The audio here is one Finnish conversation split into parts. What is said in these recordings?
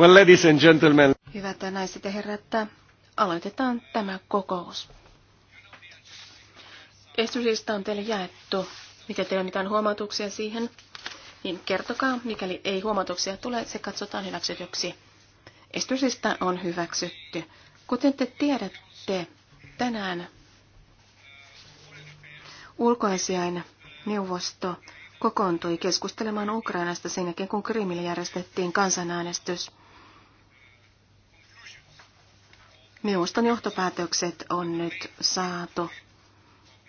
Well, ladies and gentlemen. Hyvät naiset ja herrat, aloitetaan tämä kokous. Esityslista on teille jaettu. Mikä teillä on mitään huomautuksia siihen, niin kertokaa. Mikäli ei huomautuksia tule, se katsotaan hyväksytyksi. Esityslista on hyväksytty. Kuten te tiedätte, tänään ulkoasiain neuvosto kokoontui keskustelemaan Ukrainasta sen jälkeen, kun Krimille järjestettiin kansanäänestys. Neuvoston johtopäätökset on nyt saatu.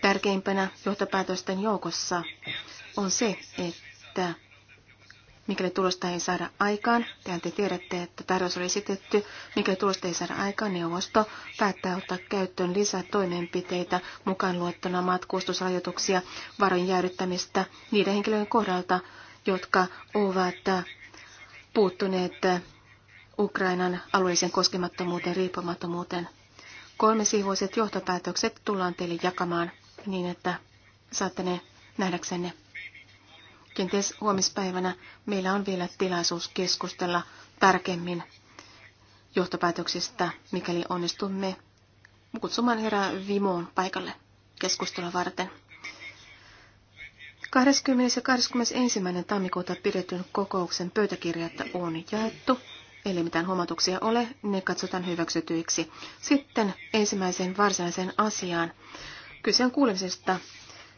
Tärkeimpänä johtopäätösten joukossa on se, että mikäli tulosta ei saada aikaan, te tiedätte, että tarjous oli esitetty, mikäli tulosta ei saada aikaan, neuvosto päättää ottaa käyttöön lisää toimenpiteitä, mukaan luettuna matkustusrajoituksia, varojen jäädyttämistä niiden henkilöiden kohdalta, jotka ovat puuttuneet Ukrainan alueellisen koskemattomuuteen, riippumattomuuteen. Kolme sivuiset johtopäätökset tullaan teille jakamaan niin, että saatte ne nähdäksenne. Kenties huomispäivänä meillä on vielä tilaisuus keskustella tarkemmin johtopäätöksistä, mikäli onnistumme kutsumaan herää Vimoon paikalle keskustelua varten. 20. ja 21. tammikuuta pidetyn kokouksen pöytäkirjat on jaettu. Eli mitään huomautuksia ole, ne katsotaan hyväksytyiksi. Sitten ensimmäiseen varsinaiseen asiaan. Kyse on kuulemisesta,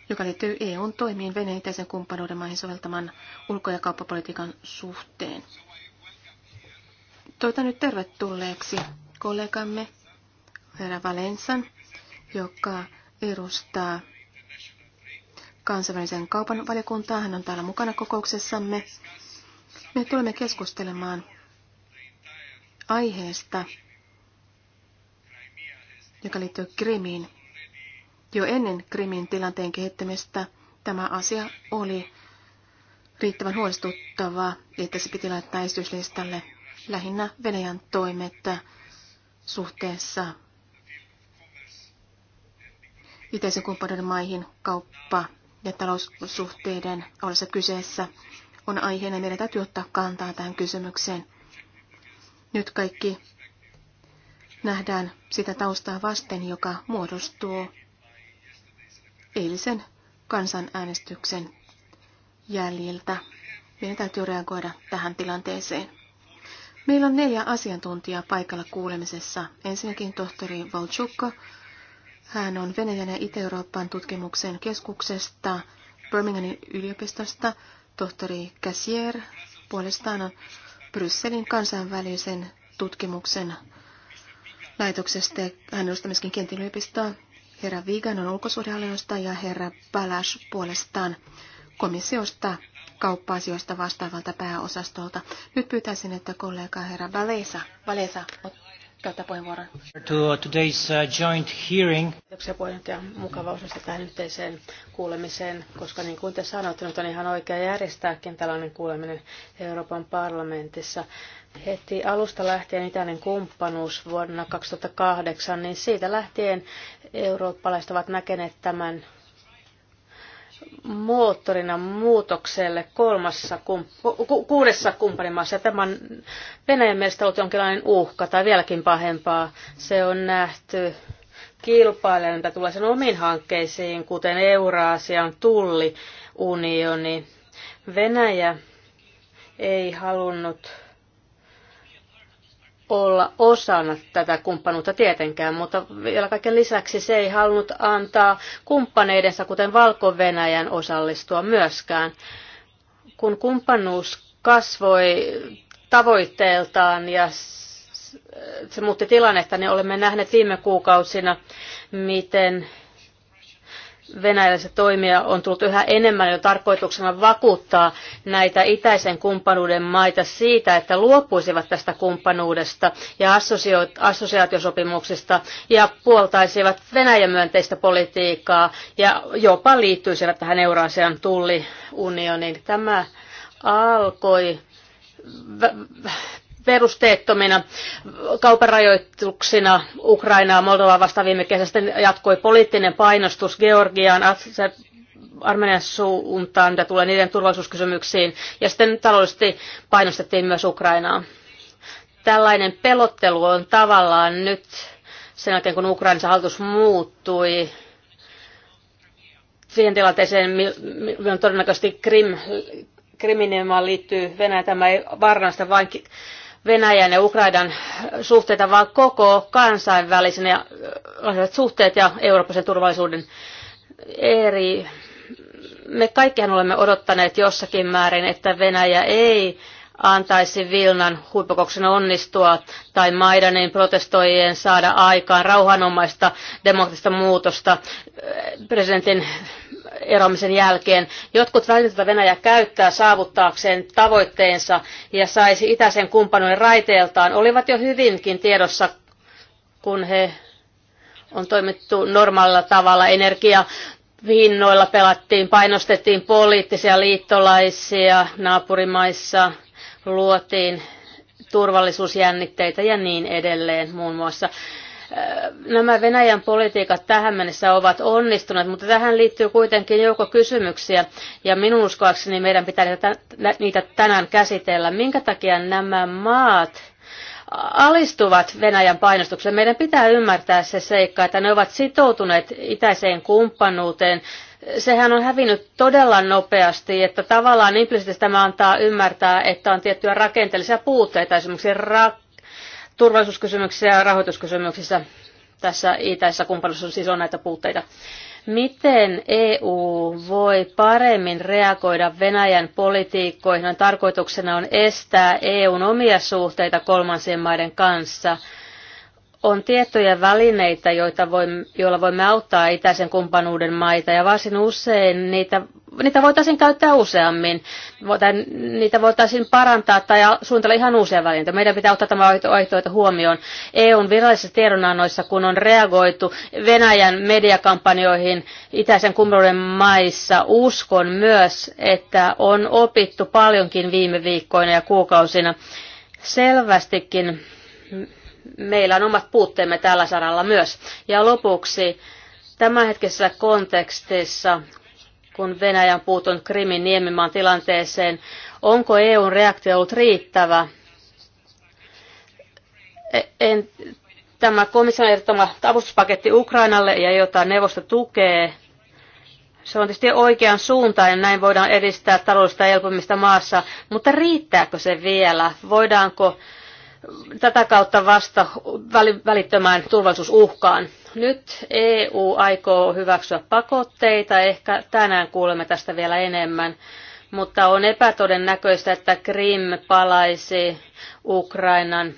joka liittyy EUn toimiin Venäjän itäisen kumppanuuden maihin soveltaman ulko- ja kauppapolitiikan suhteen. Toivotan nyt tervetulleeksi kollegamme herra Valensan, joka edustaa kansainvälisen kaupan valiokuntaa. Hän on täällä mukana kokouksessamme. Me tulemme keskustelemaan aiheesta, joka liittyy Krimiin. Jo ennen Krimin tilanteen kehittämistä tämä asia oli riittävän huolestuttavaa, että se piti laittaa esityslistalle lähinnä Venäjän toimet suhteessa itäisen kumppanuuden maihin kauppa- ja taloussuhteiden ollessa kyseessä on aiheena. Meidän täytyy ottaa kantaa tähän kysymykseen. Nyt kaikki nähdään sitä taustaa vasten, joka muodostuu eilisen kansanäänestyksen jäljiltä. Meidän täytyy reagoida tähän tilanteeseen. Meillä on neljä asiantuntijaa paikalla kuulemisessa. Ensinnäkin tohtori Valchukko. Hän on Venäjän ja Itä-Euroopan tutkimuksen keskuksesta Birminghamin yliopistosta. Tohtori Cassier puolestaan on Brysselin kansainvälisen tutkimuksen laitoksesta. Hän edustaa myöskin Kentin yliopistoa. Herra Vigan on ulkosuhdehallinnosta ja herra Balash puolestaan komissiosta kauppa-asioista vastaavalta pääosastolta. Nyt pyytäisin, että kollega herra Valesa, Valesa käyttää puheenvuoron. To uh, today's uh, joint hearing. Kiitoksia puheenjohtaja. Mukava osallistua tähän yhteiseen kuulemiseen, koska niin kuin te sanoitte, nyt on ihan oikea järjestääkin tällainen kuuleminen Euroopan parlamentissa. Heti alusta lähtien itäinen kumppanuus vuonna 2008, niin siitä lähtien eurooppalaiset ovat näkeneet tämän moottorina muutokselle kolmassa, ku, kuudessa kumppanimaassa. Tämä on Venäjän mielestä ollut jonkinlainen uhka tai vieläkin pahempaa. Se on nähty kilpailijan, mitä tulee sen omiin hankkeisiin, kuten Euraasian tulliunioni. Venäjä ei halunnut olla osana tätä kumppanuutta tietenkään, mutta vielä kaiken lisäksi se ei halunnut antaa kumppaneidensa, kuten Valko-Venäjän, osallistua myöskään. Kun kumppanuus kasvoi tavoitteeltaan ja se muutti tilannetta, niin olemme nähneet viime kuukausina, miten venäläisiä toimia on tullut yhä enemmän jo tarkoituksena vakuuttaa näitä itäisen kumppanuuden maita siitä, että luopuisivat tästä kumppanuudesta ja assosiaatiosopimuksista ja puoltaisivat Venäjän myönteistä politiikkaa ja jopa liittyisivät tähän Euraasian tulliunioniin. Tämä alkoi perusteettomina kauparajoituksina Ukrainaa Moldovaa vastaan viime kesästä jatkoi poliittinen painostus Georgiaan, Armenian suuntaan, mitä tulee niiden turvallisuuskysymyksiin, ja sitten taloudellisesti painostettiin myös Ukrainaa. Tällainen pelottelu on tavallaan nyt sen jälkeen, kun Ukrainassa hallitus muuttui siihen tilanteeseen, milloin todennäköisesti Krim, Krimin liittyy Venäjä. Tämä ei varmasti vain Venäjän ja Ukrainan suhteita, vaan koko kansainvälisen ja äh, suhteet ja Euroopan turvallisuuden eri me kaikkihan olemme odottaneet jossakin määrin, että Venäjä ei antaisi Vilnan huippukoksen onnistua tai Maidanin protestoijien saada aikaan rauhanomaista demokratista muutosta äh, presidentin eroamisen jälkeen. Jotkut välineitä Venäjä käyttää saavuttaakseen tavoitteensa ja saisi itäisen kumppanuuden raiteeltaan olivat jo hyvinkin tiedossa, kun he on toimittu normaalilla tavalla. Energia hinnoilla pelattiin, painostettiin poliittisia liittolaisia naapurimaissa – luotiin turvallisuusjännitteitä ja niin edelleen muun muassa. Nämä Venäjän politiikat tähän mennessä ovat onnistuneet, mutta tähän liittyy kuitenkin joukko kysymyksiä, ja minun uskoakseni meidän pitää niitä tänään käsitellä. Minkä takia nämä maat alistuvat Venäjän painostukseen? Meidän pitää ymmärtää se seikka, että ne ovat sitoutuneet itäiseen kumppanuuteen sehän on hävinnyt todella nopeasti, että tavallaan implisiittisesti tämä antaa ymmärtää, että on tiettyjä rakenteellisia puutteita esimerkiksi ra- turvallisuuskysymyksissä ja rahoituskysymyksissä. Tässä itäisessä kumppanuudessa siis on näitä puutteita. Miten EU voi paremmin reagoida Venäjän politiikkoihin? Tarkoituksena on estää EUn omia suhteita kolmansien maiden kanssa – on tiettyjä välineitä, joita voimme, joilla voimme auttaa itäisen kumppanuuden maita, ja varsin usein niitä, niitä voitaisiin käyttää useammin. Niitä voitaisiin parantaa tai suunnitella ihan uusia välineitä. Meidän pitää ottaa tämä vaihtoehto huomioon. EUn virallisissa tiedonannoissa, kun on reagoitu Venäjän mediakampanjoihin itäisen kumppanuuden maissa, uskon myös, että on opittu paljonkin viime viikkoina ja kuukausina. Selvästikin meillä on omat puutteemme tällä saralla myös. Ja lopuksi tämänhetkisessä kontekstissa, kun Venäjän on Krimin niemimaan tilanteeseen, onko EUn reaktio ollut riittävä? E, en, tämä komission ehdottama avustuspaketti Ukrainalle ja jota neuvosto tukee, se on tietysti oikean suuntaan ja näin voidaan edistää taloudellista elpymistä maassa, mutta riittääkö se vielä? Voidaanko tätä kautta vasta välittömään turvallisuusuhkaan. Nyt EU aikoo hyväksyä pakotteita, ehkä tänään kuulemme tästä vielä enemmän, mutta on epätodennäköistä, että Krim palaisi Ukrainan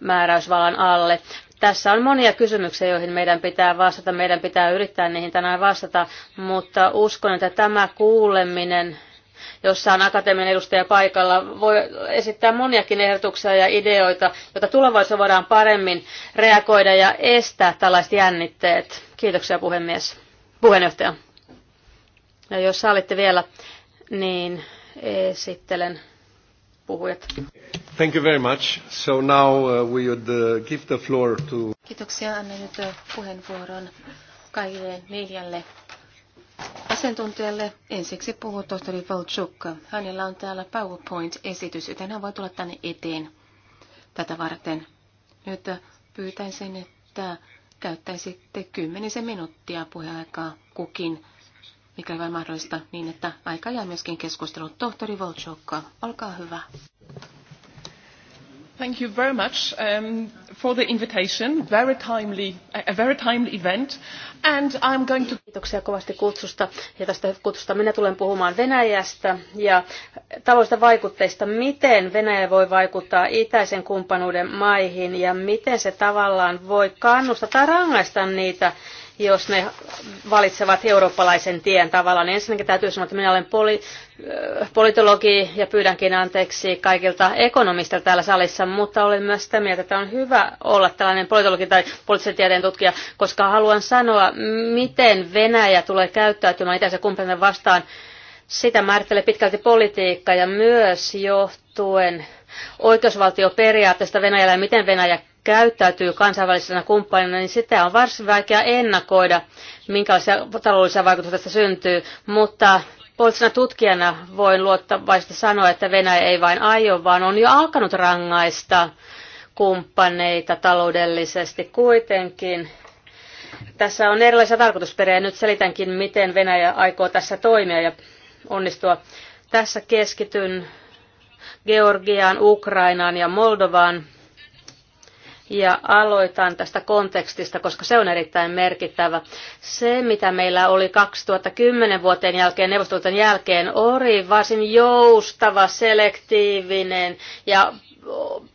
määräysvallan alle. Tässä on monia kysymyksiä, joihin meidän pitää vastata. Meidän pitää yrittää niihin tänään vastata, mutta uskon, että tämä kuuleminen jossa on akatemian edustaja paikalla, voi esittää moniakin ehdotuksia ja ideoita, jotta tulevaisuudessa voidaan paremmin reagoida ja estää tällaiset jännitteet. Kiitoksia puhemies. Puheenjohtaja. Ja jos sallitte vielä, niin esittelen puhujat. Thank you very much. So now uh, we would uh, give the floor to... Kiitoksia. Annan nyt uh, puheenvuoron kaikille neljälle asiantuntijalle. Ensiksi puhuu tohtori Valchukka. Hänellä on täällä PowerPoint-esitys, joten hän voi tulla tänne eteen tätä varten. Nyt pyytäisin, että käyttäisitte kymmenisen minuuttia puheaikaa kukin, mikä on mahdollista, niin että aika jää myöskin keskustelun Tohtori Volchukka, olkaa hyvä. Thank you very much um, for the invitation. Very timely, a very timely event. And I'm going to... Kiitoksia kovasti kutsusta ja tästä kutsusta. Minä tulen puhumaan Venäjästä ja taloudesta vaikutteista. Miten Venäjä voi vaikuttaa itäisen kumppanuuden maihin ja miten se tavallaan voi kannustaa tai rangaista niitä jos ne valitsevat eurooppalaisen tien tavallaan. Niin ensinnäkin täytyy sanoa, että minä olen poli, äh, politologi ja pyydänkin anteeksi kaikilta ekonomista täällä salissa, mutta olen myös sitä mieltä, että on hyvä olla tällainen politologi tai poliittisen tieteen tutkija, koska haluan sanoa, miten Venäjä tulee käyttäytymään itäisen kumppanille vastaan. Sitä määrittelee pitkälti politiikka ja myös johtuen oikeusvaltioperiaatteesta Venäjällä ja miten Venäjä käyttäytyy kansainvälisenä kumppanina, niin sitä on varsin vaikea ennakoida, minkälaisia taloudellisia vaikutuksia tästä syntyy. Mutta poliittisena tutkijana voin luottavaisesti sanoa, että Venäjä ei vain aio, vaan on jo alkanut rangaista kumppaneita taloudellisesti kuitenkin. Tässä on erilaisia tarkoitusperiä nyt selitänkin, miten Venäjä aikoo tässä toimia ja onnistua. Tässä keskityn Georgiaan, Ukrainaan ja Moldovaan ja aloitan tästä kontekstista, koska se on erittäin merkittävä. Se, mitä meillä oli 2010 vuoteen jälkeen, neuvostoliiton jälkeen, oli varsin joustava, selektiivinen ja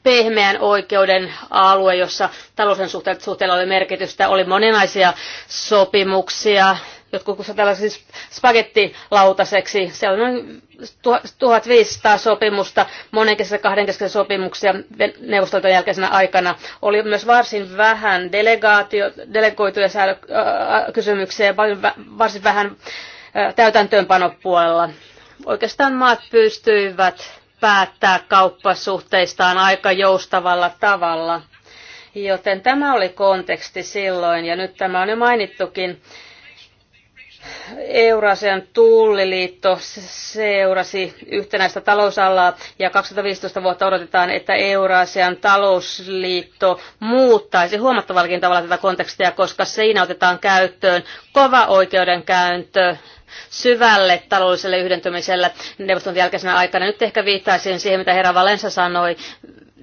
pehmeän oikeuden alue, jossa talousen suhteella oli merkitystä. Oli monenlaisia sopimuksia, jotkut kutsuvat tällaisiksi spagettilautaseksi. Se on noin 1500 sopimusta, monenkeskisen kahdenkeskisen sopimuksia neuvostoliiton jälkeisenä aikana. Oli myös varsin vähän delegaatio, delegoituja säädö, kysymyksiä ja varsin vähän täytäntöönpanopuolella. Oikeastaan maat pystyivät päättää kauppasuhteistaan aika joustavalla tavalla. Joten tämä oli konteksti silloin, ja nyt tämä on jo mainittukin Eurasian tulliliitto seurasi yhtenäistä talousalaa ja 2015 vuotta odotetaan, että Eurasian talousliitto muuttaisi huomattavallakin tavalla tätä kontekstia, koska siinä otetaan käyttöön kova oikeudenkäyntö syvälle taloudelliselle yhdentymiselle neuvoston jälkeisenä aikana. Nyt ehkä viittaisin siihen, mitä herra Valensa sanoi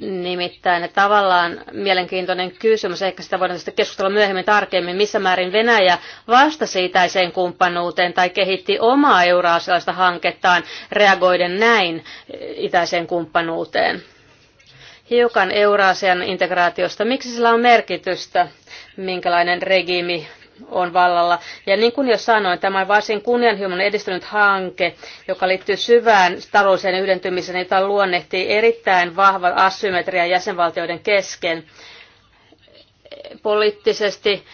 Nimittäin tavallaan mielenkiintoinen kysymys, ehkä sitä voidaan sitten keskustella myöhemmin tarkemmin, missä määrin Venäjä vastasi itäiseen kumppanuuteen tai kehitti omaa euroasialaista hankettaan reagoiden näin itäiseen kumppanuuteen. Hiukan Euraasian integraatiosta. Miksi sillä on merkitystä? Minkälainen regiimi on vallalla. Ja niin kuin jo sanoin, tämä on varsin kunnianhimoinen edistynyt hanke, joka liittyy syvään taloudelliseen yhdentymiseen, jota luonnehtii erittäin vahva asymmetria jäsenvaltioiden kesken. Poliittisesti,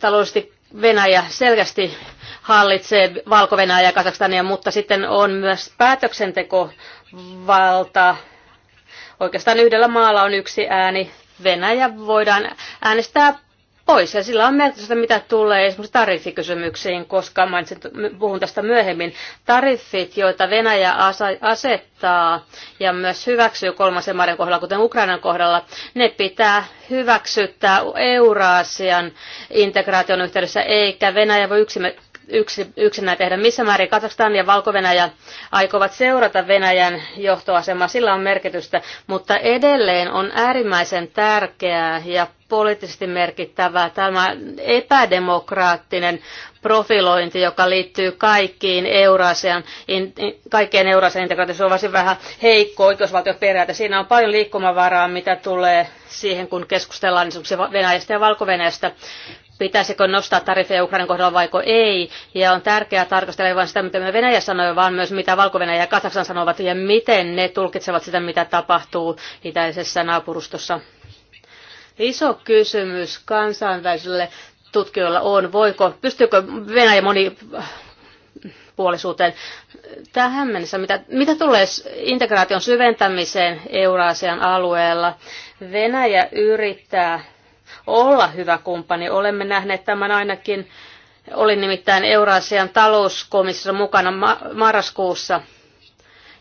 taloudellisesti Venäjä selkeästi hallitsee valko ja Kazakstania, mutta sitten on myös päätöksentekovalta. Oikeastaan yhdellä maalla on yksi ääni. Venäjä voidaan äänestää pois. Ja sillä on merkitystä, mitä tulee esimerkiksi tariffikysymyksiin, koska mainitsin, puhun tästä myöhemmin. Tariffit, joita Venäjä asettaa ja myös hyväksyy kolmasen maiden kohdalla, kuten Ukrainan kohdalla, ne pitää hyväksyttää Euraasian integraation yhteydessä, eikä Venäjä voi yksin yksi, yksinään tehdä. Missä määrin Kazakstan ja valko aikovat seurata Venäjän johtoasemaa, sillä on merkitystä, mutta edelleen on äärimmäisen tärkeää ja poliittisesti merkittävä tämä epädemokraattinen profilointi, joka liittyy kaikkiin Eurasian, in, in, kaikkien Eurasian integraatioon. Se on varsin vähän heikko oikeusvaltioperiaate. Siinä on paljon liikkumavaraa, mitä tulee siihen, kun keskustellaan niin Venäjästä ja valko -Venäjästä. Pitäisikö nostaa tarifeja Ukrainan kohdalla vai ei? Ja on tärkeää tarkastella vain sitä, mitä me Venäjä sanoi, vaan myös mitä valko ja Kazakstan sanovat ja miten ne tulkitsevat sitä, mitä tapahtuu itäisessä naapurustossa. Iso kysymys kansainvälisille tutkijoilla on, voiko, pystyykö Venäjä moni äh, puolisuuteen. Tähän mennessä, mitä, mitä tulee integraation syventämiseen Euraasian alueella, Venäjä yrittää olla hyvä kumppani. Olemme nähneet tämän ainakin, olin nimittäin Euraasian talouskomississa mukana ma- marraskuussa –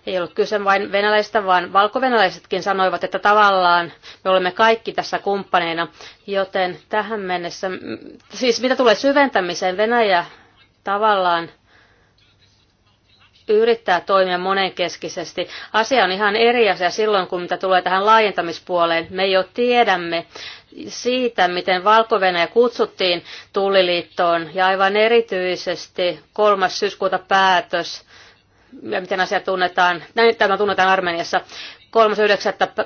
ei ollut kyse vain venäläistä, vaan valkovenäläisetkin sanoivat, että tavallaan me olemme kaikki tässä kumppaneina, joten tähän mennessä, siis mitä tulee syventämiseen, Venäjä tavallaan yrittää toimia monenkeskisesti. Asia on ihan eri asia silloin, kun mitä tulee tähän laajentamispuoleen. Me jo tiedämme siitä, miten valko kutsuttiin tulliliittoon ja aivan erityisesti kolmas syyskuuta päätös ja miten asia tunnetaan. Näin tämä tunnetaan Armeniassa.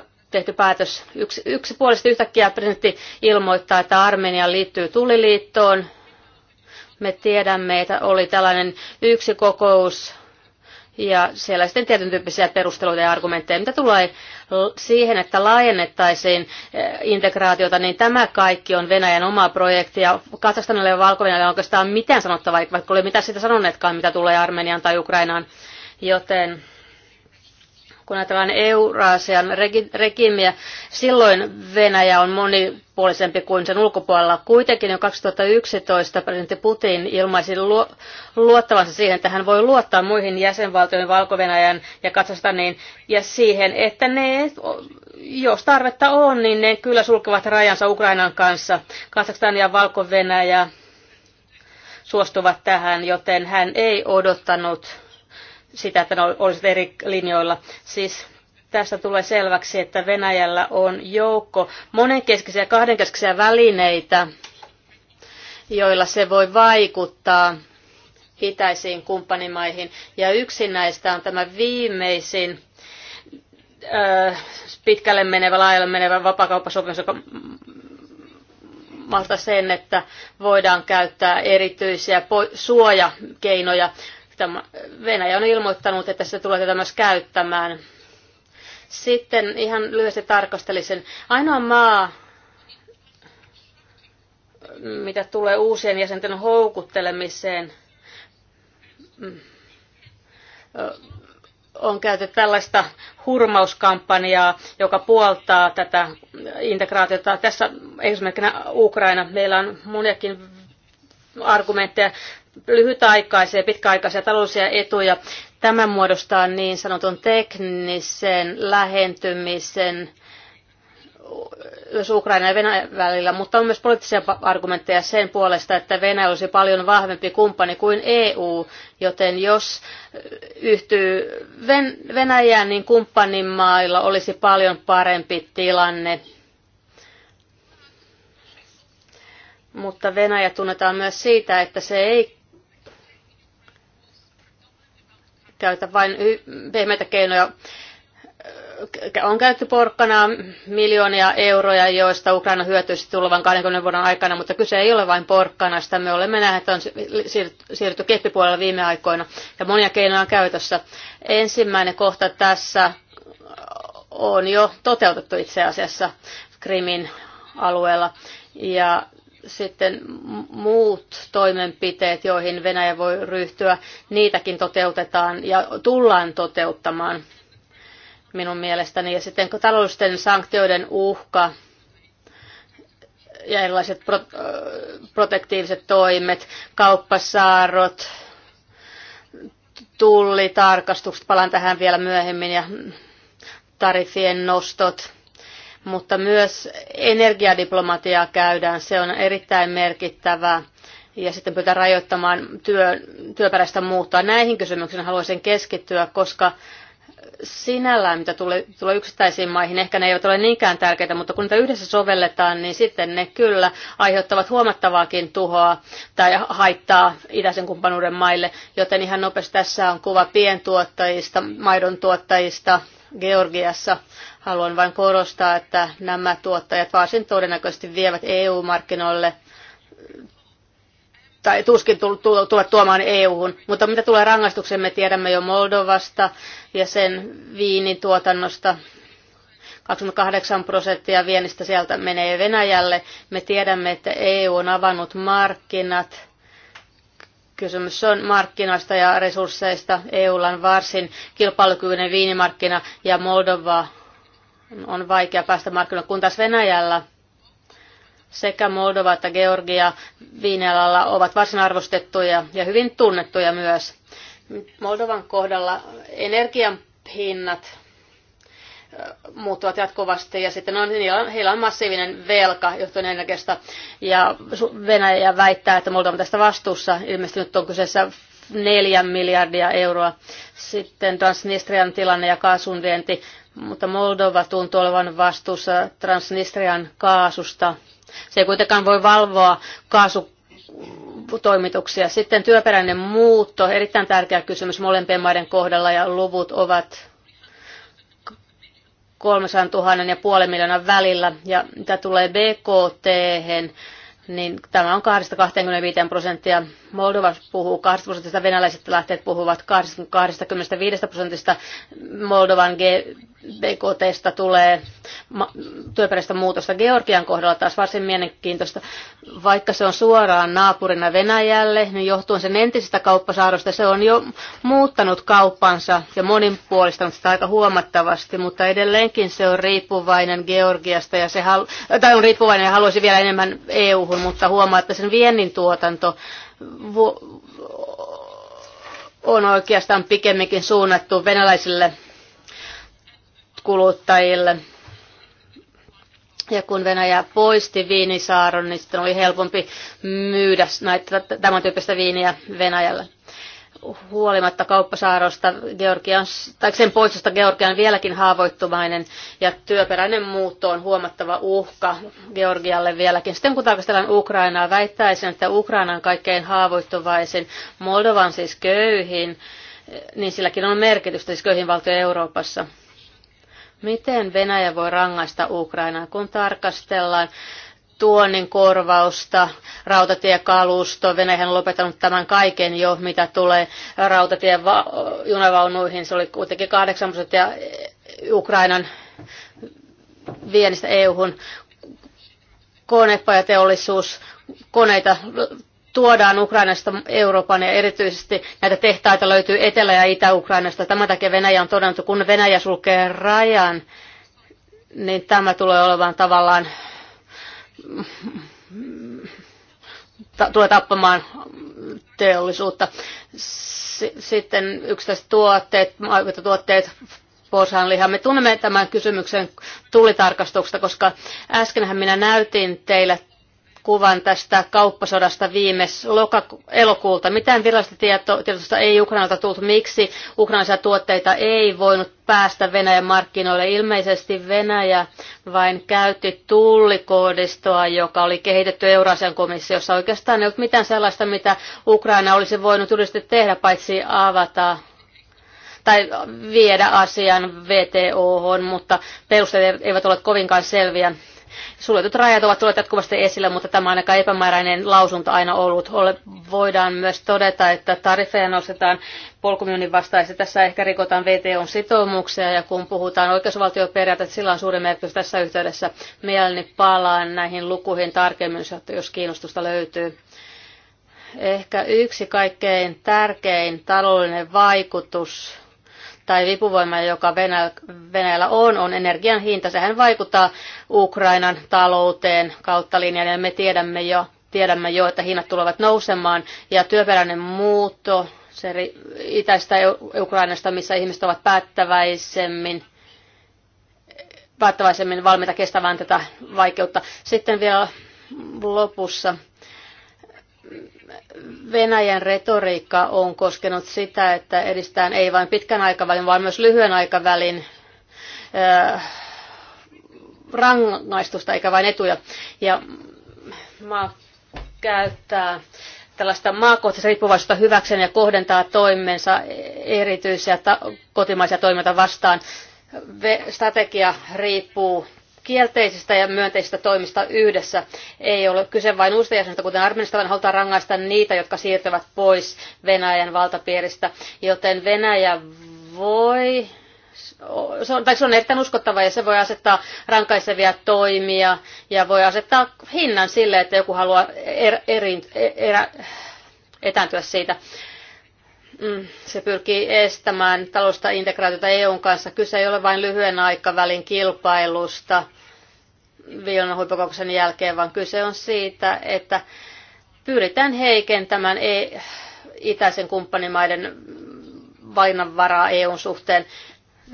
3.9. tehty päätös. Yksi, yksipuolisesti yhtäkkiä presidentti ilmoittaa, että Armenia liittyy tuliliittoon. Me tiedämme, että oli tällainen yksi kokous ja siellä sitten tietyn tyyppisiä perusteluita ja argumentteja. Mitä tulee siihen, että laajennettaisiin eh, integraatiota, niin tämä kaikki on Venäjän oma projekti. Ja Kazakstanille ja valko on oikeastaan mitään sanottavaa, vaikka oli mitä sitä sanoneetkaan, mitä tulee Armeniaan tai Ukrainaan joten kun ajatellaan Euraasian regimiä, silloin Venäjä on monipuolisempi kuin sen ulkopuolella. Kuitenkin jo 2011 presidentti Putin ilmaisi luottavansa siihen, että hän voi luottaa muihin jäsenvaltioihin, valko ja Katsastaniin, ja siihen, että ne, jos tarvetta on, niin ne kyllä sulkevat rajansa Ukrainan kanssa. Kazakstan ja valko suostuvat tähän, joten hän ei odottanut sitä, että ne olisivat eri linjoilla. Siis tässä tulee selväksi, että Venäjällä on joukko monenkeskisiä ja kahdenkeskisiä välineitä, joilla se voi vaikuttaa itäisiin kumppanimaihin. Ja yksi näistä on tämä viimeisin äh, pitkälle menevä, laajalle menevä vapakauppasopimus, joka mahdollistaa sen, että voidaan käyttää erityisiä suojakeinoja Tämä Venäjä on ilmoittanut, että se tulee tätä myös käyttämään. Sitten ihan lyhyesti tarkastelisin. Ainoa maa, mitä tulee uusien jäsenten houkuttelemiseen, on käytetty tällaista hurmauskampanjaa, joka puoltaa tätä integraatiota. Tässä esimerkkinä Ukraina. Meillä on moniakin argumentteja lyhytaikaisia ja pitkäaikaisia taloudellisia etuja. Tämä muodostaa niin sanotun teknisen lähentymisen myös Ukraina ja Venäjän välillä, mutta on myös poliittisia argumentteja sen puolesta, että Venäjä olisi paljon vahvempi kumppani kuin EU, joten jos yhtyy Venäjään, niin kumppanimailla olisi paljon parempi tilanne. Mutta Venäjä tunnetaan myös siitä, että se ei käytä vain pehmeitä keinoja. On käytetty porkkana miljoonia euroja, joista Ukraina hyötyisi tulevan 20 vuoden aikana, mutta kyse ei ole vain porkkanasta. Me olemme nähneet, että on siirrytty keppipuolella viime aikoina ja monia keinoja on käytössä. Ensimmäinen kohta tässä on jo toteutettu itse asiassa Krimin alueella. Ja sitten muut toimenpiteet, joihin Venäjä voi ryhtyä, niitäkin toteutetaan ja tullaan toteuttamaan minun mielestäni. Ja sitten kun taloudellisten sanktioiden uhka ja erilaiset pro, protektiiviset toimet, kauppasaarot, tullitarkastukset, palaan tähän vielä myöhemmin, ja tariffien nostot, mutta myös energiadiplomatiaa käydään. Se on erittäin merkittävää ja sitten pyytää rajoittamaan työ, työperäistä muuttoa. Näihin kysymyksiin haluaisin keskittyä, koska sinällään, mitä tulee, tulee yksittäisiin maihin, ehkä ne eivät ole niinkään tärkeitä, mutta kun niitä yhdessä sovelletaan, niin sitten ne kyllä aiheuttavat huomattavaakin tuhoa tai haittaa itäisen kumppanuuden maille. Joten ihan nopeasti tässä on kuva pientuottajista, maidon tuottajista Georgiassa Haluan vain korostaa, että nämä tuottajat varsin todennäköisesti vievät EU-markkinoille tai tuskin tulevat tuomaan EU-hun. Mutta mitä tulee rangaistukseen, me tiedämme jo Moldovasta ja sen viinituotannosta. 28 prosenttia viennistä sieltä menee Venäjälle. Me tiedämme, että EU on avannut markkinat. Kysymys on markkinoista ja resursseista. EUlla on varsin kilpailukykyinen viinimarkkina ja Moldova on vaikea päästä markkinoille, kun taas Venäjällä sekä Moldova että Georgia viinialalla ovat varsin arvostettuja ja hyvin tunnettuja myös. Moldovan kohdalla energian hinnat muuttuvat jatkuvasti ja sitten on, heillä on massiivinen velka johtuen energiasta ja Venäjä väittää, että Moldova on tästä vastuussa. Ilmeisesti nyt on kyseessä 4 miljardia euroa. Sitten Transnistrian tilanne ja kaasun vienti mutta Moldova tuntuu olevan vastuussa Transnistrian kaasusta. Se ei kuitenkaan voi valvoa kaasu toimituksia. Sitten työperäinen muutto, erittäin tärkeä kysymys molempien maiden kohdalla ja luvut ovat 300 000 ja puolen miljoonan välillä. Ja mitä tulee BKT, niin tämä on 2-25 prosenttia Moldova puhuu 20 prosentista, venäläiset lähteet puhuvat 25 prosentista. Moldovan BKTstä tulee työperäistä muutosta. Georgian kohdalla taas varsin mielenkiintoista. Vaikka se on suoraan naapurina Venäjälle, niin johtuen sen entisistä kauppasaarosta se on jo muuttanut kauppansa ja monipuolistanut sitä aika huomattavasti, mutta edelleenkin se on riippuvainen Georgiasta ja se halu- tai on riippuvainen ja haluaisi vielä enemmän EU-hun, mutta huomaa, että sen viennin tuotanto on oikeastaan pikemminkin suunnattu venäläisille kuluttajille. Ja kun Venäjä poisti viinisaaron, niin sitten oli helpompi myydä näitä, tämän tyyppistä viiniä Venäjälle huolimatta kauppasaarosta Georgian, tai sen poistosta Georgian vieläkin haavoittuvainen ja työperäinen muutto on huomattava uhka Georgialle vieläkin. Sitten kun tarkastellaan Ukrainaa, väittäisin, että Ukraina on kaikkein haavoittuvaisin, Moldovan siis köyhin, niin silläkin on merkitystä siis köyhin valtio Euroopassa. Miten Venäjä voi rangaista Ukrainaa, kun tarkastellaan tuonnin korvausta, rautatiekalusto, Venäjä on lopettanut tämän kaiken jo, mitä tulee rautatien junavaunuihin, se oli kuitenkin 8 prosenttia Ukrainan viennistä EU-hun, konepajateollisuus, koneita tuodaan Ukrainasta Euroopan ja erityisesti näitä tehtaita löytyy Etelä- ja Itä-Ukrainasta. Tämän takia Venäjä on todennut, kun Venäjä sulkee rajan, niin tämä tulee olemaan tavallaan ta- tulee tappamaan teollisuutta. sitten yksittäiset tuotteet, tuotteet porsaanliha. Me tunnemme tämän kysymyksen tulitarkastuksesta, koska äskenhän minä näytin teille kuvan tästä kauppasodasta viime elokuulta. Mitään virallista tietoista ei Ukrainalta tullut. Miksi ukrainalaisia tuotteita ei voinut päästä Venäjän markkinoille? Ilmeisesti Venäjä vain käytti tullikoodistoa, joka oli kehitetty Eurasian komissiossa. Oikeastaan ei ollut mitään sellaista, mitä Ukraina olisi voinut yrittää tehdä, paitsi avata tai viedä asian VTOhon, mutta perusteet eivät ole kovinkaan selviä Suljetut rajat ovat tulleet jatkuvasti esille, mutta tämä on ainakaan epämääräinen lausunto aina ollut. Ole, voidaan myös todeta, että tarifeja nostetaan polkumyynnin vastaisesti. Tässä ehkä rikotaan VTOn sitoumuksia ja kun puhutaan oikeusvaltioperiaatteesta, sillä on suuri merkitys tässä yhteydessä. Mielni palaan näihin lukuihin tarkemmin, jos kiinnostusta löytyy ehkä yksi kaikkein tärkein taloudellinen vaikutus tai vipuvoima, joka Venäjällä on, on energian hinta. Sehän vaikuttaa Ukrainan talouteen kautta linjan ja me tiedämme jo, tiedämme jo, että hinnat tulevat nousemaan ja työperäinen muutto se itäistä Ukrainasta, missä ihmiset ovat päättäväisemmin päättäväisemmin valmiita kestämään tätä vaikeutta. Sitten vielä lopussa Venäjän retoriikka on koskenut sitä, että edistään ei vain pitkän aikavälin, vaan myös lyhyen aikavälin äh, rangaistusta eikä vain etuja. Ja maa käyttää tällaista maakohtaista riippuvaisuutta hyväkseen ja kohdentaa toimensa erityisiä kotimaisia toimijoita vastaan. Strategia riippuu kielteisistä ja myönteisistä toimista yhdessä. Ei ole kyse vain uusista jäsenistä, kuten Armenista, vaan halutaan rangaista niitä, jotka siirtyvät pois Venäjän valtapiiristä. Joten Venäjä voi se on, tai se on erittäin uskottava ja se voi asettaa rankaisevia toimia ja voi asettaa hinnan sille, että joku haluaa er, erin, er, etääntyä siitä. Mm, se pyrkii estämään talousta integraatiota EUn kanssa. Kyse ei ole vain lyhyen aikavälin kilpailusta Vilnan huippukokouksen jälkeen, vaan kyse on siitä, että pyritään heikentämään e- itäisen kumppanimaiden vainanvaraa EUn suhteen.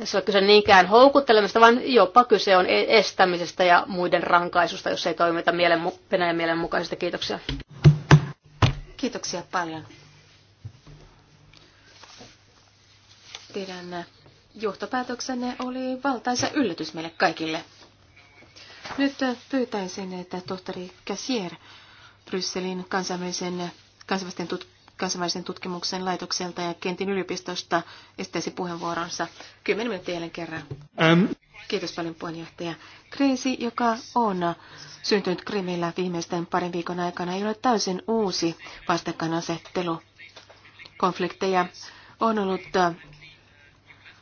Se on kyse niinkään houkuttelemista, vaan jopa kyse on e- estämisestä ja muiden rankaisusta, jos ei toimita mielen, Venäjän mielenmukaisesti. Kiitoksia. Kiitoksia paljon. Teidän johtopäätöksenne oli valtaisa yllätys meille kaikille. Nyt pyytäisin, että tohtori Käsier Brysselin kansainvälisen, kansainvälisen, tut, kansainvälisen tutkimuksen laitokselta ja Kentin yliopistosta estäisi puheenvuoronsa. Kymmenen minuuttia jälleen kerran. Um. Kiitos paljon puheenjohtaja. Kriisi, joka on syntynyt Krimillä viimeisten parin viikon aikana, ei ole täysin uusi vastakkainasettelu. Konflikteja on ollut äh,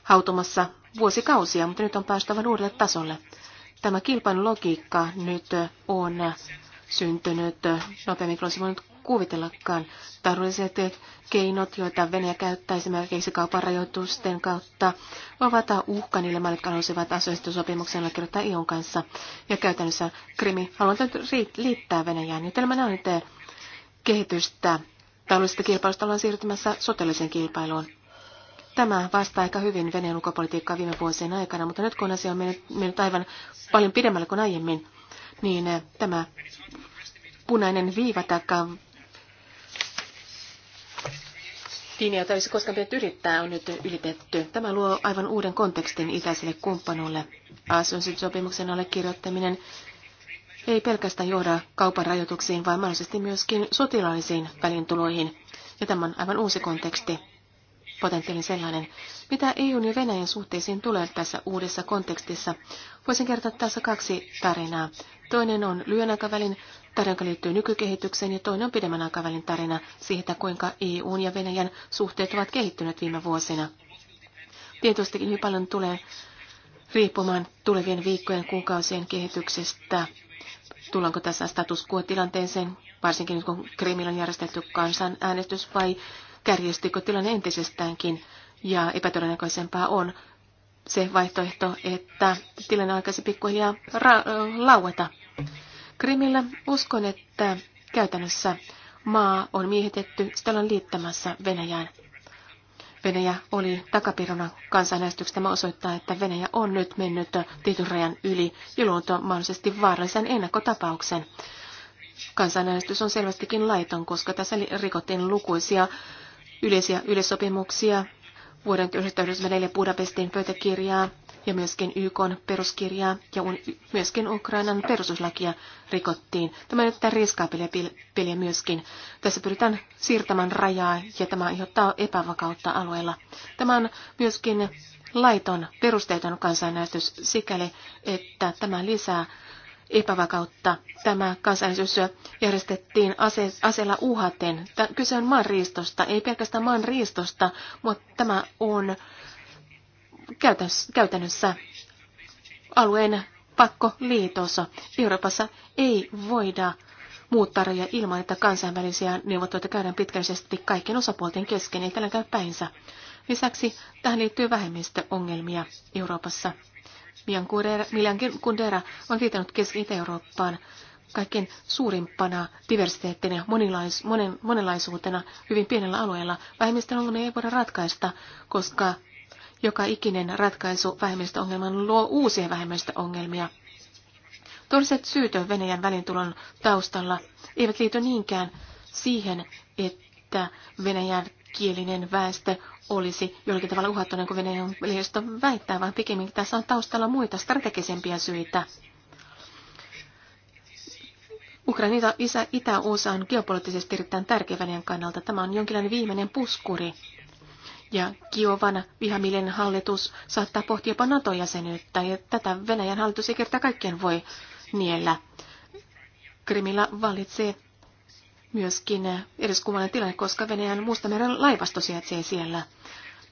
hautumassa vuosikausia, mutta nyt on päästävä uudelle tasolle. Tämä kilpailun logiikka nyt on syntynyt nopeammin kuin olisi voinut kuvitellakaan. Taloudelliset keinot, joita Venäjä käyttää esimerkiksi kaupan rajoitusten kautta, ovat uhka niille maille, jotka haluaisivat asioistusopimuksen allekirjoittaa EUn kanssa. Ja käytännössä Krimi haluaa liittää Venäjään, niin Nyt elämä on kehitystä. Taloudellisesta kilpailusta ollaan siirtymässä sotilaiseen kilpailuun. Tämä vastaa aika hyvin Venäjän ulkopolitiikkaa viime vuosien aikana, mutta nyt kun asia on mennyt, mennyt aivan paljon pidemmälle kuin aiemmin, niin eh, tämä punainen viiva tai linja, jota olisi koskaan pitänyt yrittää, on nyt ylitetty. Tämä luo aivan uuden kontekstin itäiselle kumppanulle. sopimuksen allekirjoittaminen ei pelkästään johda kaupan rajoituksiin, vaan mahdollisesti myöskin sotilaallisiin välintuloihin. Ja tämä on aivan uusi konteksti potentiaalinen sellainen. Mitä EUn ja Venäjän suhteisiin tulee tässä uudessa kontekstissa? Voisin kertoa tässä kaksi tarinaa. Toinen on lyhyen aikavälin tarina, joka liittyy nykykehitykseen, ja toinen on pidemmän aikavälin tarina siitä, kuinka EUn ja Venäjän suhteet ovat kehittyneet viime vuosina. Tietysti hyvin paljon tulee riippumaan tulevien viikkojen kuukausien kehityksestä. Tullaanko tässä status quo-tilanteeseen, varsinkin nyt kun Krimillä on järjestetty kansanäänestys, vai kärjistikö tilanne entisestäänkin ja epätodennäköisempää on se vaihtoehto, että tilanne alkaisi pikkuhiljaa ra- laueta. Krimillä uskon, että käytännössä maa on miehitetty, sitä ollaan liittämässä Venäjään. Venäjä oli takapiruna kansanäistyksestä. Tämä osoittaa, että Venäjä on nyt mennyt tietyn rajan yli ja luonto mahdollisesti vaarallisen ennakkotapauksen. Kansanäistys on selvästikin laiton, koska tässä rikottiin lukuisia yleisiä yleissopimuksia vuoden 1994 Budapestin pöytäkirjaa ja myöskin YK peruskirjaa ja myöskin Ukrainan perustuslakia rikottiin. Tämä on erittäin riskaa peliä, peliä myöskin. Tässä pyritään siirtämään rajaa ja tämä aiheuttaa epävakautta alueella. Tämä on myöskin laiton perusteeton kansanäytös sikäli, että tämä lisää epävakautta. Tämä kansallisuus järjestettiin ase- aseella uhaten. Kyse on maanriistosta, ei pelkästään maanriistosta, mutta tämä on käytännössä alueen pakkoliitos. Euroopassa ei voida muuttaa rajoja ilman, että kansainvälisiä neuvotteluita käydään pitkäisesti kaikkien osapuolten kesken, ei tällä käy päinsä. Lisäksi tähän liittyy vähemmistöongelmia Euroopassa. Milan Kundera on viitannut Keski-Itä-Eurooppaan kaikkein suurimpana diversiteettinä monilais, monen, monenlaisuutena hyvin pienellä alueella. Vähemmistön ongelmia ei voida ratkaista, koska joka ikinen ratkaisu vähemmistöongelman luo uusia vähemmistöongelmia. Toiset syyt Venäjän välintulon taustalla eivät liity niinkään siihen, että Venäjän kielinen väestö olisi jollakin tavalla uhattuna kun Venäjän liiosta väittää, vaan pikemminkin tässä on taustalla muita strategisempia syitä. Ukraina isä, itäosa on geopoliittisesti erittäin tärkeä Venäjän kannalta. Tämä on jonkinlainen viimeinen puskuri. Ja Kiovan vihamielinen hallitus saattaa pohtia jopa NATO-jäsenyyttä, ja tätä Venäjän hallitus ei kerta kaikkien voi niellä. Krimillä valitsee myöskin eriskummallinen tilanne, koska Venäjän Mustameren laivasto sijaitsee siellä.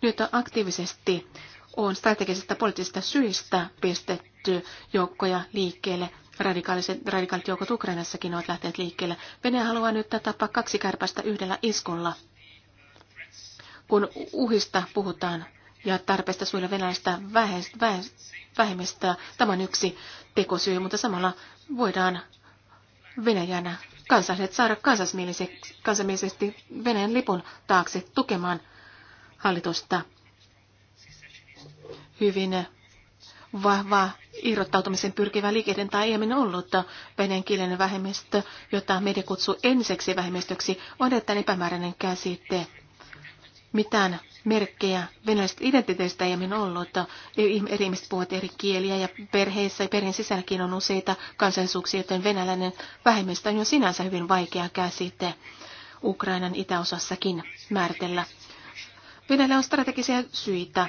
Nyt aktiivisesti on strategisista poliittisista syistä pistetty joukkoja liikkeelle. Radikaaliset, radikaalit joukot Ukrainassakin ovat lähteneet liikkeelle. Venäjä haluaa nyt tappaa kaksi kärpästä yhdellä iskulla. Kun uhista puhutaan ja tarpeesta suojella venäläistä vähemmistöä, tämä on yksi tekosyy, mutta samalla voidaan Venäjänä kansalaiset saada kansainvälisesti Venäjän lipun taakse tukemaan hallitusta. Hyvin vahva irrottautumisen pyrkivä tai aiemmin ollut venäjän kielinen vähemmistö, jota media kutsuu ensiksi vähemmistöksi, on erittäin epämääräinen käsite. Mitään merkkejä venäläisestä identiteetistä aiemmin ollut. Eri ihmiset puhuvat eri kieliä ja perheissä ja perheen sisälläkin on useita kansallisuuksia, joten venäläinen vähemmistö on jo sinänsä hyvin vaikea käsite Ukrainan itäosassakin määritellä. Venäjällä on strategisia syitä.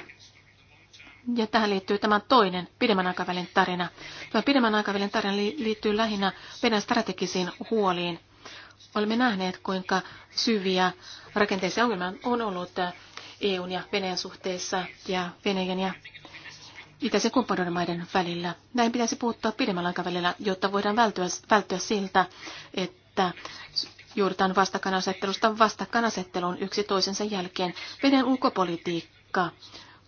Ja tähän liittyy tämä toinen pidemmän aikavälin tarina. Tämä pidemmän aikavälin tarina liittyy lähinnä Venäjän strategisiin huoliin olemme nähneet, kuinka syviä rakenteisia ongelmia on ollut EUn ja Venäjän suhteessa ja Venäjän ja itäisen kumppanuuden maiden välillä. Näin pitäisi puuttua pidemmällä aikavälillä, jotta voidaan välttyä, välttyä siltä, että juurtaan vastakkainasettelusta vastakkainasetteluun yksi toisensa jälkeen. Venäjän ulkopolitiikka,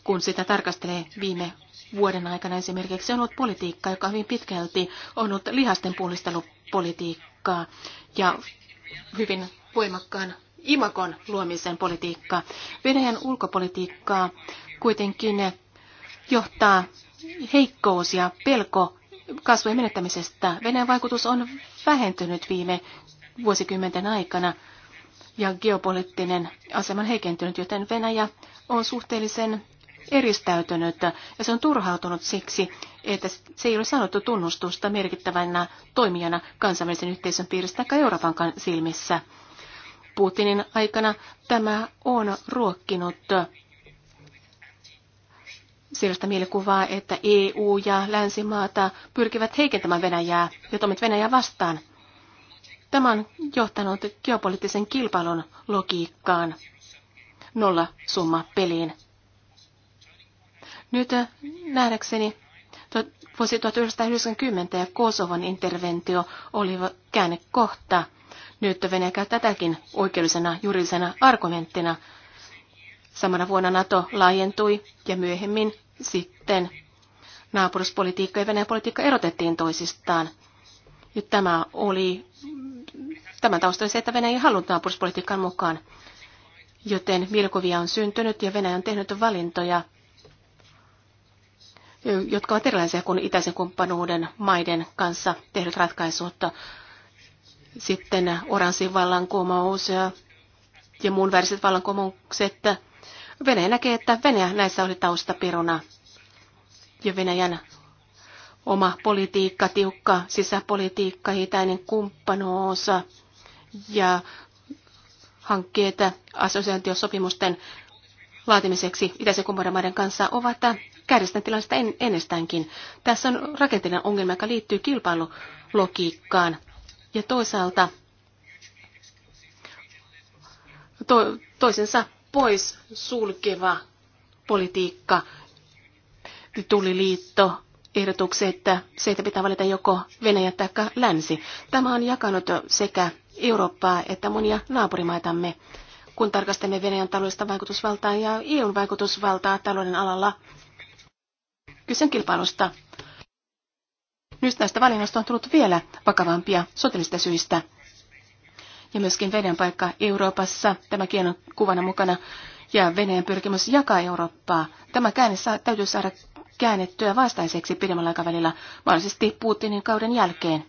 kun sitä tarkastelee viime vuoden aikana esimerkiksi, on ollut politiikka, joka hyvin pitkälti on ollut lihasten puolistelupolitiikkaa ja hyvin voimakkaan imakon luomisen politiikka. Venäjän ulkopolitiikkaa kuitenkin johtaa heikkous ja pelko kasvojen menettämisestä. Venäjän vaikutus on vähentynyt viime vuosikymmenten aikana ja geopoliittinen asema on heikentynyt, joten Venäjä on suhteellisen eristäytynyt ja se on turhautunut siksi, että se ei ole sanottu tunnustusta merkittävänä toimijana kansainvälisen yhteisön piiristä tai Euroopan silmissä. Putinin aikana tämä on ruokkinut sellaista mielikuvaa, että EU ja länsimaata pyrkivät heikentämään Venäjää ja toimit Venäjää vastaan. Tämä on johtanut geopoliittisen kilpailun logiikkaan, nolla summa peliin. Nyt nähdäkseni vuosi 1990 ja Kosovon interventio oli käännekohta. Nyt Venäjä tätäkin oikeudellisena juridisena argumenttina. Samana vuonna NATO laajentui ja myöhemmin sitten naapuruspolitiikka ja Venäjän politiikka erotettiin toisistaan. Ja tämä oli, tämän taustalla se, että Venäjä ei halunnut naapuruspolitiikan mukaan. Joten mielikuvia on syntynyt ja Venäjä on tehnyt valintoja, jotka ovat erilaisia kuin itäisen kumppanuuden maiden kanssa tehdyt ratkaisut. Sitten oranssin vallankumous ja, ja muun väriset vallankumoukset. Venäjä näkee, että Venäjä näissä oli taustapiruna. Ja Venäjän oma politiikka, tiukka sisäpolitiikka, itäinen kumppanuus ja hankkeet assosiaatiosopimusten laatimiseksi itäisen kumppanimaiden kanssa ovat kärjestän tilannetta en, ennestäänkin. Tässä on rakenteellinen ongelma, joka liittyy kilpailulogiikkaan ja toisaalta to, toisensa pois sulkeva politiikka, tuli liitto ehdotukset, että siitä pitää valita joko Venäjä tai länsi. Tämä on jakanut sekä Eurooppaa että monia naapurimaitamme, kun tarkastamme Venäjän taloudellista vaikutusvaltaa ja EUn vaikutusvaltaa talouden alalla. kysyn kilpailusta nyt näistä valinnoista on tullut vielä vakavampia sotilista syistä. Ja myöskin Venäjän paikka Euroopassa, tämä on kuvana mukana, ja Venäjän pyrkimys jakaa Eurooppaa. Tämä käänne saa, täytyy saada käännettyä vastaiseksi pidemmällä aikavälillä, mahdollisesti Putinin kauden jälkeen.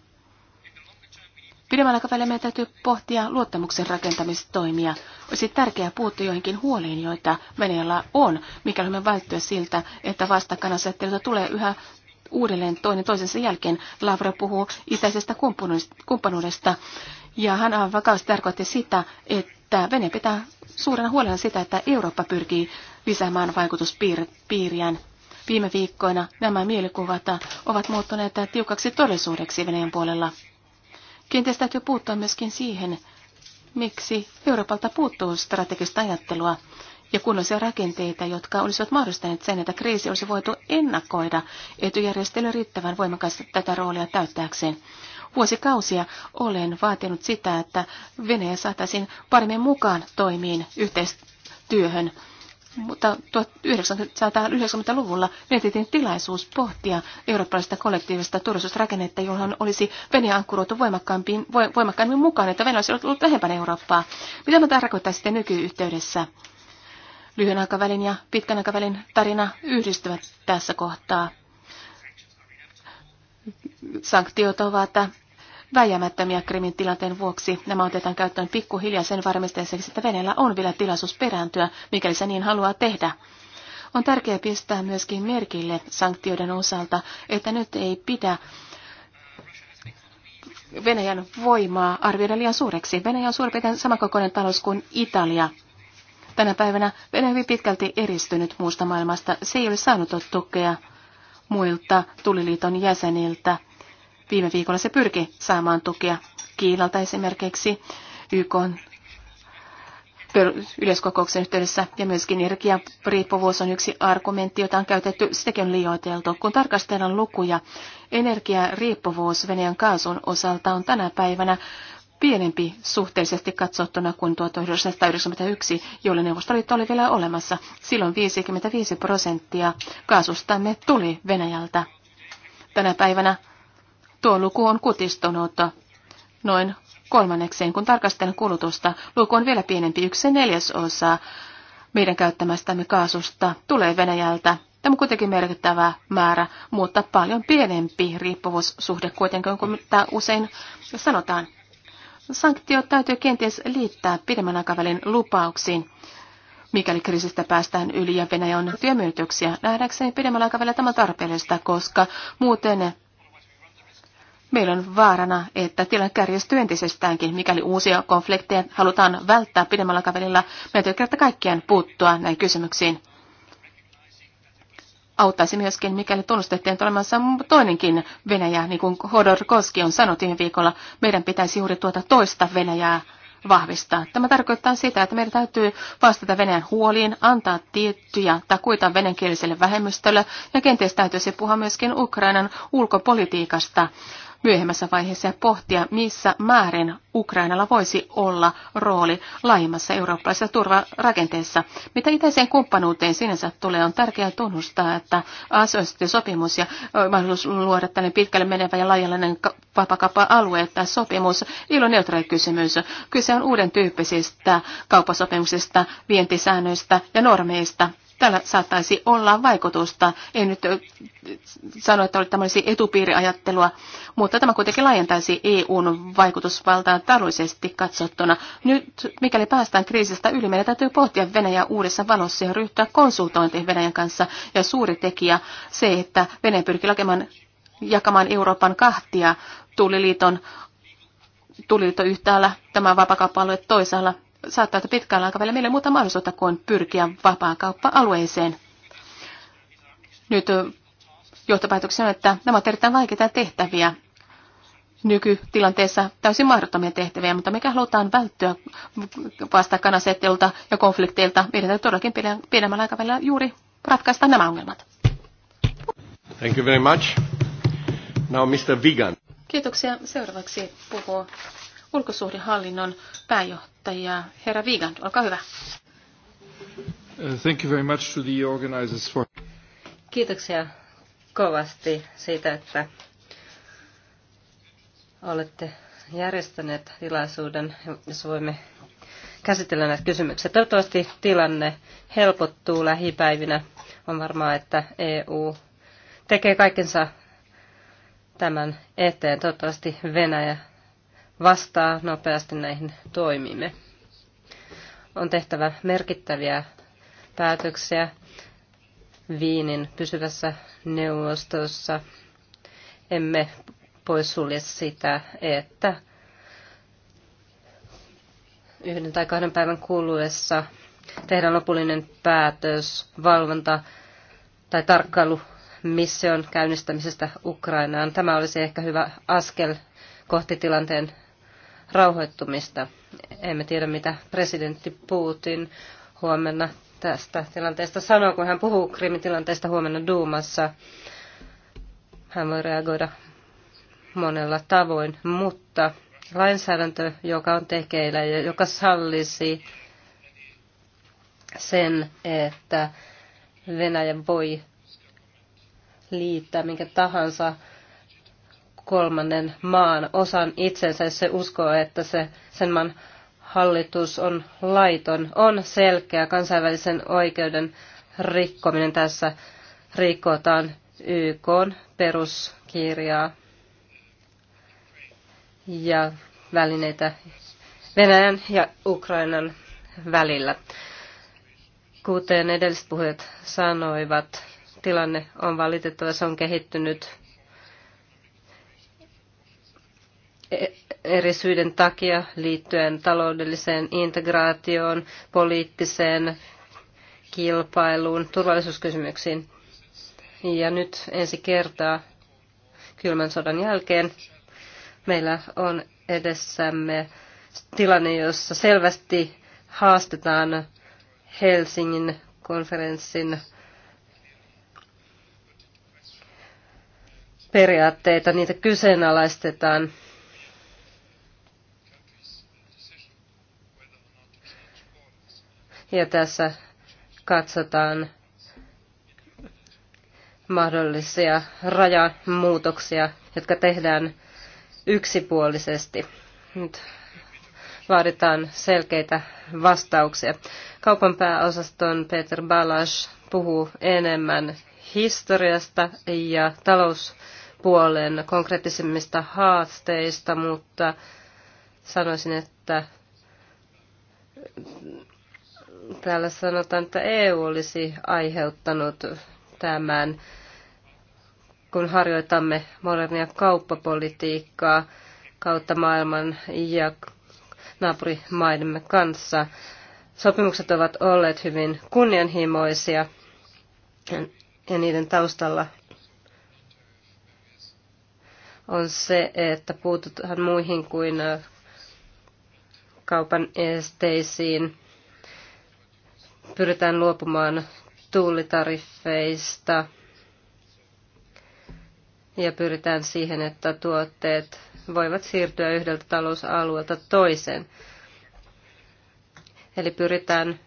Pidemmällä aikavälillä meidän täytyy pohtia luottamuksen rakentamistoimia. Olisi tärkeää puuttua joihinkin huoliin, joita Venäjällä on, mikäli me välttyä siltä, että vastakkainasettelulta tulee yhä uudelleen toinen toisensa jälkeen. Lavrov puhuu itäisestä kumppanuudesta ja hän aivan vakavasti tarkoitti sitä, että Venäjä pitää suurena huolena sitä, että Eurooppa pyrkii lisäämään vaikutuspiiriään. Viime viikkoina nämä mielikuvat ovat muuttuneet tiukaksi todellisuudeksi Venäjän puolella. Kenties täytyy puuttua myöskin siihen, miksi Euroopalta puuttuu strategista ajattelua ja kunnollisia rakenteita, jotka olisivat mahdollistaneet sen, että kriisi olisi voitu ennakoida etujärjestely riittävän voimakkaasti tätä roolia täyttääkseen. Vuosikausia olen vaatinut sitä, että Venäjä saataisiin paremmin mukaan toimiin yhteistyöhön mutta 1990-luvulla mietitin tilaisuus pohtia eurooppalaista kollektiivista turvallisuusrakennetta, johon olisi Venäjä ankkuroitu voimakkaammin, mukaan, että Venäjä olisi ollut lähempänä Eurooppaa. Mitä mä tarkoittaa sitten nykyyhteydessä? lyhyen aikavälin ja pitkän aikavälin tarina yhdistyvät tässä kohtaa. Sanktiot ovat väijämättömiä Krimin tilanteen vuoksi. Nämä otetaan käyttöön pikkuhiljaa sen varmistamiseksi, että Venäjällä on vielä tilaisuus perääntyä, mikäli se niin haluaa tehdä. On tärkeää pistää myöskin merkille sanktioiden osalta, että nyt ei pidä Venäjän voimaa arvioida liian suureksi. Venäjä on suurin piirtein samankokoinen talous kuin Italia. Tänä päivänä Venäjä hyvin pitkälti eristynyt muusta maailmasta. Se ei ole saanut tukea muilta tuliliiton jäseniltä. Viime viikolla se pyrki saamaan tukea Kiinalta esimerkiksi YK yleiskokouksen yhteydessä ja myöskin energiariippuvuus on yksi argumentti, jota on käytetty, sitäkin on liioiteltu. Kun tarkastellaan lukuja, energiariippuvuus Venäjän kaasun osalta on tänä päivänä pienempi suhteellisesti katsottuna kuin 1991, jolloin Neuvostoliitto oli vielä olemassa. Silloin 55 prosenttia kaasustamme tuli Venäjältä. Tänä päivänä tuo luku on kutistunut noin kolmannekseen, kun tarkastelen kulutusta. Luku on vielä pienempi, yksi neljäsosa meidän käyttämästämme kaasusta tulee Venäjältä. Tämä on kuitenkin merkittävä määrä, mutta paljon pienempi riippuvuussuhde kuitenkin kuin mitä usein sanotaan sanktiot täytyy kenties liittää pidemmän aikavälin lupauksiin, mikäli kriisistä päästään yli ja Venäjä on työmyytyksiä. Nähdäkseni pidemmän aikavälillä tämä tarpeellista, koska muuten meillä on vaarana, että tilanne kärjestyy entisestäänkin, mikäli uusia konflikteja halutaan välttää pidemmällä aikavälillä. Meidän täytyy kerta kaikkiaan puuttua näihin kysymyksiin auttaisi myöskin, mikäli tunnustettiin, että olemassa toinenkin Venäjä, niin kuin Hodor Koski on sanonut viime viikolla, meidän pitäisi juuri tuota toista Venäjää vahvistaa. Tämä tarkoittaa sitä, että meidän täytyy vastata Venäjän huoliin, antaa tiettyjä takuita venäjänkieliselle vähemmistölle ja kenties täytyisi puhua myöskin Ukrainan ulkopolitiikasta myöhemmässä vaiheessa ja pohtia, missä määrin Ukrainalla voisi olla rooli laajemmassa eurooppalaisessa turvarakenteessa. Mitä itäiseen kumppanuuteen sinänsä tulee, on tärkeää tunnustaa, että sopimus ja mahdollisuus luoda tänne pitkälle menevä ja laajallinen vapakappa-alue tai sopimus ilo neutraali kysymys. Kyse on uuden tyyppisistä kauppasopimuksista, vientisäännöistä ja normeista Tällä saattaisi olla vaikutusta. En nyt sano, että tämä olisi etupiiriajattelua, mutta tämä kuitenkin laajentaisi EUn vaikutusvaltaa taloudellisesti katsottuna. Nyt, mikäli päästään kriisistä yli, meidän täytyy pohtia Venäjä uudessa valossa ja ryhtyä konsultointiin Venäjän kanssa. Ja suuri tekijä se, että Venäjä pyrkii lakemaan, jakamaan Euroopan kahtia tuliliiton tuliliitto yhtäällä, tämä vapakapalue toisaalla saattaa, että pitkällä aikavälillä meillä muuta mahdollisuutta kuin pyrkiä kauppa alueeseen Nyt johtopäätöksenä, että nämä ovat erittäin vaikeita tehtäviä nykytilanteessa täysin mahdottomia tehtäviä, mutta mikä halutaan välttyä vastakkainasettelulta ja konflikteilta, meidän täytyy todellakin pidemmällä aikavälillä juuri ratkaista nämä ongelmat. Thank you very much. Now Mr. Vigan. Kiitoksia. Seuraavaksi puhuu ulkosuhdehallinnon pääjohtaja herra Vigand. Olkaa hyvä. Thank you very much to the organizers for... Kiitoksia kovasti siitä, että olette järjestäneet tilaisuuden, jos voimme käsitellä näitä kysymyksiä. Toivottavasti tilanne helpottuu lähipäivinä. On varmaa, että EU tekee kaikensa tämän eteen. Toivottavasti Venäjä vastaa nopeasti näihin toimimme. On tehtävä merkittäviä päätöksiä Viinin pysyvässä neuvostossa. Emme poissulje sitä, että yhden tai kahden päivän kuluessa tehdään lopullinen päätös valvonta- tai tarkkailumission käynnistämisestä Ukrainaan. Tämä olisi ehkä hyvä askel kohti tilanteen rauhoittumista. Emme tiedä, mitä presidentti Putin huomenna tästä tilanteesta sanoo, kun hän puhuu krimitilanteesta huomenna Duumassa. Hän voi reagoida monella tavoin, mutta lainsäädäntö, joka on tekeillä ja joka sallisi sen, että Venäjä voi liittää minkä tahansa kolmannen maan osan itsensä, jos se uskoo, että se, sen maan hallitus on laiton, on selkeä kansainvälisen oikeuden rikkominen. Tässä rikotaan YK peruskirjaa ja välineitä Venäjän ja Ukrainan välillä. Kuten edelliset puhujat sanoivat, tilanne on valitettava, se on kehittynyt eri syiden takia liittyen taloudelliseen integraatioon, poliittiseen kilpailuun, turvallisuuskysymyksiin. Ja nyt ensi kertaa kylmän sodan jälkeen meillä on edessämme tilanne, jossa selvästi haastetaan Helsingin konferenssin periaatteita, niitä kyseenalaistetaan. Ja tässä katsotaan mahdollisia rajamuutoksia, jotka tehdään yksipuolisesti. Nyt vaaditaan selkeitä vastauksia. Kaupan pääosaston Peter Balas puhuu enemmän historiasta ja talouspuolen konkreettisimmista haasteista, mutta sanoisin, että Täällä sanotaan, että EU olisi aiheuttanut tämän, kun harjoitamme modernia kauppapolitiikkaa kautta maailman ja naapurimaidemme kanssa. Sopimukset ovat olleet hyvin kunnianhimoisia ja niiden taustalla on se, että puututaan muihin kuin kaupan esteisiin pyritään luopumaan tuulitariffeista ja pyritään siihen, että tuotteet voivat siirtyä yhdeltä talousalueelta toiseen. Eli pyritään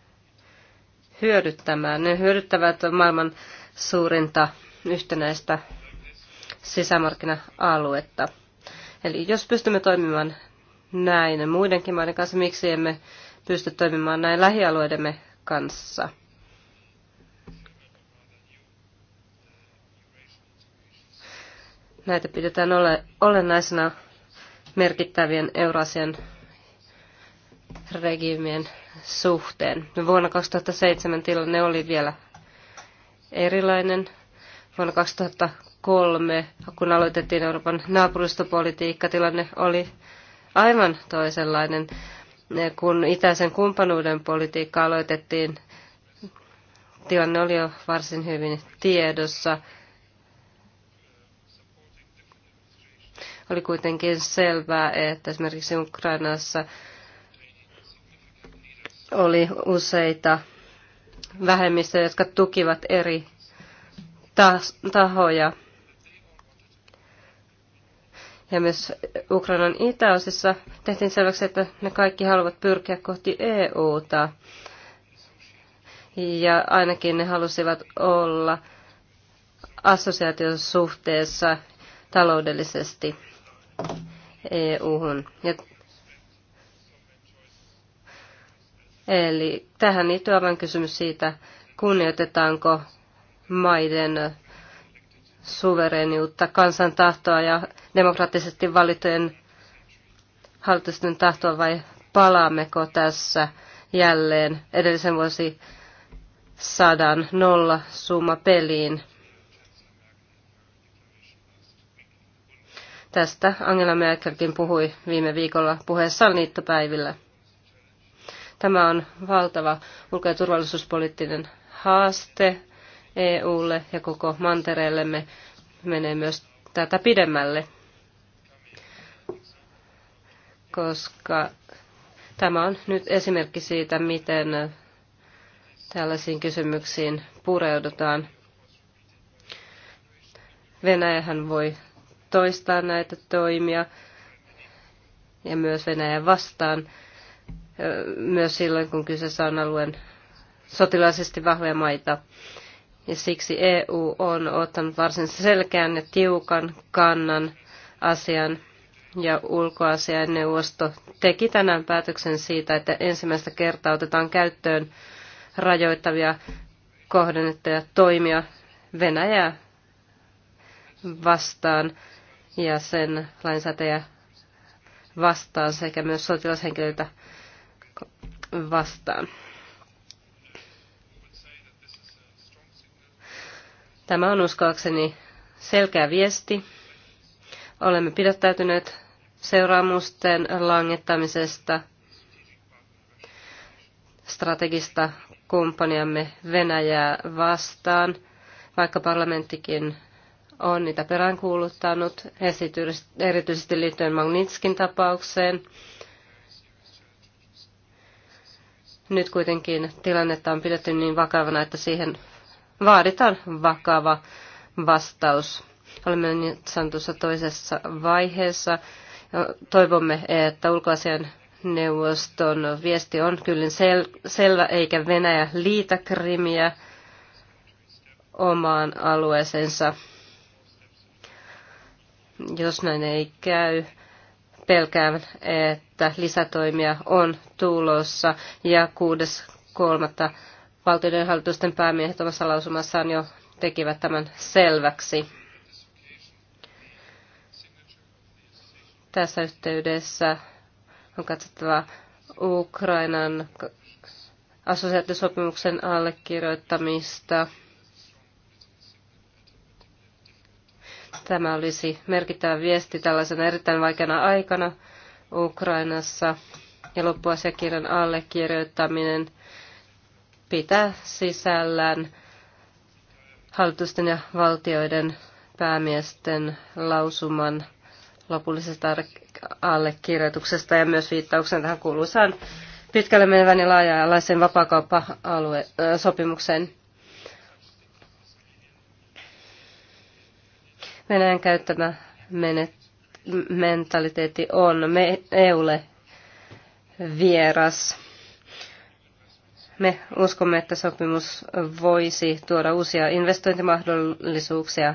hyödyttämään. Ne hyödyttävät maailman suurinta yhtenäistä sisämarkkina-aluetta. Eli jos pystymme toimimaan näin muidenkin maiden kanssa, miksi emme pysty toimimaan näin lähialueidemme kanssa. Näitä pidetään ole, olennaisena merkittävien Eurasian regiimien suhteen. Vuonna 2007 tilanne oli vielä erilainen. Vuonna 2003, kun aloitettiin Euroopan naapuristopolitiikka, tilanne oli aivan toisenlainen kun itäisen kumppanuuden politiikka aloitettiin, tilanne oli jo varsin hyvin tiedossa. Oli kuitenkin selvää, että esimerkiksi Ukrainassa oli useita vähemmistöjä, jotka tukivat eri tahoja ja myös Ukrainan itäosissa tehtiin selväksi, että ne kaikki haluavat pyrkiä kohti EUta. Ja ainakin ne halusivat olla assosiaation suhteessa taloudellisesti EU-hun. Ja Eli tähän liittyy aivan kysymys siitä, kunnioitetaanko maiden suvereniutta, kansan tahtoa ja demokraattisesti valittujen hallitusten tahtoa vai palaammeko tässä jälleen edellisen vuosi sadan nolla summa peliin. Tästä Angela Merkelkin puhui viime viikolla puheessaan liittopäivillä. Tämä on valtava ulko- ja turvallisuuspoliittinen haaste EUlle ja koko mantereellemme menee myös tätä pidemmälle, koska tämä on nyt esimerkki siitä, miten tällaisiin kysymyksiin pureudutaan. Venäjähän voi toistaa näitä toimia ja myös Venäjä vastaan, myös silloin kun kyseessä on alueen sotilaisesti vahvoja maita. Ja siksi EU on ottanut varsin selkeän ja tiukan kannan asian ja ulkoasiainneuvosto teki tänään päätöksen siitä, että ensimmäistä kertaa otetaan käyttöön rajoittavia kohdennettuja toimia Venäjää vastaan ja sen lainsäätäjä vastaan sekä myös sotilashenkilöitä vastaan. Tämä on uskoakseni selkeä viesti. Olemme pidättäytyneet seuraamusten langettamisesta strategista kumppaniamme Venäjää vastaan, vaikka parlamenttikin on niitä peräänkuuluttanut, erityisesti liittyen Magnitskin tapaukseen. Nyt kuitenkin tilannetta on pidetty niin vakavana, että siihen vaaditaan vakava vastaus. Olemme nyt sanotussa toisessa vaiheessa. Toivomme, että ulkoasian neuvoston viesti on kyllin sel- selvä, eikä Venäjä liitä krimiä omaan alueeseensa. Jos näin ei käy, pelkään, että lisätoimia on tulossa ja 6.3 valtioiden hallitusten päämiehet omassa lausumassaan jo tekivät tämän selväksi. Tässä yhteydessä on katsottava Ukrainan assosiaatiosopimuksen allekirjoittamista. Tämä olisi merkittävä viesti tällaisena erittäin vaikeana aikana Ukrainassa ja loppuasiakirjan allekirjoittaminen – pitää sisällään hallitusten ja valtioiden päämiesten lausuman lopullisesta allekirjoituksesta ja myös viittauksen tähän kuuluisaan pitkälle menevän ja laaja-alaisen vapaakauppa-sopimukseen. Venäjän käyttämä menet, mentaliteetti on me, EUlle vieras. Me uskomme, että sopimus voisi tuoda uusia investointimahdollisuuksia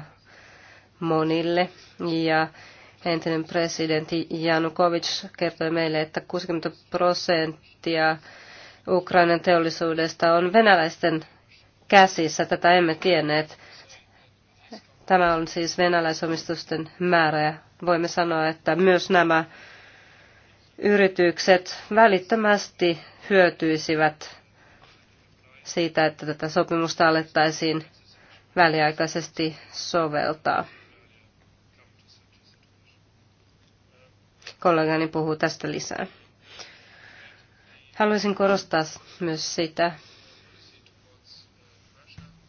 monille. Ja entinen presidentti Janukovic kertoi meille, että 60 prosenttia Ukrainan teollisuudesta on venäläisten käsissä. Tätä emme tienneet. Tämä on siis venäläisomistusten määrä ja voimme sanoa, että myös nämä yritykset välittömästi hyötyisivät siitä, että tätä sopimusta alettaisiin väliaikaisesti soveltaa. Kollegani puhuu tästä lisää. Haluaisin korostaa myös sitä,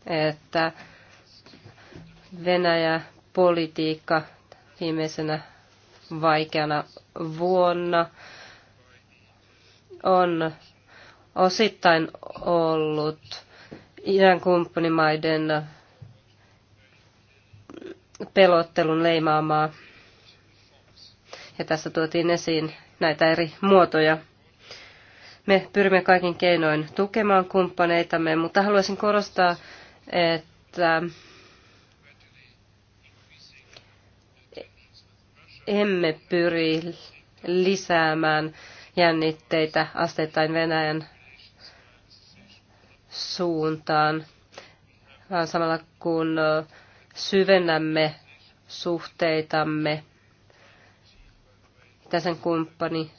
että Venäjä-politiikka viimeisenä vaikeana vuonna on osittain ollut idän kumppanimaiden pelottelun leimaamaa. Ja tässä tuotiin esiin näitä eri muotoja. Me pyrimme kaikin keinoin tukemaan kumppaneitamme, mutta haluaisin korostaa, että emme pyri lisäämään jännitteitä asteittain Venäjän suuntaan, vaan samalla kun syvennämme suhteitamme sen kumppani,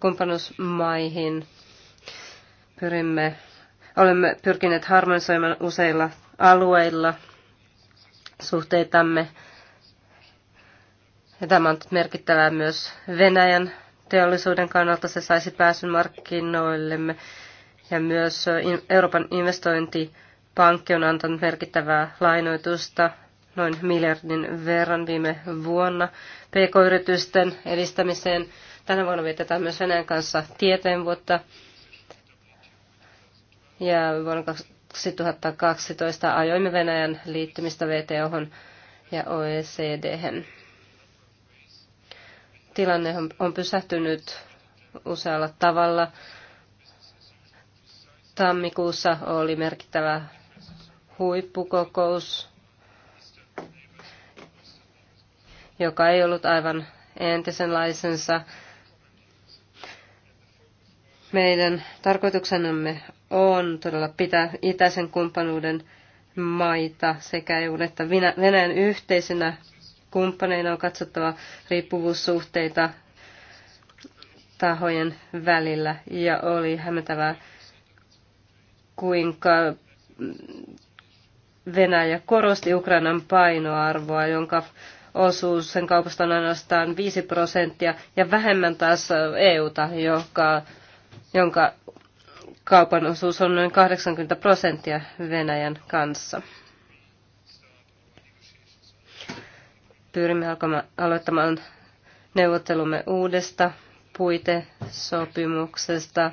kumppanusmaihin, pyrimme, olemme pyrkineet harmonisoimaan useilla alueilla suhteitamme. Ja tämä on merkittävää myös Venäjän teollisuuden kannalta. Se saisi pääsyn markkinoillemme ja myös Euroopan investointipankki on antanut merkittävää lainoitusta noin miljardin verran viime vuonna pk-yritysten edistämiseen. Tänä vuonna vietetään myös Venäjän kanssa tieteen vuotta. Ja vuonna 2012 ajoimme Venäjän liittymistä VTOhon ja OECDhen. Tilanne on pysähtynyt usealla tavalla Tammikuussa oli merkittävä huippukokous, joka ei ollut aivan entisenlaisensa. Meidän tarkoituksenamme on todella pitää itäisen kumppanuuden maita sekä EU että Venäjän yhteisenä kumppaneina on katsottava riippuvuussuhteita tahojen välillä ja oli hämmentävää kuinka Venäjä korosti Ukrainan painoarvoa, jonka osuus sen kaupasta on ainoastaan 5 prosenttia, ja vähemmän taas EUta, joka, jonka kaupan osuus on noin 80 prosenttia Venäjän kanssa. Pyrimme aloittamaan neuvottelumme uudesta puitesopimuksesta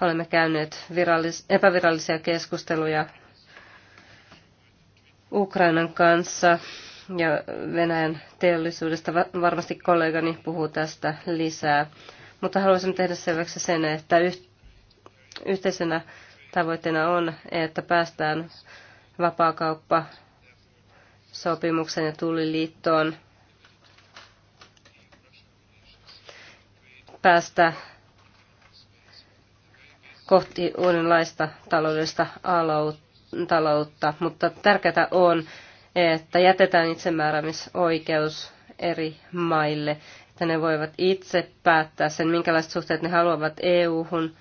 Olemme käyneet virallis- epävirallisia keskusteluja Ukrainan kanssa ja Venäjän teollisuudesta. Varmasti kollegani puhuu tästä lisää. Mutta haluaisin tehdä selväksi sen, että yhteisenä tavoitteena on, että päästään vapaakauppa sopimuksen ja tulliliittoon päästä kohti uudenlaista taloudellista taloutta, mutta tärkeää on, että jätetään itsemääräämisoikeus eri maille, että ne voivat itse päättää sen, minkälaiset suhteet ne haluavat EU-hun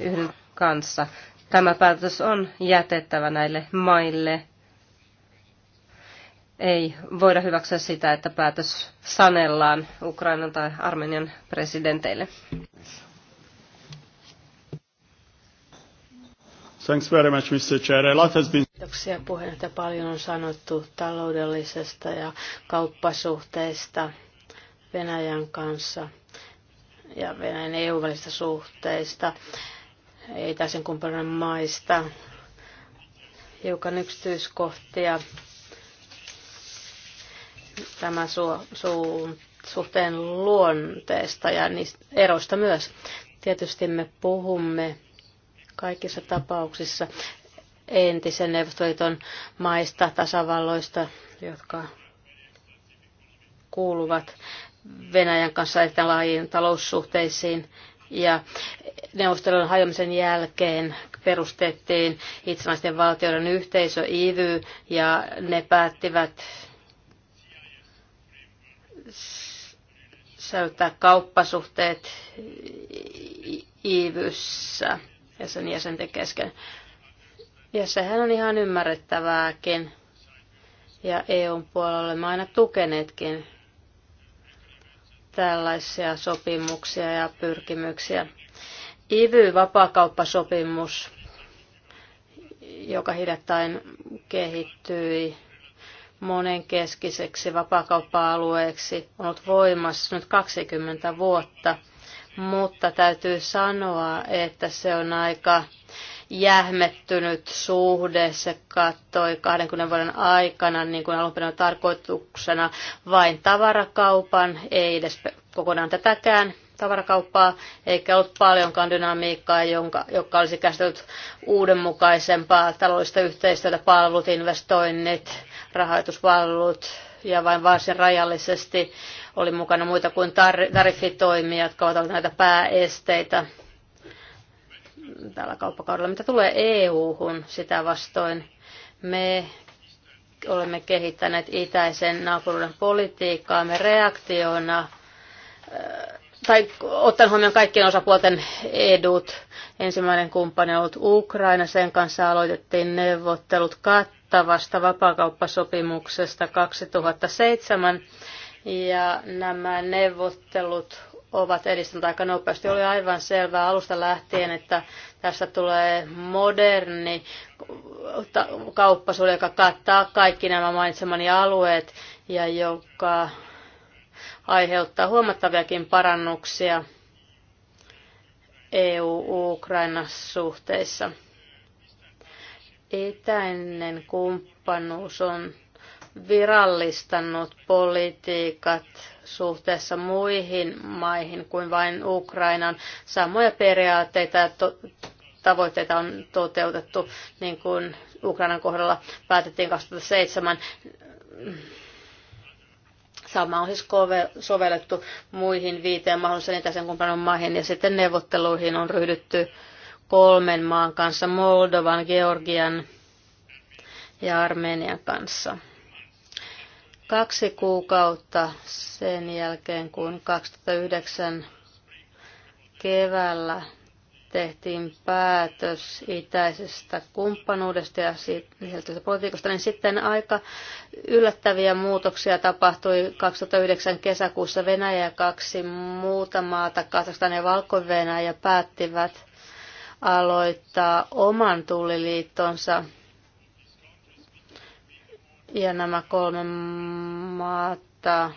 yhden kanssa. Tämä päätös on jätettävä näille maille. Ei voida hyväksyä sitä, että päätös sanellaan Ukrainan tai Armenian presidenteille. Thanks very much, Mr. Chair. A lot has been... Kiitoksia puheenjohtaja. Paljon on sanottu taloudellisesta ja kauppasuhteista Venäjän kanssa ja Venäjän EU-välisistä suhteista, täysin kumppanan maista. Hiukan yksityiskohtia tämän su- su- suhteen luonteesta ja niistä eroista myös. Tietysti me puhumme kaikissa tapauksissa entisen Neuvostoliiton maista, tasavalloista, jotka kuuluvat Venäjän kanssa erittäin laajiin taloussuhteisiin. Ja neuvostelun hajomisen jälkeen perustettiin itsenäisten valtioiden yhteisö IVY ja ne päättivät säyttää kauppasuhteet IVYssä ja sen jäsenten kesken. Ja sehän on ihan ymmärrettävääkin. Ja EUn puolella olemme aina tukeneetkin tällaisia sopimuksia ja pyrkimyksiä. IVY-vapaakauppasopimus, joka hiljattain kehittyi monenkeskiseksi vapaakauppa-alueeksi, on ollut voimassa nyt 20 vuotta – mutta täytyy sanoa, että se on aika jähmettynyt suhde. Se kattoi 20 vuoden aikana, niin kuin alun perin tarkoituksena, vain tavarakaupan, ei edes kokonaan tätäkään tavarakauppaa, eikä ollut paljonkaan dynamiikkaa, jonka, joka olisi käsitellyt uudenmukaisempaa taloudellista yhteistyötä, palvelut, investoinnit, rahoituspalvelut ja vain varsin rajallisesti oli mukana muita kuin tar- tariffitoimia, jotka ovat olleet näitä pääesteitä tällä kauppakaudella. Mitä tulee EU-hun sitä vastoin, me olemme kehittäneet itäisen naapuruuden Me reaktiona äh, tai ottaen huomioon kaikkien osapuolten edut. Ensimmäinen kumppani on ollut Ukraina, sen kanssa aloitettiin neuvottelut kattavasta vapaakauppasopimuksesta 2007 ja nämä neuvottelut ovat edistäneet aika nopeasti. Oli aivan selvää alusta lähtien, että tässä tulee moderni kauppasuhde, joka kattaa kaikki nämä mainitsemani alueet ja joka aiheuttaa huomattaviakin parannuksia EU-Ukraina-suhteissa. Itäinen kumppanuus on virallistanut politiikat suhteessa muihin maihin kuin vain Ukrainan. Samoja periaatteita ja tavoitteita on toteutettu, niin kuin Ukrainan kohdalla päätettiin 2007. Sama on siis sovellettu muihin viiteen mahdollisen itäisen kumppanin maihin ja sitten neuvotteluihin on ryhdytty kolmen maan kanssa, Moldovan, Georgian ja Armenian kanssa. Kaksi kuukautta sen jälkeen, kun 2009 keväällä tehtiin päätös itäisestä kumppanuudesta ja sieltä politiikasta, niin sitten aika yllättäviä muutoksia tapahtui 2009 kesäkuussa Venäjä ja kaksi muuta maata, Kazakstan ja valko päättivät aloittaa oman tulliliittonsa ja nämä kolme maata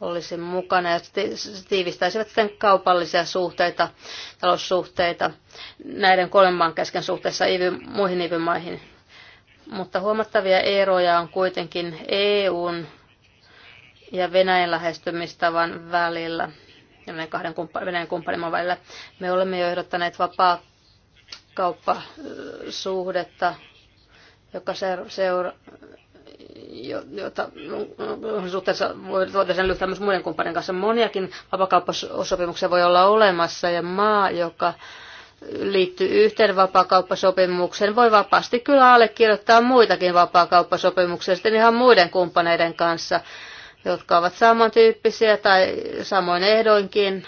olisi mukana ja tiivistäisivät sitten kaupallisia suhteita, taloussuhteita näiden kolmen maan kesken suhteessa muihin IVY-maihin. Mutta huomattavia eroja on kuitenkin EUn ja Venäjän lähestymistavan välillä ja meidän kahden kumppan, Venäjän kumppanimman välillä. Me olemme jo ehdottaneet vapaa kauppasuhdetta, joka seura- jota suhteessa voidaan sen lyhtää myös muiden kumppanien kanssa. Moniakin vapakauppasopimuksia voi olla olemassa ja maa, joka liittyy yhteen vapaakauppasopimukseen, voi vapaasti kyllä allekirjoittaa muitakin vapaakauppasopimuksia sitten ihan muiden kumppaneiden kanssa, jotka ovat samantyyppisiä tai samoin ehdoinkin.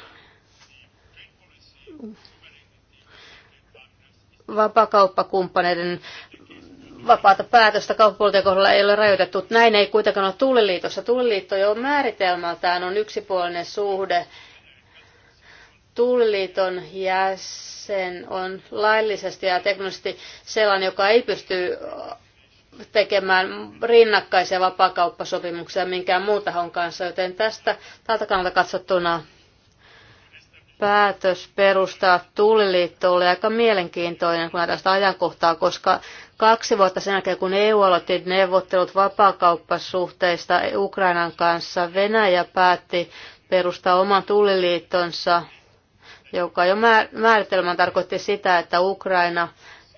Vapakauppakumppaneiden vapaata päätöstä kauppapuolten kohdalla ei ole rajoitettu. Näin ei kuitenkaan ole Tulliliitossa. Tulliliitto jo määritelmältään on yksipuolinen suhde. Tulliliiton jäsen on laillisesti ja teknisesti sellainen, joka ei pysty tekemään rinnakkaisia vapaakauppasopimuksia minkään muun tahon kanssa, joten tästä tältä kannalta katsottuna päätös perustaa tulliliitto oli aika mielenkiintoinen, kun tästä ajankohtaa, koska kaksi vuotta sen jälkeen, kun EU aloitti neuvottelut vapaakauppasuhteista Ukrainan kanssa, Venäjä päätti perustaa oman tulliliittonsa, joka jo määritelmän tarkoitti sitä, että Ukraina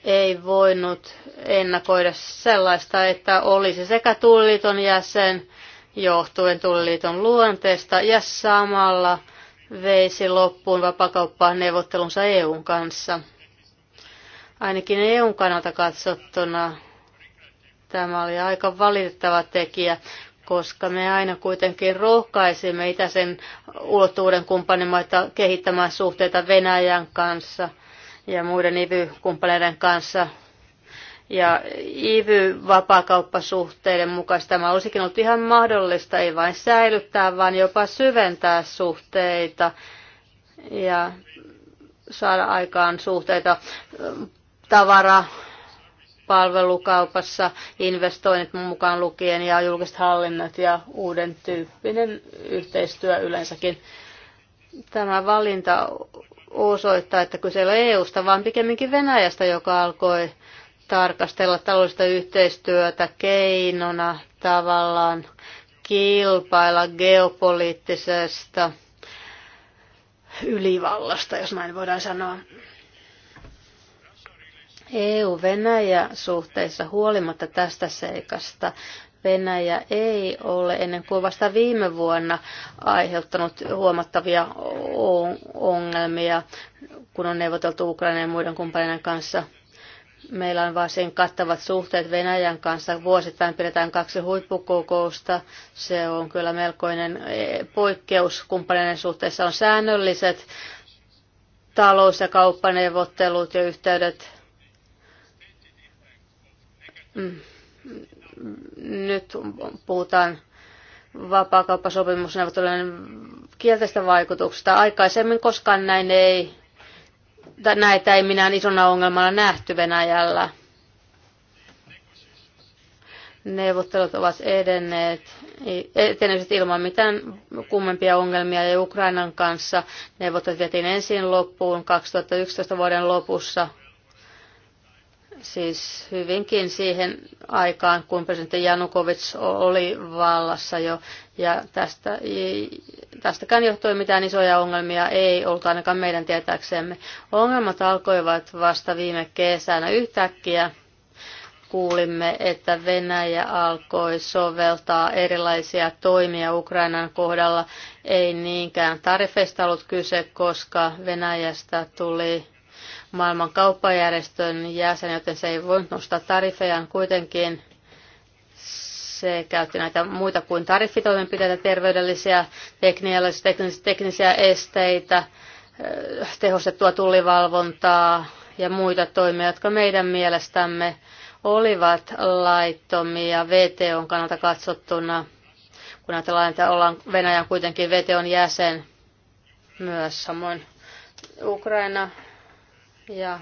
ei voinut ennakoida sellaista, että olisi sekä tulliliiton jäsen johtuen tulliliiton luonteesta ja samalla – veisi loppuun vapakauppaan neuvottelunsa EUn kanssa. Ainakin EUn kannalta katsottuna tämä oli aika valitettava tekijä, koska me aina kuitenkin rohkaisimme itäisen ulottuvuuden kumppanimaita kehittämään suhteita Venäjän kanssa ja muiden IVY-kumppaneiden kanssa ja IVY-vapaakauppasuhteiden mukaista. Tämä olisikin ollut ihan mahdollista, ei vain säilyttää, vaan jopa syventää suhteita ja saada aikaan suhteita ähm, tavara, palvelukaupassa, investoinnit mukaan lukien ja julkiset hallinnat ja uuden tyyppinen yhteistyö yleensäkin. Tämä valinta osoittaa, että kyse ei ole EUsta, vaan pikemminkin Venäjästä, joka alkoi tarkastella taloudellista yhteistyötä keinona tavallaan kilpailla geopoliittisesta ylivallasta, jos näin voidaan sanoa. EU-Venäjä-suhteissa huolimatta tästä seikasta Venäjä ei ole ennen kuin vasta viime vuonna aiheuttanut huomattavia ongelmia, kun on neuvoteltu Ukrainan ja muiden kumppaneiden kanssa Meillä on varsin kattavat suhteet Venäjän kanssa. Vuosittain pidetään kaksi huippukokousta. Se on kyllä melkoinen e, poikkeus. Kumppaneiden suhteessa on säännölliset talous- ja kauppaneuvottelut ja yhteydet. Mm. Nyt puhutaan vapaakauppasopimusneuvottelujen kielteistä vaikutuksista. Aikaisemmin koskaan näin ei näitä ei minä isona ongelmana nähty Venäjällä. Neuvottelut ovat edenneet, etenevät ilman mitään kummempia ongelmia ja Ukrainan kanssa neuvottelut vietiin ensin loppuun 2011 vuoden lopussa – siis hyvinkin siihen aikaan, kun presidentti Janukovic oli vallassa jo. Ja tästä, tästäkään johtui mitään isoja ongelmia, ei ollut ainakaan meidän tietääksemme. Ongelmat alkoivat vasta viime kesänä yhtäkkiä. Kuulimme, että Venäjä alkoi soveltaa erilaisia toimia Ukrainan kohdalla. Ei niinkään tarifeista ollut kyse, koska Venäjästä tuli maailman kauppajärjestön jäsen, joten se ei voinut nostaa tarifejaan kuitenkin. Se käytti näitä muita kuin tariffitoimenpiteitä, terveydellisiä, teknisiä esteitä, eh, tehostettua tullivalvontaa ja muita toimia, jotka meidän mielestämme olivat laittomia VTOn kannalta katsottuna, kun ajatellaan, että ollaan Venäjän kuitenkin VTOn jäsen myös samoin Ukraina ja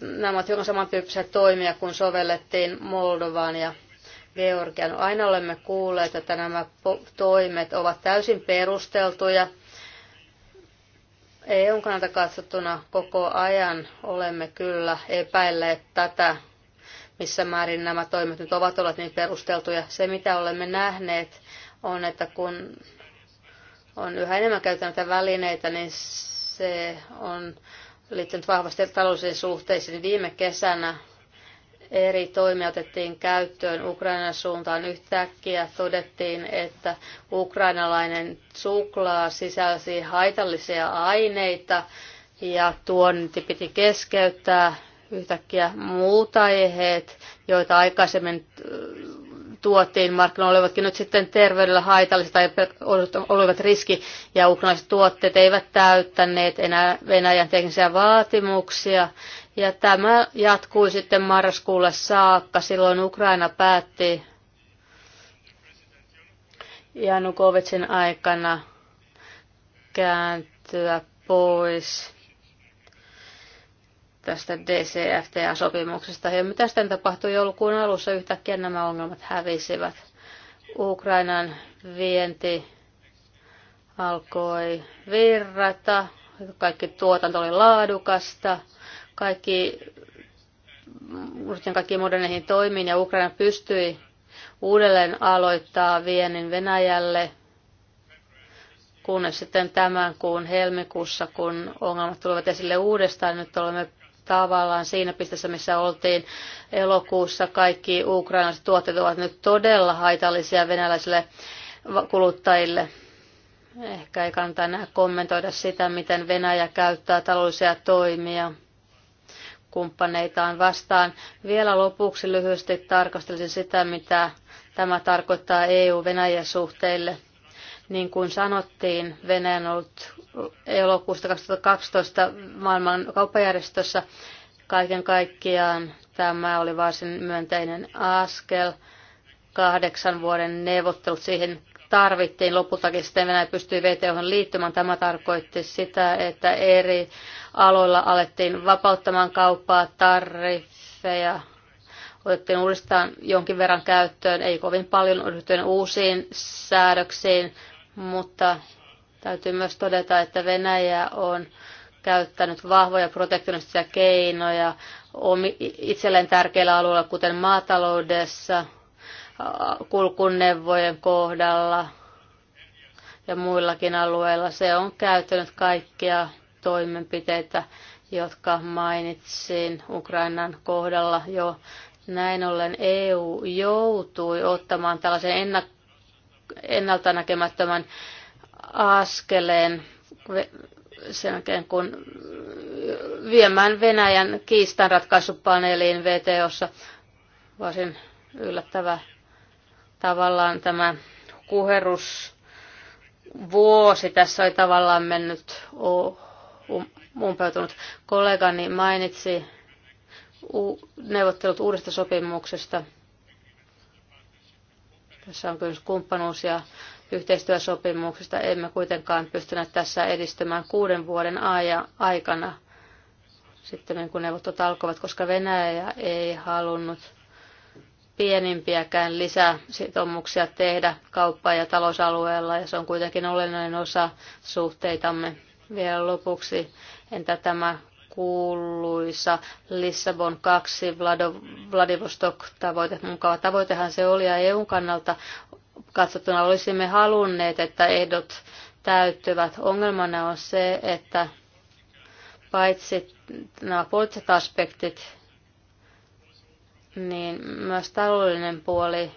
nämä ovat hiukan samantyyppisiä toimia kuin sovellettiin Moldovaan ja Georgian. Aina olemme kuulleet, että nämä toimet ovat täysin perusteltuja. EUn kannalta katsottuna koko ajan olemme kyllä epäilleet tätä, missä määrin nämä toimet nyt ovat olleet niin perusteltuja. Se, mitä olemme nähneet, on, että kun on yhä enemmän käytetty näitä välineitä, niin se on liittynyt vahvasti taloudellisiin suhteisiin. Viime kesänä eri toimia otettiin käyttöön Ukrainan suuntaan. Yhtäkkiä todettiin, että ukrainalainen suklaa sisälsi haitallisia aineita ja tuonti piti keskeyttää yhtäkkiä muut aiheet, joita aikaisemmin tuotiin markkinoilla olivatkin nyt sitten terveydellä haitallisia tai olivat riski ja ukrainaiset tuotteet eivät täyttäneet enää Venäjän teknisiä vaatimuksia. Ja tämä jatkui sitten marraskuulle saakka. Silloin Ukraina päätti Janukovitsin aikana kääntyä pois tästä DCFTA-sopimuksesta. Ja mitä sitten tapahtui joulukuun alussa, yhtäkkiä nämä ongelmat hävisivät. Ukrainan vienti alkoi virrata, kaikki tuotanto oli laadukasta, kaikki, kaikki moderneihin toimiin ja Ukraina pystyi uudelleen aloittaa viennin Venäjälle, kunnes sitten tämän kuun helmikuussa, kun ongelmat tulevat esille uudestaan, nyt olemme tavallaan siinä pisteessä, missä oltiin elokuussa. Kaikki ukrainalaiset tuotteet ovat nyt todella haitallisia venäläisille kuluttajille. Ehkä ei kannata enää kommentoida sitä, miten Venäjä käyttää taloudellisia toimia kumppaneitaan vastaan. Vielä lopuksi lyhyesti tarkastelisin sitä, mitä tämä tarkoittaa EU-Venäjä-suhteille – niin kuin sanottiin, Venäjä on ollut elokuusta 2012 maailman kauppajärjestössä. Kaiken kaikkiaan tämä oli varsin myönteinen askel. Kahdeksan vuoden neuvottelut siihen tarvittiin. Lopultakin sitten Venäjä pystyi VTOhon liittymään. Tämä tarkoitti sitä, että eri aloilla alettiin vapauttamaan kauppaa, tariffeja, otettiin uudestaan jonkin verran käyttöön, ei kovin paljon ryhtyen uusiin säädöksiin, mutta täytyy myös todeta, että Venäjä on käyttänyt vahvoja protektionistisia keinoja itselleen tärkeillä alueilla, kuten maataloudessa, kulkuneuvojen kohdalla ja muillakin alueilla. Se on käyttänyt kaikkia toimenpiteitä, jotka mainitsin Ukrainan kohdalla jo. Näin ollen EU joutui ottamaan tällaisen ennak- ennalta näkemättömän askeleen sen jälkeen, kun viemään Venäjän kiistanratkaisupaneeliin VTOssa varsin yllättävä tavallaan tämä kuherus vuosi tässä oli tavallaan mennyt um-, umpeutunut. Kollegani mainitsi neuvottelut uudesta sopimuksesta – jossa on kysymys kumppanuus- ja yhteistyösopimuksista, emme kuitenkaan pystyneet tässä edistymään kuuden vuoden aikana sitten, niin kun neuvottelut alkoivat, koska Venäjä ei halunnut pienimpiäkään lisäsitoumuksia tehdä kauppa- ja talousalueella, ja se on kuitenkin olennainen osa suhteitamme. Vielä lopuksi, entä tämä kuuluisa Lissabon 2 Vladivostok-tavoite. Mukava tavoitehan se oli ja EUn kannalta katsottuna olisimme halunneet, että ehdot täyttyvät. Ongelmana on se, että paitsi nämä poliittiset aspektit, niin myös taloudellinen puoli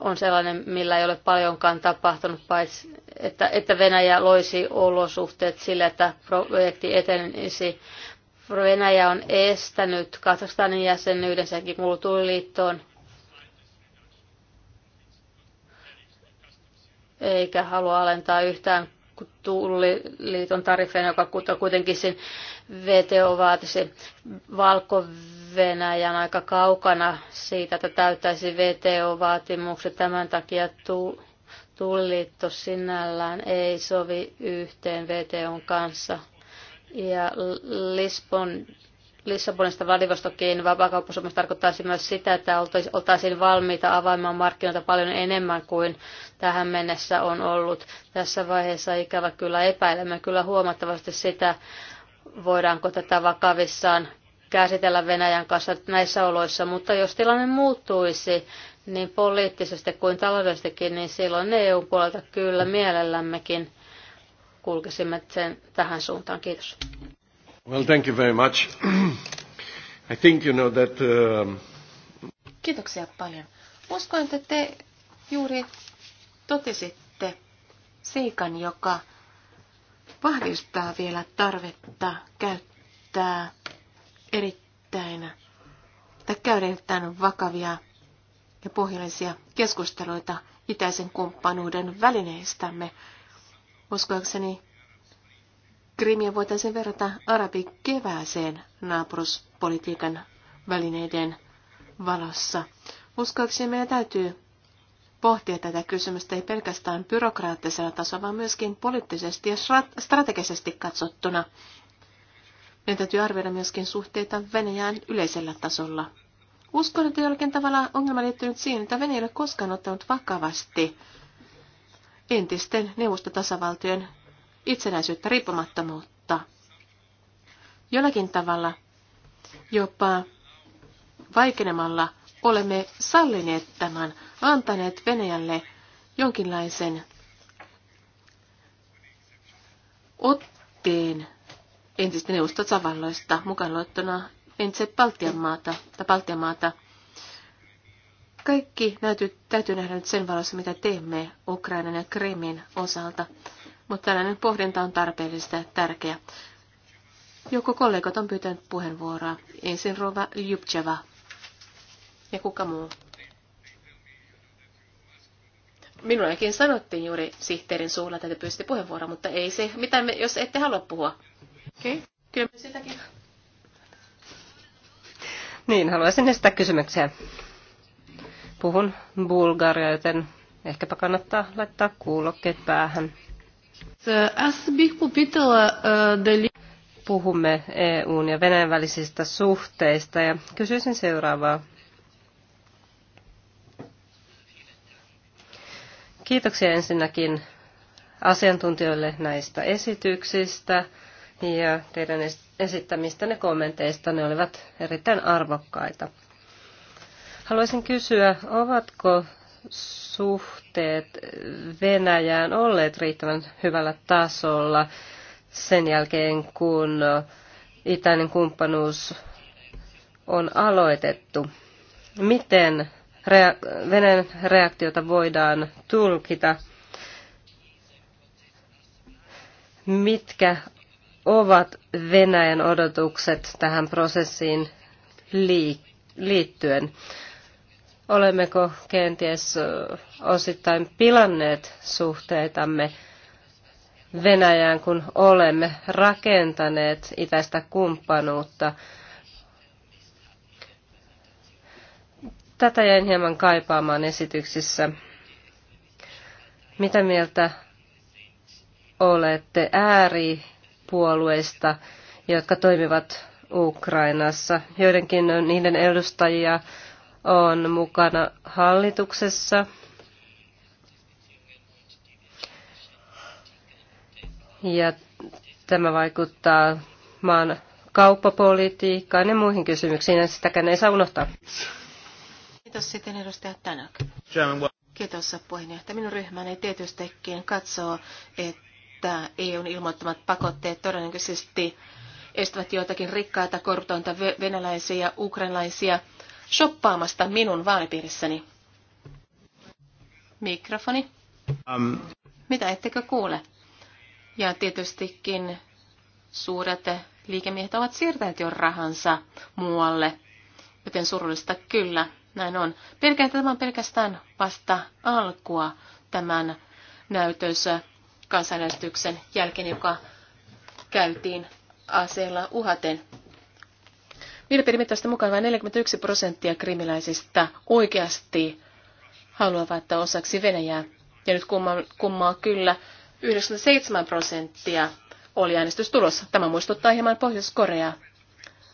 on sellainen, millä ei ole paljonkaan tapahtunut, paitsi että, että Venäjä loisi olosuhteet sille, että projekti etenisi. Venäjä on estänyt Kazakstanin jäsenyyden sekin kulttuuriliittoon, eikä halua alentaa yhtään tulliliiton tarifeen, joka kuitenkin sen VTO vaatisi valko Venäjän aika kaukana siitä, että täyttäisi VTO-vaatimukset. Tämän takia tulliliitto sinällään ei sovi yhteen VTOn kanssa. Ja Lisbon Lissabonista Vladivostokiin vapaakauppasopimus tarkoittaisi myös sitä, että oltaisiin valmiita avaamaan markkinoita paljon enemmän kuin tähän mennessä on ollut. Tässä vaiheessa ikävä kyllä epäilemme kyllä huomattavasti sitä, voidaanko tätä vakavissaan käsitellä Venäjän kanssa näissä oloissa, mutta jos tilanne muuttuisi niin poliittisesti kuin taloudellisestikin, niin silloin eu e puolelta kyllä mielellämmekin kulkisimme sen tähän suuntaan. Kiitos. Well, thank you very much. I think you know that... Um, Kiitoksia paljon. Uskon, että te juuri totesitte seikan, joka vahvistaa vielä tarvetta käyttää erittäin tai käydä erittäin vakavia ja pohjallisia keskusteluita itäisen kumppanuuden välineistämme. Uskoakseni Krimiä voitaisiin verrata arabikevääseen naapuruspolitiikan välineiden valossa. Uskoakseni meidän täytyy pohtia tätä kysymystä ei pelkästään byrokraattisella tasolla, vaan myöskin poliittisesti ja strategisesti katsottuna. Meidän täytyy arvioida myöskin suhteita Venäjään yleisellä tasolla. Uskon, että jollakin tavalla ongelma nyt siihen, että Venäjä ei ole koskaan ottanut vakavasti entisten neuvostotasavaltojen itsenäisyyttä, riippumattomuutta. Jollakin tavalla jopa vaikenemalla olemme sallineet tämän, antaneet Venäjälle jonkinlaisen otteen entistä neuvostotavalloista mukaan luettuna entiset Baltian maata, tai Baltian maata. Kaikki näytyy, täytyy nähdä nyt sen valossa, mitä teemme Ukrainan ja Krimin osalta mutta tällainen pohdinta on tarpeellista ja tärkeä. Joku kollegat on pyytänyt puheenvuoroa. Ensin Rova Ljubcheva ja kuka muu. Minullekin sanottiin juuri sihteerin suulla, että te pyysitte puheenvuoroa, mutta ei se, mitä me, jos ette halua puhua. Okei, okay. kyllä sitäkin. Niin, haluaisin esittää kysymyksiä. Puhun bulgaria, joten ehkäpä kannattaa laittaa kuulokkeet päähän. Puhumme EUn ja Venäjän välisistä suhteista ja kysyisin seuraavaa. Kiitoksia ensinnäkin asiantuntijoille näistä esityksistä ja teidän esittämistänne kommenteista. Ne olivat erittäin arvokkaita. Haluaisin kysyä, ovatko suhteet Venäjään olleet riittävän hyvällä tasolla sen jälkeen, kun itäinen kumppanuus on aloitettu. Miten rea- Venäjän reaktiota voidaan tulkita? Mitkä ovat Venäjän odotukset tähän prosessiin liittyen? olemmeko kenties osittain pilanneet suhteitamme Venäjään, kun olemme rakentaneet itäistä kumppanuutta. Tätä jäin hieman kaipaamaan esityksissä. Mitä mieltä olette ääripuolueista, jotka toimivat Ukrainassa? Joidenkin niiden edustajia on mukana hallituksessa. Ja tämä vaikuttaa maan kauppapolitiikkaan ja muihin kysymyksiin, ja sitäkään ei saa unohtaa. Kiitos sitten edustaja Tänak. Kiitos puheenjohtaja. Minun ryhmäni tietystikin katsoo, että EUn ilmoittamat pakotteet todennäköisesti estävät joitakin rikkaita korruptointa venäläisiä ja ukrainalaisia shoppaamasta minun vaalipiirissäni. Mikrofoni. Um. Mitä ettekö kuule? Ja tietystikin suuret liikemiehet ovat siirtäneet jo rahansa muualle, joten surullista kyllä, näin on. Pelkään, tämä on pelkästään vasta alkua tämän näytössä kansanäänestyksen jälkeen, joka käytiin aseella uhaten. Mielipidemittaista mukaan vain 41 prosenttia krimiläisistä oikeasti haluavat osaksi Venäjää. Ja nyt kummaa, kummaa kyllä 97 prosenttia oli äänestystulos. Tämä muistuttaa hieman Pohjois-Koreaa.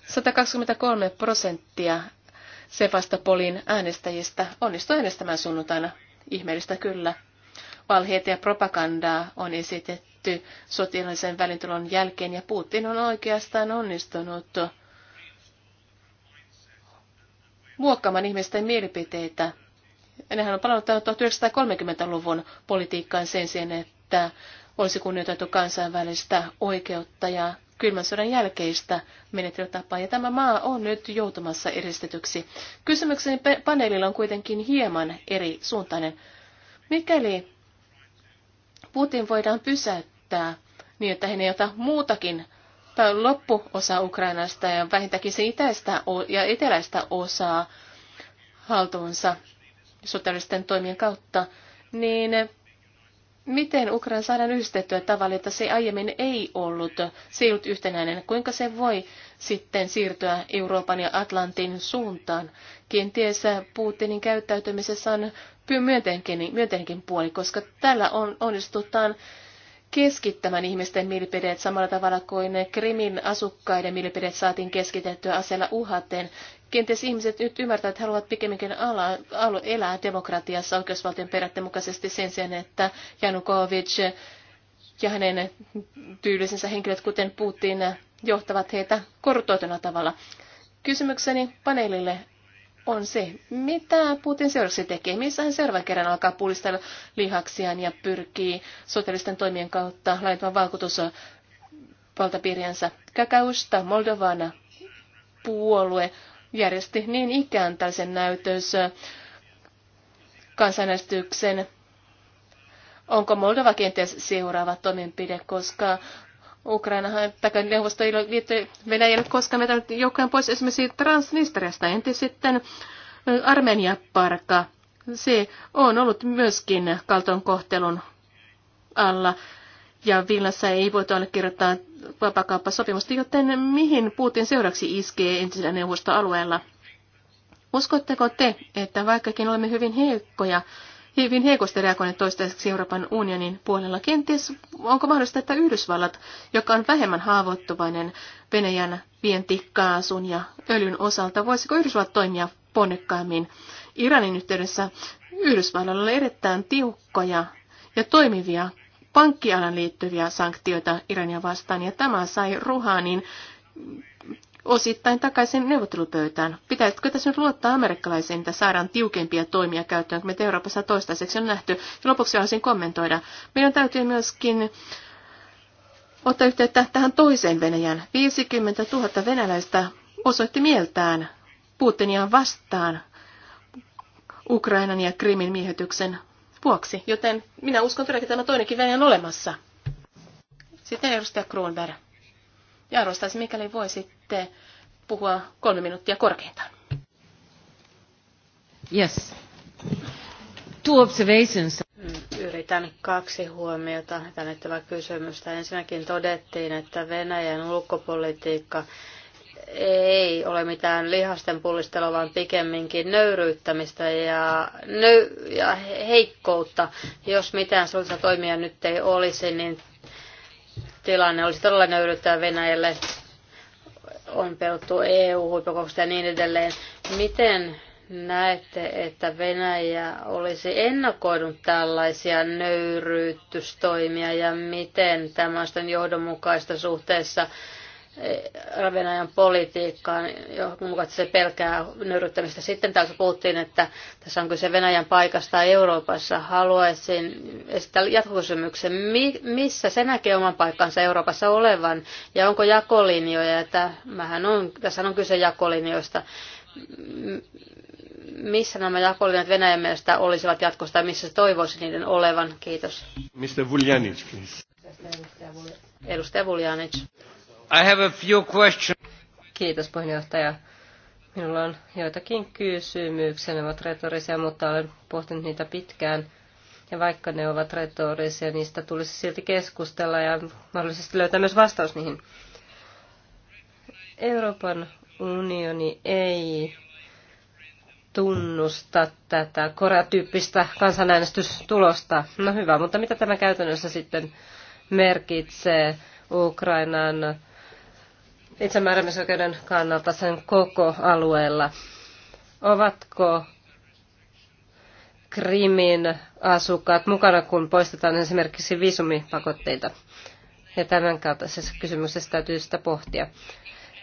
123 prosenttia Sevastopolin äänestäjistä onnistui äänestämään sunnuntaina. Ihmeellistä kyllä. Valheita ja propagandaa on esitetty sotilaisen välintulon jälkeen ja Putin on oikeastaan onnistunut muokkaamaan ihmisten mielipiteitä. Nehän on palannut 1930-luvun politiikkaan sen sijaan, että olisi kunnioitettu kansainvälistä oikeutta ja kylmän sodan jälkeistä menettelytapaa, ja tämä maa on nyt joutumassa eristetyksi. Kysymykseni paneelilla on kuitenkin hieman eri suuntainen. Mikäli Putin voidaan pysäyttää niin, että hän ei ota muutakin loppuosa Ukrainasta ja vähintäänkin se itäistä ja eteläistä osaa haltuunsa sotilaisten toimien kautta, niin miten Ukraina saadaan yhdistettyä tavalla, että se aiemmin ei ollut, se ei ollut yhtenäinen, kuinka se voi sitten siirtyä Euroopan ja Atlantin suuntaan. Kenties Putinin käyttäytymisessä on myönteinenkin, myönteinenkin puoli, koska tällä on, onnistutaan keskittämään ihmisten mielipideet samalla tavalla kuin Krimin asukkaiden mielipideet saatiin keskitettyä aseella uhaten. Kenties ihmiset nyt ymmärtävät, että haluavat pikemminkin ala, ala, elää demokratiassa oikeusvaltion periaatteen mukaisesti sen sijaan, että Janukovic ja hänen tyylisensä henkilöt, kuten Putin, johtavat heitä korruptoituna tavalla. Kysymykseni paneelille on se, mitä Putin seuraavaksi tekee. Missä hän seuraavan kerran alkaa pullistella lihaksiaan ja pyrkii sotilisten toimien kautta laitamaan vaikutus valtapiiriänsä. Kakausta Moldovan puolue järjesti niin ikään tällaisen näytös kansanäistyksen. Onko Moldova kenties seuraava toimenpide, koska Ukrainahan, tai neuvosto ei ole Venäjälle koskaan vetänyt joukkojen pois esimerkiksi Transnistriasta. Enti sitten Armenia-parka? Se on ollut myöskin kohtelun alla. Ja Vilnassa ei voitu allekirjoittaa vapakauppasopimusta, joten mihin Putin seuraksi iskee entisellä neuvostoalueella? Uskotteko te, että vaikkakin olemme hyvin heikkoja, hyvin heikosti reagoineet toistaiseksi Euroopan unionin puolella. Kenties onko mahdollista, että Yhdysvallat, joka on vähemmän haavoittuvainen Venäjän vientikaasun ja öljyn osalta, voisiko Yhdysvallat toimia ponnekkaammin? Iranin yhteydessä Yhdysvalloilla on erittäin tiukkoja ja toimivia pankkialan liittyviä sanktioita Irania vastaan, ja tämä sai Ruhanin osittain takaisin neuvottelupöytään. Pitäisikö tässä nyt luottaa amerikkalaisiin, että saadaan tiukempia toimia käyttöön, kun me Euroopassa toistaiseksi on nähty. Ja lopuksi haluaisin kommentoida. Meidän täytyy myöskin ottaa yhteyttä tähän toiseen Venäjään. 50 000 venäläistä osoitti mieltään Putinia vastaan Ukrainan ja Krimin miehityksen vuoksi, joten minä uskon todellakin, että tämä toinenkin Venäjä on olemassa. Sitten edustaja Kronberg. Ja arvostaisin, mikäli voisitte puhua kolme minuuttia korkeintaan. Yes. Two observations. Yritän kaksi huomiota tännettävää kysymystä. Ensinnäkin todettiin, että Venäjän ulkopolitiikka ei ole mitään lihasten pullistelua, vaan pikemminkin nöyryyttämistä ja, nö- ja heikkoutta. Jos mitään sellaisia toimia nyt ei olisi, niin tilanne olisi todella nöyryttää Venäjälle. On peluttu EU-huippukokousta ja niin edelleen. Miten näette, että Venäjä olisi ennakoinut tällaisia nöyryytystoimia ja miten tämä on johdonmukaista suhteessa Venäjän politiikkaan, johon mukaan se pelkää nöyryttämistä. Sitten taas puhuttiin, että tässä on kyse Venäjän paikasta Euroopassa. Haluaisin esittää jatkokysymyksen, missä se näkee oman paikkansa Euroopassa olevan ja onko jakolinjoja? Tämähän on, tässä on kyse jakolinjoista. Missä nämä jakolinjat Venäjän mielestä olisivat jatkosta ja missä toivoisi niiden olevan? Kiitos. Mr. Vuljanic, please. Edustaja Vuljanic. I have a few questions. Kiitos puheenjohtaja. Minulla on joitakin kysymyksiä. Ne ovat retorisia, mutta olen pohtinut niitä pitkään. Ja vaikka ne ovat retorisia, niistä tulisi silti keskustella ja mahdollisesti löytää myös vastaus niihin. Euroopan unioni ei tunnusta tätä koreatyyppistä kansanäänestystulosta. No hyvä, mutta mitä tämä käytännössä sitten merkitsee Ukrainan itsemääräämisoikeuden kannalta sen koko alueella. Ovatko Krimin asukkaat mukana, kun poistetaan esimerkiksi viisumipakotteita? Ja tämän kaltaisessa kysymyksessä täytyy sitä pohtia.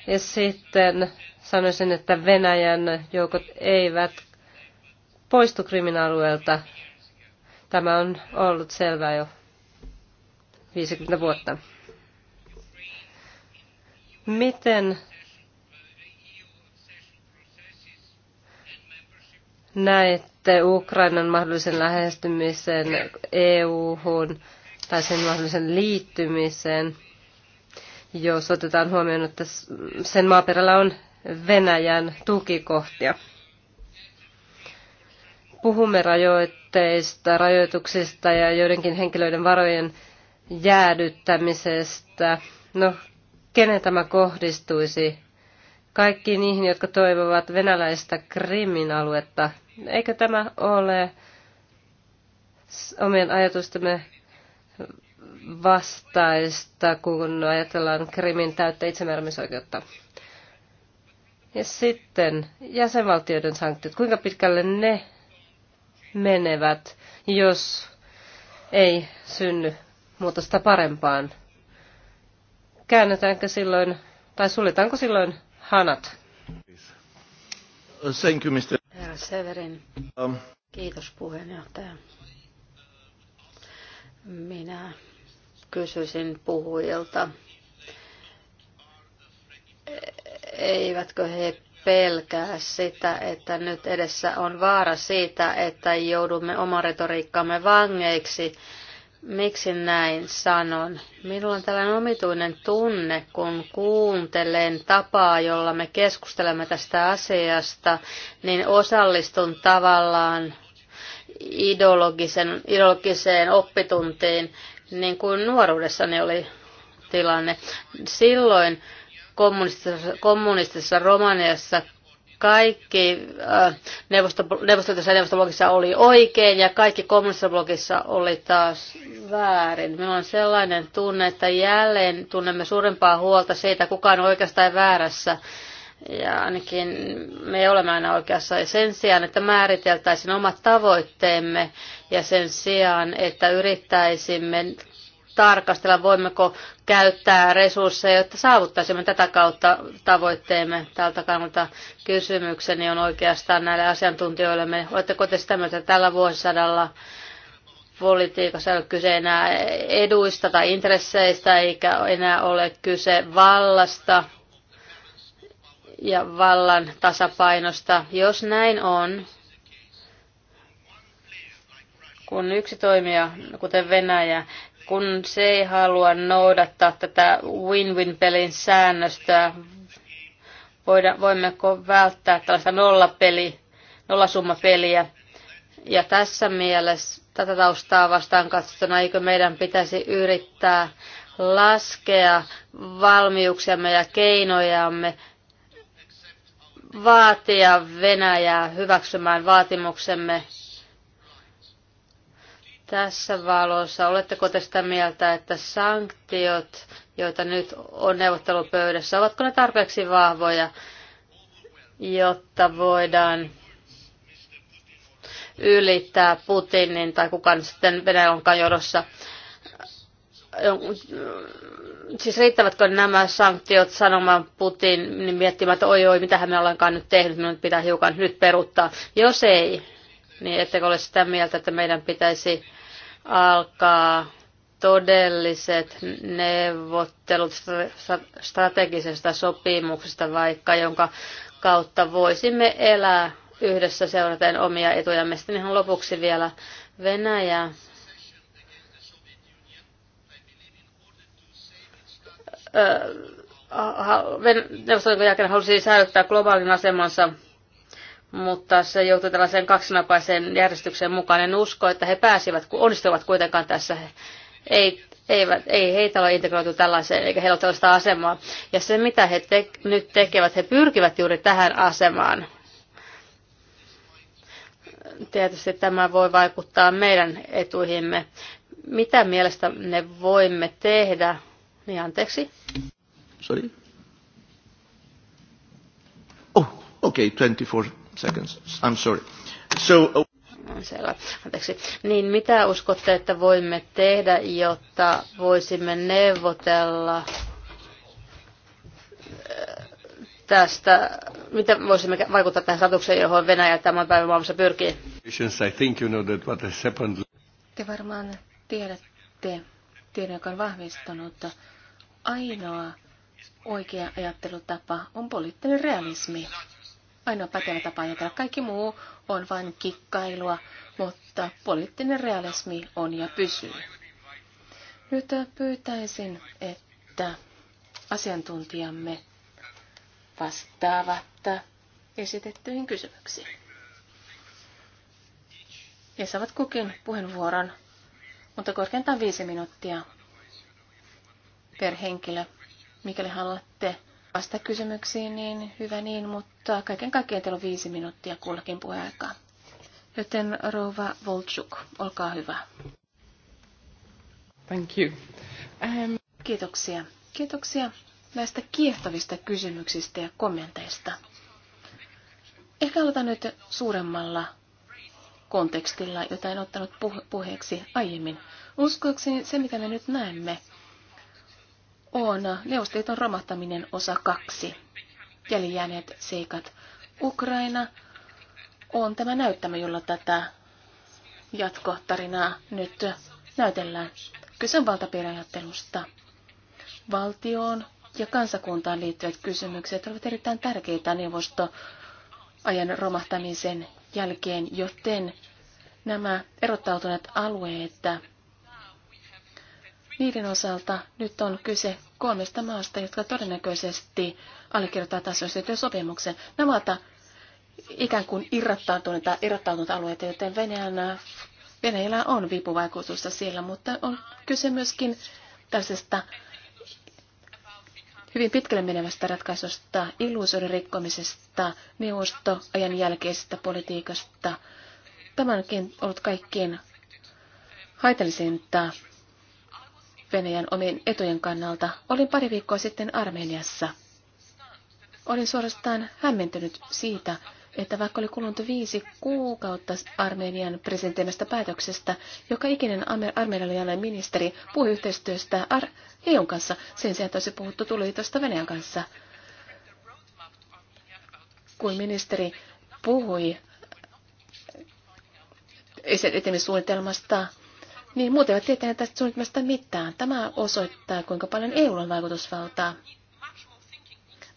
Ja sitten sanoisin, että Venäjän joukot eivät poistu Krimin alueelta. Tämä on ollut selvää jo 50 vuotta. Miten näette Ukrainan mahdollisen lähestymisen EU-hun tai sen mahdollisen liittymisen, jos otetaan huomioon, että sen maaperällä on Venäjän tukikohtia. Puhumme rajoitteista, rajoituksista ja joidenkin henkilöiden varojen jäädyttämisestä. No, kenen tämä kohdistuisi? Kaikki niihin, jotka toivovat venäläistä Krimin aluetta. Eikö tämä ole omien ajatustemme vastaista, kun ajatellaan Krimin täyttä itsemääräämisoikeutta? Ja sitten jäsenvaltioiden sanktiot, kuinka pitkälle ne menevät, jos ei synny muutosta parempaan? käännetäänkö silloin, tai suljetaanko silloin hanat? Thank you, Mr. Herra Severin. Um. Kiitos puheenjohtaja. Minä kysyisin puhujilta, eivätkö he pelkää sitä, että nyt edessä on vaara siitä, että joudumme oman retoriikkamme vangeiksi Miksi näin sanon? Minulla on tällainen omituinen tunne, kun kuuntelen tapaa, jolla me keskustelemme tästä asiasta, niin osallistun tavallaan ideologisen, ideologiseen oppituntiin, niin kuin nuoruudessani oli tilanne. Silloin kommunistisessa, kommunistisessa Romaniassa kaikki äh, neuvostoliitossa ja neuvostoblogissa oli oikein ja kaikki kommunistiblogissa oli taas väärin. Minulla on sellainen tunne, että jälleen tunnemme suurempaa huolta siitä, kuka on oikeassa tai väärässä. Ja ainakin me olemme aina oikeassa. Ja sen sijaan, että määriteltäisiin omat tavoitteemme ja sen sijaan, että yrittäisimme tarkastella, voimmeko käyttää resursseja, jotta saavuttaisimme tätä kautta tavoitteemme. Tältä kannalta kysymykseni on oikeastaan näille asiantuntijoille, Oletteko te sitä mieltä, että tällä vuosisadalla politiikassa ei ole kyse enää eduista tai intresseistä, eikä enää ole kyse vallasta ja vallan tasapainosta. Jos näin on, kun yksi toimija, kuten Venäjä, kun se ei halua noudattaa tätä win-win-pelin säännöstöä, voida, voimmeko välttää tällaista nollapeli, nollasummapeliä. Ja tässä mielessä tätä taustaa vastaan katsottuna, eikö meidän pitäisi yrittää laskea valmiuksiamme ja keinojamme vaatia Venäjää hyväksymään vaatimuksemme tässä valossa, oletteko te sitä mieltä, että sanktiot, joita nyt on neuvottelupöydässä, ovatko ne tarpeeksi vahvoja, jotta voidaan ylittää Putinin tai kukaan sitten Venäjän onkaan johdossa siis riittävätkö nämä sanktiot sanomaan Putin niin miettimään, että oi oi, mitä me ollaankaan nyt tehnyt, minun pitää hiukan nyt peruttaa. Jos ei, niin ettekö ole sitä mieltä, että meidän pitäisi alkaa todelliset neuvottelut strategisesta sopimuksesta vaikka, jonka kautta voisimme elää yhdessä seuraten omia etujamme. Sitten ihan lopuksi vielä Venäjä. Neuvostoliiton jälkeen halusi säilyttää globaalin asemansa mutta se joutui tällaiseen kaksinapaiseen järjestykseen mukaan. En usko, että he pääsivät, onnistuivat kuitenkaan tässä. Ei, eivät, ei heitä ole integroitu tällaiseen, eikä heillä ole tällaista asemaa. Ja se, mitä he te- nyt tekevät, he pyrkivät juuri tähän asemaan. Tietysti tämä voi vaikuttaa meidän etuihimme. Mitä mielestä ne voimme tehdä? Niin anteeksi. Sorry. Oh, okay, 24 seconds. I'm sorry. So, uh, no, Anteeksi. Niin mitä uskotte, että voimme tehdä, jotta voisimme neuvotella äh, tästä, mitä voisimme vaikuttaa tähän statukseen, johon Venäjä tämän päivän maailmassa pyrkii? Te varmaan tiedätte, tiedon, joka on vahvistunut, ainoa oikea ajattelutapa on poliittinen realismi ainoa pätevä tapa ajatella. Kaikki muu on vain kikkailua, mutta poliittinen realismi on ja pysyy. Nyt pyytäisin, että asiantuntijamme vastaavat esitettyihin kysymyksiin. Ja saavat kukin puheenvuoron, mutta korkeintaan viisi minuuttia per henkilö, mikäli haluatte vasta kysymyksiin, niin hyvä niin, mutta kaiken kaikkiaan teillä on viisi minuuttia kullakin puheaikaa. Joten rouva Voltsuk, olkaa hyvä. Thank you. Um... Kiitoksia. Kiitoksia näistä kiehtovista kysymyksistä ja kommenteista. Ehkä aloitan nyt suuremmalla kontekstilla, jota en ottanut puheeksi aiemmin. Uskoakseni se, mitä me nyt näemme, on Neuvostoliiton romahtaminen osa kaksi. Jäljääneet seikat. Ukraina on tämä näyttämä, jolla tätä jatkotarinaa nyt näytellään. Kyse on valtapiiriajattelusta. Valtioon ja kansakuntaan liittyvät kysymykset ovat erittäin tärkeitä neuvostoajan romahtamisen jälkeen, joten nämä erottautuneet alueet niiden osalta nyt on kyse kolmesta maasta, jotka todennäköisesti allekirjoittaa sopimuksen. Nämä ovat ikään kuin irrattautuneita, irrattautuneita alueita, joten Venäjän, Venäjällä on vipuvaikutusta siellä, mutta on kyse myöskin tällaisesta hyvin pitkälle menevästä ratkaisusta, illuusioiden rikkomisesta, neuvostoajan jälkeisestä politiikasta. Tämä onkin ollut kaikkien haitallisinta Venäjän omien etujen kannalta. Olin pari viikkoa sitten Armeniassa. Olin suorastaan hämmentynyt siitä, että vaikka oli kulunut viisi kuukautta Armenian presidenteemästä päätöksestä, joka ikinen armeenialainen ministeri puhui yhteistyöstä Ar- EUn kanssa, sen sijaan, että olisi puhuttu tuliitosta Venäjän kanssa. Kun ministeri puhui etenemissuunnitelmasta niin muuten ei tietää tästä suunnitelmasta mitään. Tämä osoittaa, kuinka paljon EU on vaikutusvaltaa.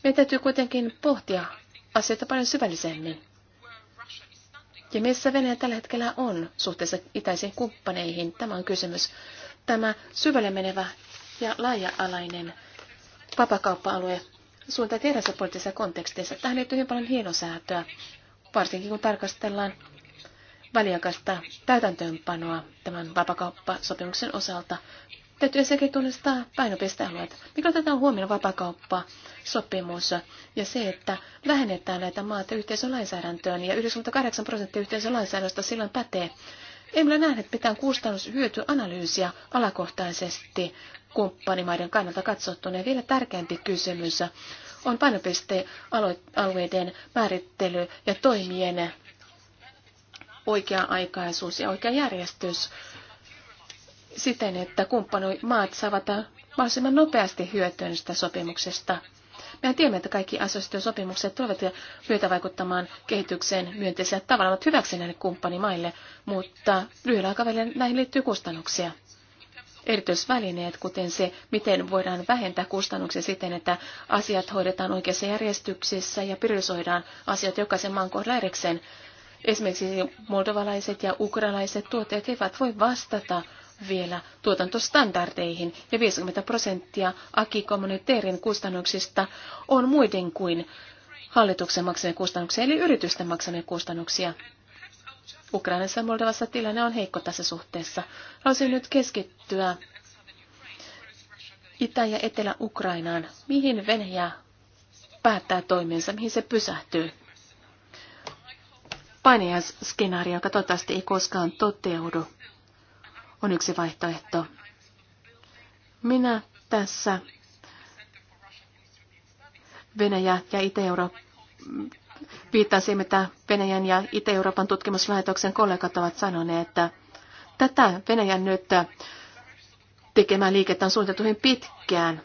Meidän täytyy kuitenkin pohtia asioita paljon syvällisemmin. Ja missä Venäjä tällä hetkellä on suhteessa itäisiin kumppaneihin? Tämä on kysymys. Tämä syvälle menevä ja laaja-alainen vapakauppa-alue suuntaa tehdänsä poliittisessa kontekstissa. Tähän liittyy hyvin paljon hienosäätöä, varsinkin kun tarkastellaan väliaikaista täytäntöönpanoa tämän vapakauppasopimuksen osalta. Täytyy sekin tunnistaa painopistealueet. Mikä otetaan huomioon vapakauppasopimus ja se, että vähennetään näitä maata yhteisölainsäädäntöön ja 98 prosenttia yhteisölainsäädännöstä silloin pätee. Emme ole nähneet mitään kustannushyötyanalyysiä alakohtaisesti kumppanimaiden kannalta katsottuna. Ja vielä tärkeämpi kysymys on painopistealueiden määrittely ja toimien oikea-aikaisuus ja oikea järjestys siten, että kumppanimaat saavat mahdollisimman nopeasti hyötyä sitä sopimuksesta. Mehän tiedämme, että kaikki assosiaatiosopimukset tulevat vaikuttamaan kehitykseen myönteisellä tavalla, ovat hyväksi näille kumppanimaille, mutta lyhyellä aikavälillä näihin liittyy kustannuksia. Erityisvälineet, kuten se, miten voidaan vähentää kustannuksia siten, että asiat hoidetaan oikeassa järjestyksessä ja priorisoidaan asiat jokaisen maan kohdalla erikseen, Esimerkiksi moldovalaiset ja ukrainalaiset tuottajat eivät voi vastata vielä tuotantostandardeihin ja 50 prosenttia akikommuniteerin kustannuksista on muiden kuin hallituksen maksamia kustannuksia eli yritysten maksamia kustannuksia. Ukrainassa ja Moldovassa tilanne on heikko tässä suhteessa. Haluaisin nyt keskittyä Itä- ja Etelä-Ukrainaan. Mihin Venäjä päättää toimensa, mihin se pysähtyy? painajaisskenaario, joka toivottavasti ei koskaan toteudu, on yksi vaihtoehto. Minä tässä Venäjä ja Itä-Eurooppa viittaan siihen, mitä Venäjän ja Itä-Euroopan tutkimuslaitoksen kollegat ovat sanoneet, että tätä Venäjän nyt tekemään liikettä on suunniteltu hyvin pitkään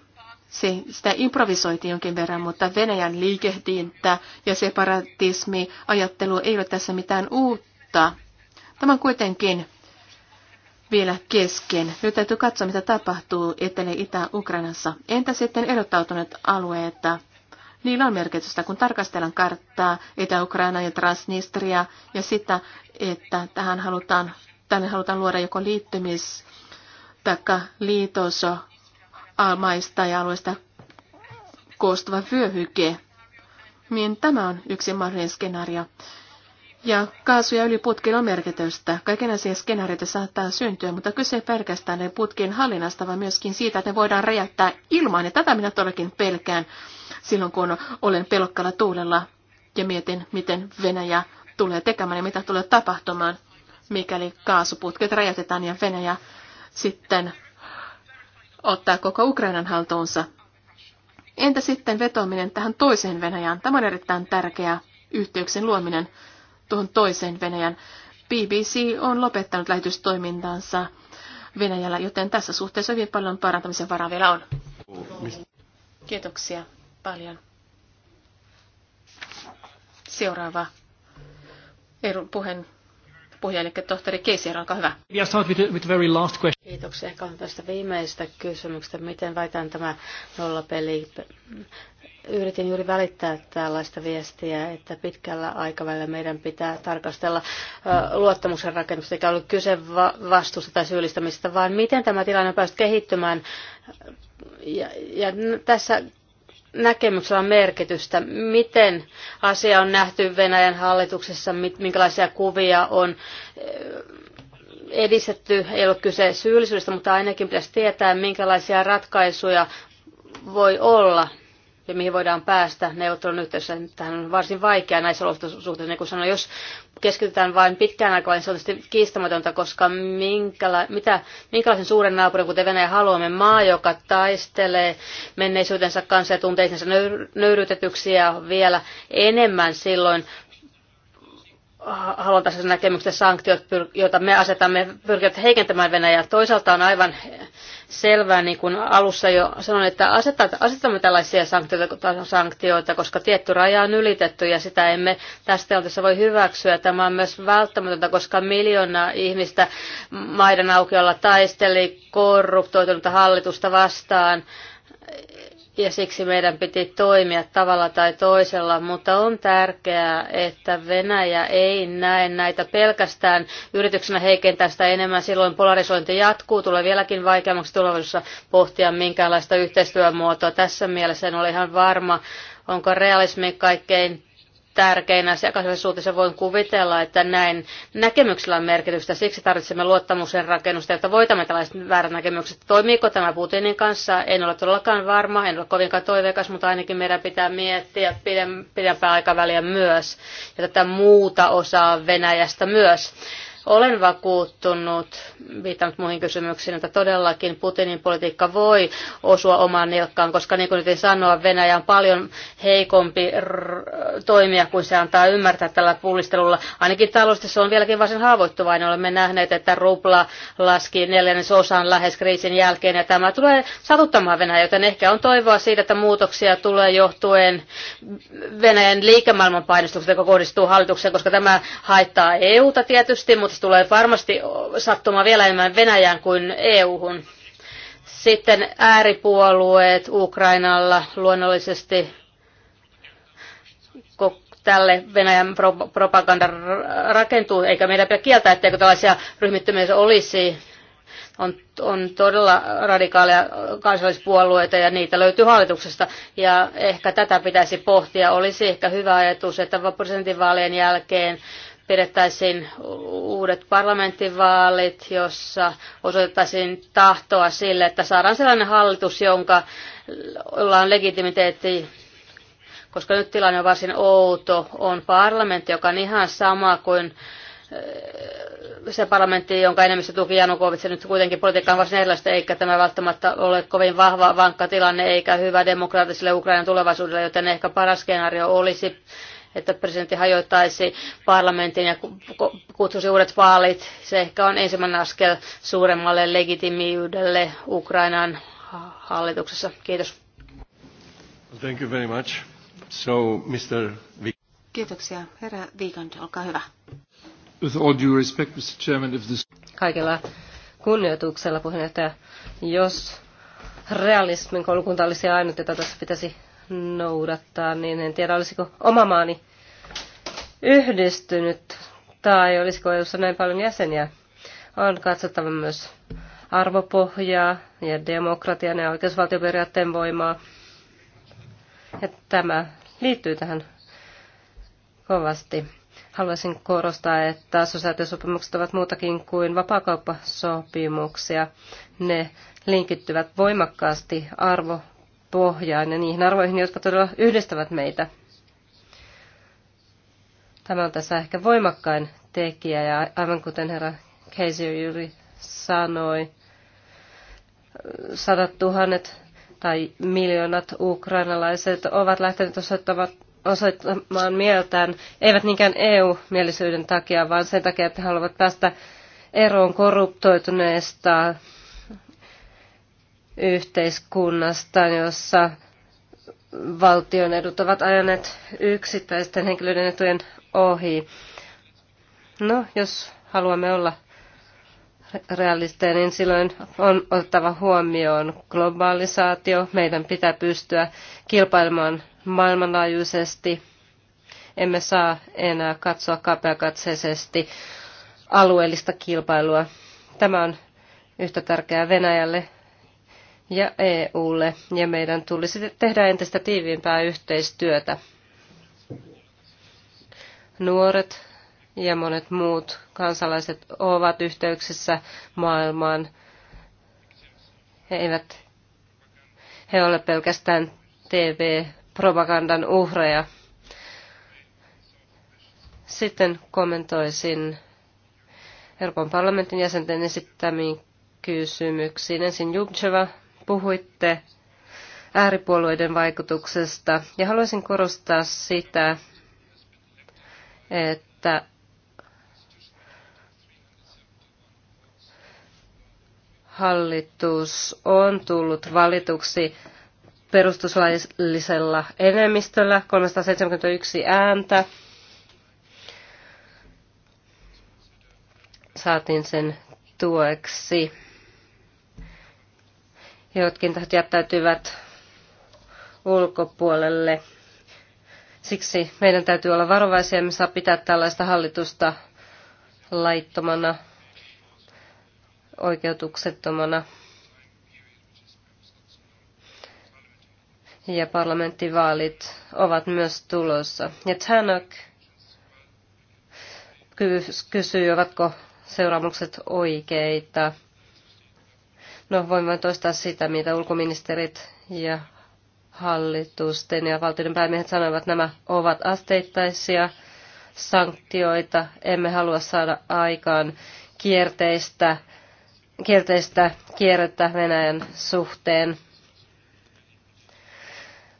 se, sitä improvisoitiin jonkin verran, mutta Venäjän liikehdintä ja separatismi ajattelu ei ole tässä mitään uutta. Tämä on kuitenkin vielä kesken. Nyt täytyy katsoa, mitä tapahtuu Etelä-Itä-Ukrainassa. Entä sitten erottautuneet alueet? Niillä on merkitystä, kun tarkastellaan karttaa Itä-Ukraina ja Transnistria ja sitä, että tähän halutaan, tänne halutaan luoda joko liittymis- tai liitos maista ja alueista koostuva vyöhyke, niin tämä on yksi mahdollinen skenaario. Ja kaasu- ja öljyputkilla on merkitystä. Kaikenlaisia skenaarioita saattaa syntyä, mutta kyse ei pelkästään ne putkien hallinnasta, vaan myöskin siitä, että ne voidaan räjäyttää ilmaan. Ja tätä minä todellakin pelkään silloin, kun olen pelokkalla tuulella ja mietin, miten Venäjä tulee tekemään ja mitä tulee tapahtumaan, mikäli kaasuputket räjäytetään ja Venäjä sitten ottaa koko Ukrainan haltuunsa. Entä sitten vetoaminen tähän toiseen Venäjään? Tämä on erittäin tärkeää Yhteyksen luominen tuohon toiseen Venäjään. BBC on lopettanut lähetystoimintansa Venäjällä, joten tässä suhteessa hyvin paljon parantamisen varaa vielä on. Kiitoksia paljon. Seuraava puheen puhuja, eli tohtori Keisier, olkaa hyvä. start with, with very last question. Kiitoksia. Ehkä tästä viimeisestä kysymyksestä. Miten väitän tämä nollapeli? Yritin juuri välittää tällaista viestiä, että pitkällä aikavälillä meidän pitää tarkastella luottamuksen rakennusta, eikä ollut kyse va- vastuusta tai syyllistämisestä, vaan miten tämä tilanne on päässyt kehittymään. Ja, ja tässä näkemyksellä on merkitystä. Miten asia on nähty Venäjän hallituksessa, minkälaisia kuvia on eh, edistetty, ei ole kyse syyllisyydestä, mutta ainakin pitäisi tietää, minkälaisia ratkaisuja voi olla ja mihin voidaan päästä neuvottelun yhteydessä. Tähän on varsin vaikea näissä olosuhteissa, niin kuin sanoin, jos keskitytään vain pitkään aikaan, niin se on tietysti kiistamatonta, koska minkäla- mitä, minkälaisen suuren naapurin, kuten Venäjä, haluamme maa, joka taistelee menneisyytensä kanssa ja tuntee itsensä vielä enemmän silloin haluan tässä näkemyksessä sanktiot, joita me asetamme, pyrkivät heikentämään Venäjää. Toisaalta on aivan selvää, niin kuin alussa jo sanoin, että asetamme tällaisia sanktioita, sanktioita, koska tietty raja on ylitetty ja sitä emme tästä tilanteessa voi hyväksyä. Tämä on myös välttämätöntä, koska miljoona ihmistä maiden aukiolla taisteli korruptoitunutta hallitusta vastaan ja siksi meidän piti toimia tavalla tai toisella, mutta on tärkeää, että Venäjä ei näe näitä pelkästään yrityksenä heikentää sitä enemmän. Silloin polarisointi jatkuu, tulee vieläkin vaikeammaksi tulevaisuudessa pohtia minkäänlaista yhteistyömuotoa. Tässä mielessä en ole ihan varma, onko realismi kaikkein tärkeinä asiakasvaisuutissa voin kuvitella, että näin näkemyksellä on merkitystä. Siksi tarvitsemme luottamuksen rakennusta, jotta voitamme tällaiset väärät näkemykset. Toimiiko tämä Putinin kanssa? En ole todellakaan varma, en ole kovinkaan toiveikas, mutta ainakin meidän pitää miettiä pidempää aikaväliä myös ja tätä muuta osaa Venäjästä myös. Olen vakuuttunut, viitannut muihin kysymyksiin, että todellakin Putinin politiikka voi osua omaan nilkkaan, koska niin kuin nyt sanoa, Venäjä on paljon heikompi toimija kuin se antaa ymmärtää tällä pullistelulla. Ainakin taloudellisesti se on vieläkin varsin haavoittuvainen. Olemme nähneet, että rupla laski neljännesosan lähes kriisin jälkeen ja tämä tulee satuttamaan Venäjä, joten ehkä on toivoa siitä, että muutoksia tulee johtuen Venäjän liikemaailman painostuksesta, joka kohdistuu hallitukseen, koska tämä haittaa EUta tietysti, mutta Muutosta tulee varmasti sattumaan vielä enemmän Venäjään kuin EU-hun. Sitten ääripuolueet Ukrainalla luonnollisesti tälle Venäjän propaganda rakentuu, eikä meidän pidä kieltää, etteikö tällaisia ryhmittymiä olisi. On, on todella radikaaleja kansallispuolueita ja niitä löytyy hallituksesta. Ja ehkä tätä pitäisi pohtia. Olisi ehkä hyvä ajatus, että presidentinvaalien jälkeen pidettäisiin uudet parlamenttivaalit, jossa osoitettaisiin tahtoa sille, että saadaan sellainen hallitus, jonka ollaan legitimiteetti, koska nyt tilanne on varsin outo, on parlamentti, joka on ihan sama kuin eh, se parlamentti, jonka enemmistö tuki Janukovitsi, nyt kuitenkin politiikka on varsin erilaista, eikä tämä välttämättä ole kovin vahva, vankka tilanne, eikä hyvä demokraattiselle Ukrainan tulevaisuudelle, joten ehkä paras skenaario olisi että presidentti hajoittaisi parlamentin ja kutsuisi uudet vaalit. Se ehkä on ensimmäinen askel suuremmalle legitimiydelle Ukrainan hallituksessa. Kiitos. Thank you very much. So, Mr. Kiitoksia. Herra Viikand, olkaa hyvä. With all due respect, Mr. Chairman, if this... Kaikella kunnioituksella puheenjohtaja, jos realismin koulukunta olisi ainut, jota tässä pitäisi noudattaa, niin en tiedä olisiko oma maani yhdistynyt tai olisiko EUssa näin paljon jäseniä. On katsottava myös arvopohjaa ja demokratian ja oikeusvaltioperiaatteen voimaa. Ja tämä liittyy tähän kovasti. Haluaisin korostaa, että sosiaalisopimukset ovat muutakin kuin vapaakauppasopimuksia. Ne linkittyvät voimakkaasti arvo pohjaan ja niihin arvoihin, jotka todella yhdistävät meitä. Tämä on tässä ehkä voimakkain tekijä ja aivan kuten herra Casey juuri sanoi, sadat tuhannet tai miljoonat ukrainalaiset ovat lähteneet osoittamaan mieltään, eivät niinkään EU-mielisyyden takia, vaan sen takia, että haluavat päästä eroon korruptoituneesta yhteiskunnasta, jossa valtion edut ovat ajaneet yksittäisten henkilöiden etujen ohi. No, jos haluamme olla realisteja, niin silloin on otettava huomioon globalisaatio. Meidän pitää pystyä kilpailemaan maailmanlaajuisesti. Emme saa enää katsoa kapeakatseisesti alueellista kilpailua. Tämä on yhtä tärkeää Venäjälle ja EUlle, ja meidän tulisi tehdä entistä tiiviimpää yhteistyötä. Nuoret ja monet muut kansalaiset ovat yhteyksissä maailmaan. He eivät he ole pelkästään TV-propagandan uhreja. Sitten kommentoisin Euroopan parlamentin jäsenten esittämiin kysymyksiin. Ensin Jubcheva puhuitte ääripuolueiden vaikutuksesta ja haluaisin korostaa sitä, että hallitus on tullut valituksi perustuslaillisella enemmistöllä 371 ääntä. Saatiin sen tueksi. Jotkin tahot jättäytyvät ulkopuolelle. Siksi meidän täytyy olla varovaisia, emme saa pitää tällaista hallitusta laittomana, oikeutuksettomana. Ja parlamenttivaalit ovat myös tulossa. Ja Tanak kysyy, ovatko seuraamukset oikeita. No voimme toistaa sitä, mitä ulkoministerit ja hallitusten ja valtioiden päämiehet sanoivat, että nämä ovat asteittaisia sanktioita. Emme halua saada aikaan kierteistä, kierteistä kierrettä Venäjän suhteen.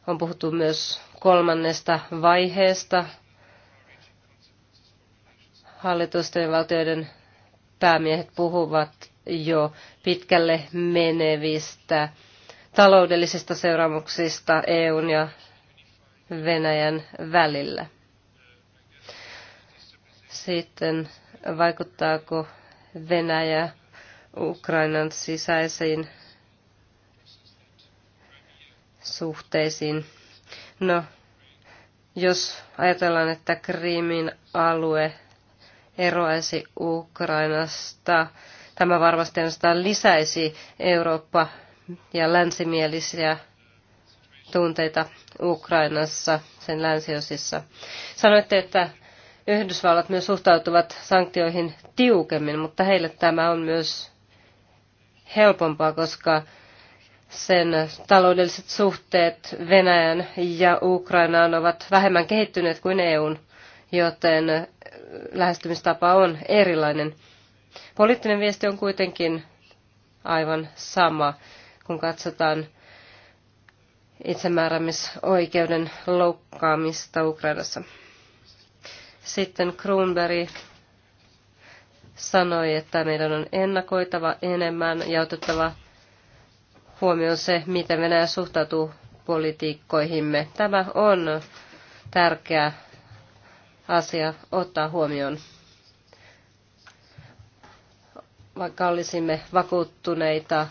On puhuttu myös kolmannesta vaiheesta hallitusten ja valtioiden päämiehet puhuvat jo pitkälle menevistä taloudellisista seuraamuksista EUn ja Venäjän välillä. Sitten vaikuttaako Venäjä Ukrainan sisäisiin suhteisiin? No, jos ajatellaan, että Krimin alue eroaisi Ukrainasta, Tämä varmasti ainoastaan lisäisi Eurooppa ja länsimielisiä tunteita Ukrainassa, sen länsiosissa. Sanoitte, että Yhdysvallat myös suhtautuvat sanktioihin tiukemmin, mutta heille tämä on myös helpompaa, koska sen taloudelliset suhteet Venäjän ja Ukrainaan ovat vähemmän kehittyneet kuin EUn, joten lähestymistapa on erilainen. Poliittinen viesti on kuitenkin aivan sama, kun katsotaan itsemääräämisoikeuden loukkaamista Ukrainassa. Sitten Kruunberg sanoi, että meidän on ennakoitava enemmän ja otettava huomioon se, miten Venäjä suhtautuu politiikkoihimme. Tämä on tärkeä asia ottaa huomioon vaikka olisimme vakuuttuneita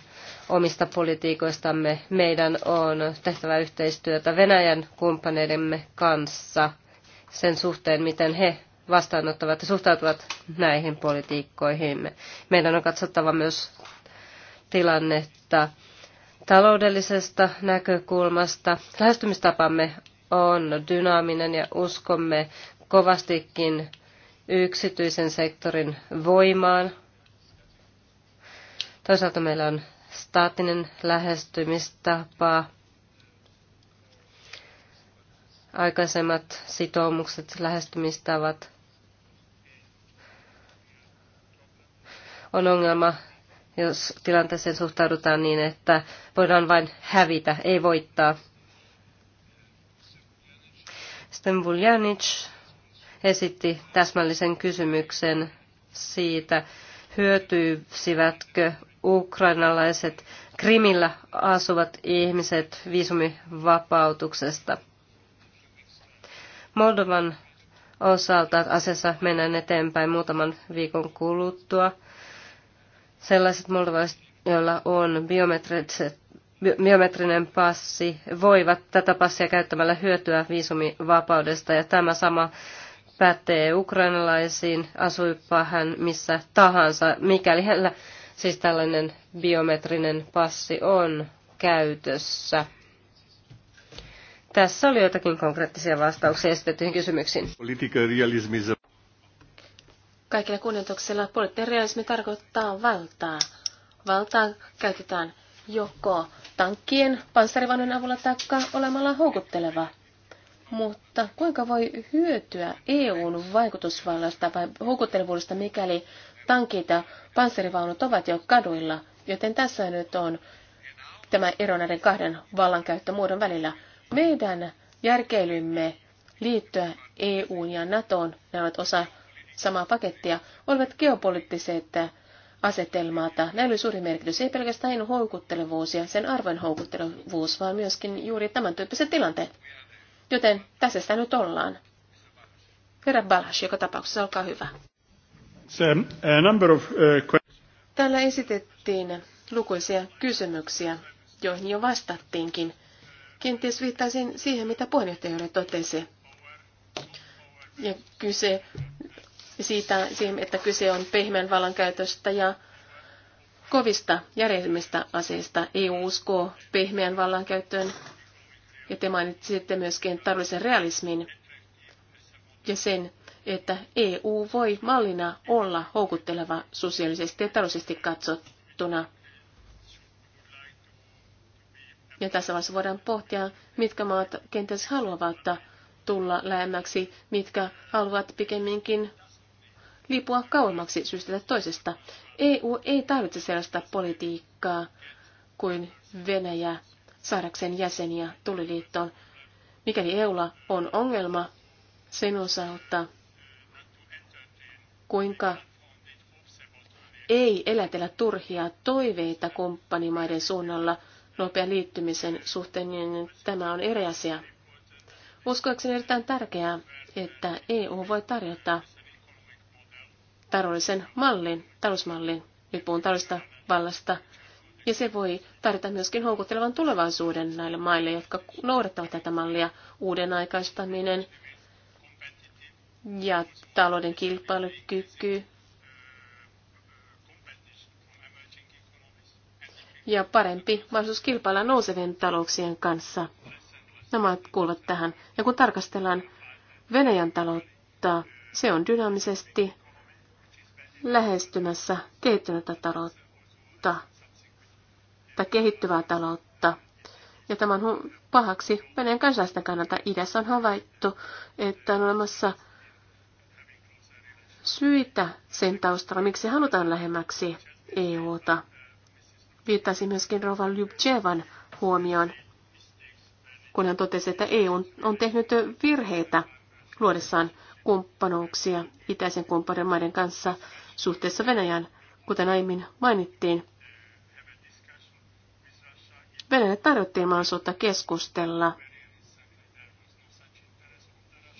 omista politiikoistamme, meidän on tehtävä yhteistyötä Venäjän kumppaneidemme kanssa sen suhteen, miten he vastaanottavat ja suhtautuvat näihin politiikkoihin. Meidän on katsottava myös tilannetta taloudellisesta näkökulmasta. Lähestymistapamme on dynaaminen ja uskomme kovastikin yksityisen sektorin voimaan Toisaalta meillä on staattinen lähestymistapa, aikaisemmat sitoumukset, lähestymistavat. On ongelma, jos tilanteeseen suhtaudutaan niin, että voidaan vain hävitä, ei voittaa. Sitten Vuljanic esitti täsmällisen kysymyksen siitä, hyötyisivätkö ukrainalaiset Krimillä asuvat ihmiset viisumivapautuksesta. Moldovan osalta asiassa mennään eteenpäin muutaman viikon kuluttua. Sellaiset moldovaiset, joilla on biometrinen passi, voivat tätä passia käyttämällä hyötyä viisumivapaudesta ja tämä sama pätee ukrainalaisiin, asuipa hän missä tahansa, mikäli heillä Siis tällainen biometrinen passi on käytössä. Tässä oli jotakin konkreettisia vastauksia esitettyihin kysymyksiin. Kaikilla kunnioituksella poliittinen realismi tarkoittaa valtaa. Valtaa käytetään joko tankkien, panssarivaunujen avulla tai olemalla houkutteleva. Mutta kuinka voi hyötyä EUn vaikutusvallasta vai houkuttelevuudesta, mikäli tankit ja panssarivaunut ovat jo kaduilla, joten tässä nyt on tämä ero näiden kahden vallankäyttömuodon välillä. Meidän järkeilymme liittyä EUn ja NATOon, ne ovat osa samaa pakettia, olivat geopoliittiset asetelmaata. Näillä oli suuri merkitys, ei pelkästään houkuttelevuus ja sen arvon houkuttelevuus, vaan myöskin juuri tämän tyyppiset tilanteet. Joten tässä sitä nyt ollaan. Herra Balash, joka tapauksessa, olkaa hyvä. Eh, eh, Täällä esitettiin lukuisia kysymyksiä, joihin jo vastattiinkin. Kenties viittaisin siihen, mitä puheenjohtajalle totesi. Ja kyse siitä, että kyse on pehmeän vallan käytöstä ja kovista järjestelmistä aseista. EU uskoo pehmeän vallan käyttöön ja te mainitsitte myöskin taloudellisen realismin ja sen että EU voi mallina olla houkutteleva sosiaalisesti ja taloudellisesti katsottuna. Ja tässä vaiheessa voidaan pohtia, mitkä maat kenties haluavat tulla lähemmäksi, mitkä haluavat pikemminkin liipua kauemmaksi syystä toisesta. EU ei tarvitse sellaista politiikkaa kuin Venäjä saadakseen jäseniä tuliliittoon. Mikäli EUlla on ongelma sen osalta, kuinka ei elätellä turhia toiveita kumppanimaiden suunnalla nopean liittymisen suhteen, niin tämä on eri asia. Uskoakseni erittäin tärkeää, että EU voi tarjota taloudellisen mallin, talousmallin, nyt puhun taloudellisesta vallasta, ja se voi tarjota myöskin houkuttelevan tulevaisuuden näille maille, jotka noudattavat tätä mallia, uuden aikaistaminen, ja talouden kilpailukyky ja parempi mahdollisuus kilpailla nousevien talouksien kanssa. Nämä kuuluvat tähän. Ja kun tarkastellaan Venäjän taloutta, se on dynaamisesti lähestymässä kehittynyttä taloutta tai kehittyvää taloutta. Ja tämän on pahaksi Venäjän kansalaisten kannalta idässä on havaittu, että on olemassa syitä sen taustalla, miksi halutaan lähemmäksi EUta. Viittasi myöskin Rova Ljubjevan huomioon, kun hän totesi, että EU on tehnyt virheitä luodessaan kumppanuuksia itäisen kumppanin maiden kanssa suhteessa Venäjään, kuten aiemmin mainittiin. Venäjälle tarjottiin mahdollisuutta keskustella.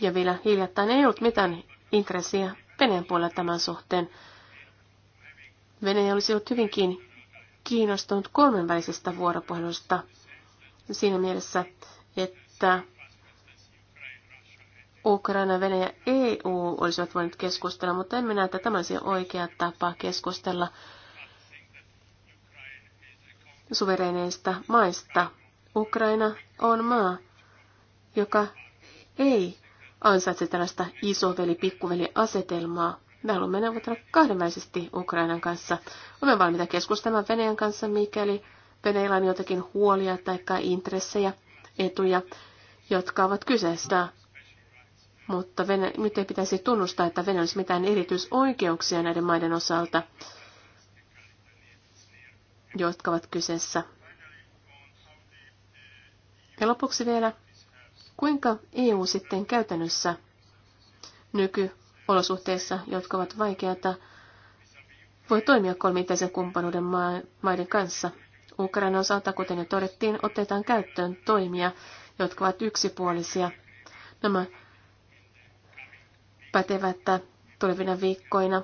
Ja vielä hiljattain ei ollut mitään intressiä Venäjän puolella tämän suhteen. Venäjä olisi ollut hyvinkin kiinnostunut kolmenvälisestä vuoropuhelusta siinä mielessä, että Ukraina, Venäjä, EU olisivat voineet keskustella, mutta en näe, että tämä olisi oikea tapa keskustella suvereineista maista. Ukraina on maa, joka ei ansaitse tällaista isoveli-pikkuveli-asetelmaa. Me haluamme neuvotella kahdenväisesti Ukrainan kanssa. Olemme valmiita keskustelemaan Venäjän kanssa, mikäli Venäjällä on jotakin huolia tai intressejä, etuja, jotka ovat kyseessä. Mutta Venä- nyt ei pitäisi tunnustaa, että Venäjällä olisi mitään erityisoikeuksia näiden maiden osalta, jotka ovat kyseessä. Ja lopuksi vielä Kuinka EU sitten käytännössä nykyolosuhteissa, jotka ovat vaikeata, voi toimia kolmiteisen kumppanuuden maiden kanssa? Ukraina osalta, kuten jo todettiin, otetaan käyttöön toimia, jotka ovat yksipuolisia. Nämä pätevät tulevina viikkoina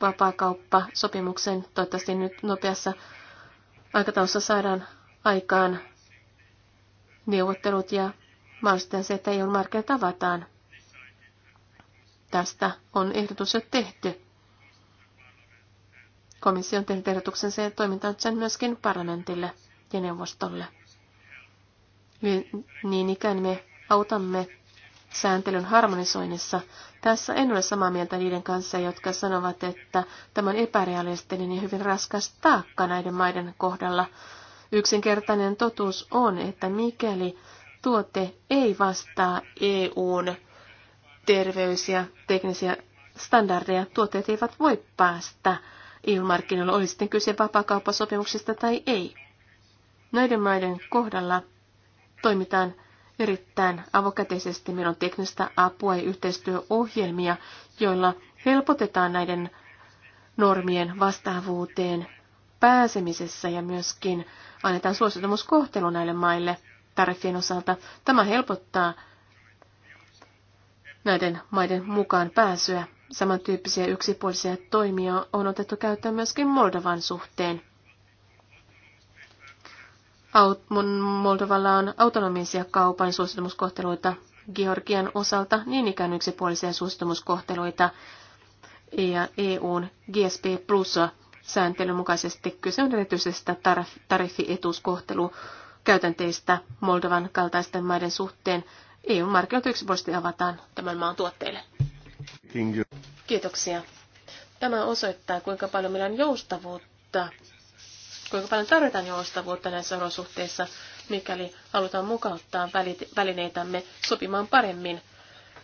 vapaakauppasopimuksen toivottavasti nyt nopeassa aikataulussa saadaan aikaan neuvottelut ja mahdollistetaan se, että ole markkinat tavataan. Tästä on ehdotus jo tehty. Komissio on tehnyt ehdotuksen sen toimintaan sen myöskin parlamentille ja neuvostolle. Niin ikään me autamme sääntelyn harmonisoinnissa. Tässä en ole samaa mieltä niiden kanssa, jotka sanovat, että tämä on epärealistinen ja hyvin raskas taakka näiden maiden kohdalla. Yksinkertainen totuus on, että mikäli tuote ei vastaa EUn terveys- ja teknisiä standardeja. Tuotteet eivät voi päästä EU-markkinoilla, oli sitten kyse vapaakauppasopimuksesta tai ei. Näiden maiden kohdalla toimitaan erittäin avokätisesti. Meillä on teknistä apua ja yhteistyöohjelmia, joilla helpotetaan näiden normien vastaavuuteen pääsemisessä ja myöskin annetaan suositumuskohtelu näille maille – tariffien osalta. Tämä helpottaa näiden maiden mukaan pääsyä. Samantyyppisiä yksipuolisia toimia on otettu käyttöön myöskin Moldovan suhteen. Moldovalla on autonomisia kaupan suostumuskohteluita Georgian osalta, niin ikään yksipuolisia suostumuskohteluita ja EUn GSP Plus sääntelyn mukaisesti kyse on erityisestä tarif- käytänteistä Moldovan kaltaisten maiden suhteen. EU-markkinat yksipuolisesti avataan tämän maan tuotteille. Kiitoksia. Tämä osoittaa, kuinka paljon meillä on joustavuutta, kuinka paljon tarvitaan joustavuutta näissä olosuhteissa, mikäli halutaan mukauttaa välineitämme sopimaan paremmin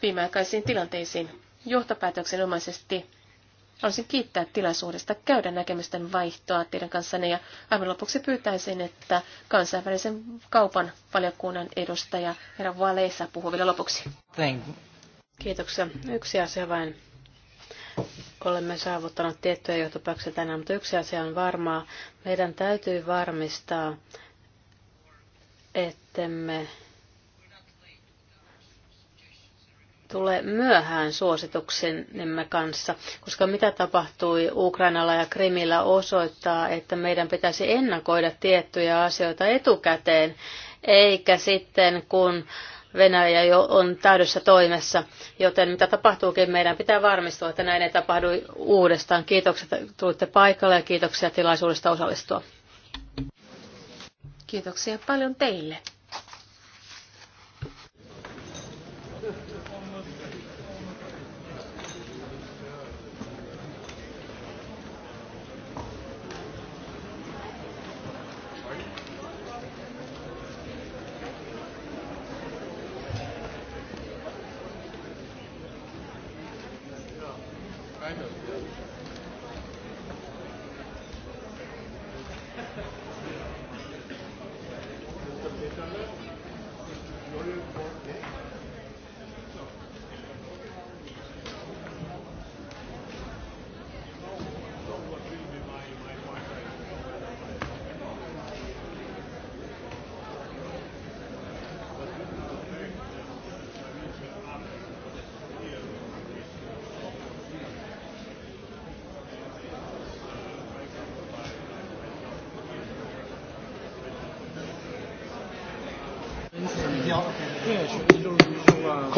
viimeaikaisiin tilanteisiin. Johtopäätöksenomaisesti Haluaisin kiittää tilaisuudesta käydä näkemysten vaihtoa teidän kanssanne ja aivan lopuksi pyytäisin, että kansainvälisen kaupan valiokunnan edustaja herra Valeissa puhuu vielä lopuksi. Thank. Kiitoksia. Yksi asia vain. Olemme saavuttaneet tiettyjä johtopäätöksiä tänään, mutta yksi asia on varmaa. Meidän täytyy varmistaa, ettemme tule myöhään suosituksemme kanssa, koska mitä tapahtui Ukrainalla ja Krimillä osoittaa, että meidän pitäisi ennakoida tiettyjä asioita etukäteen, eikä sitten kun Venäjä jo on täydessä toimessa, joten mitä tapahtuukin, meidän pitää varmistua, että näin ei tapahdu uudestaan. Kiitokset, että tulitte paikalle ja kiitoksia tilaisuudesta osallistua. Kiitoksia paljon teille.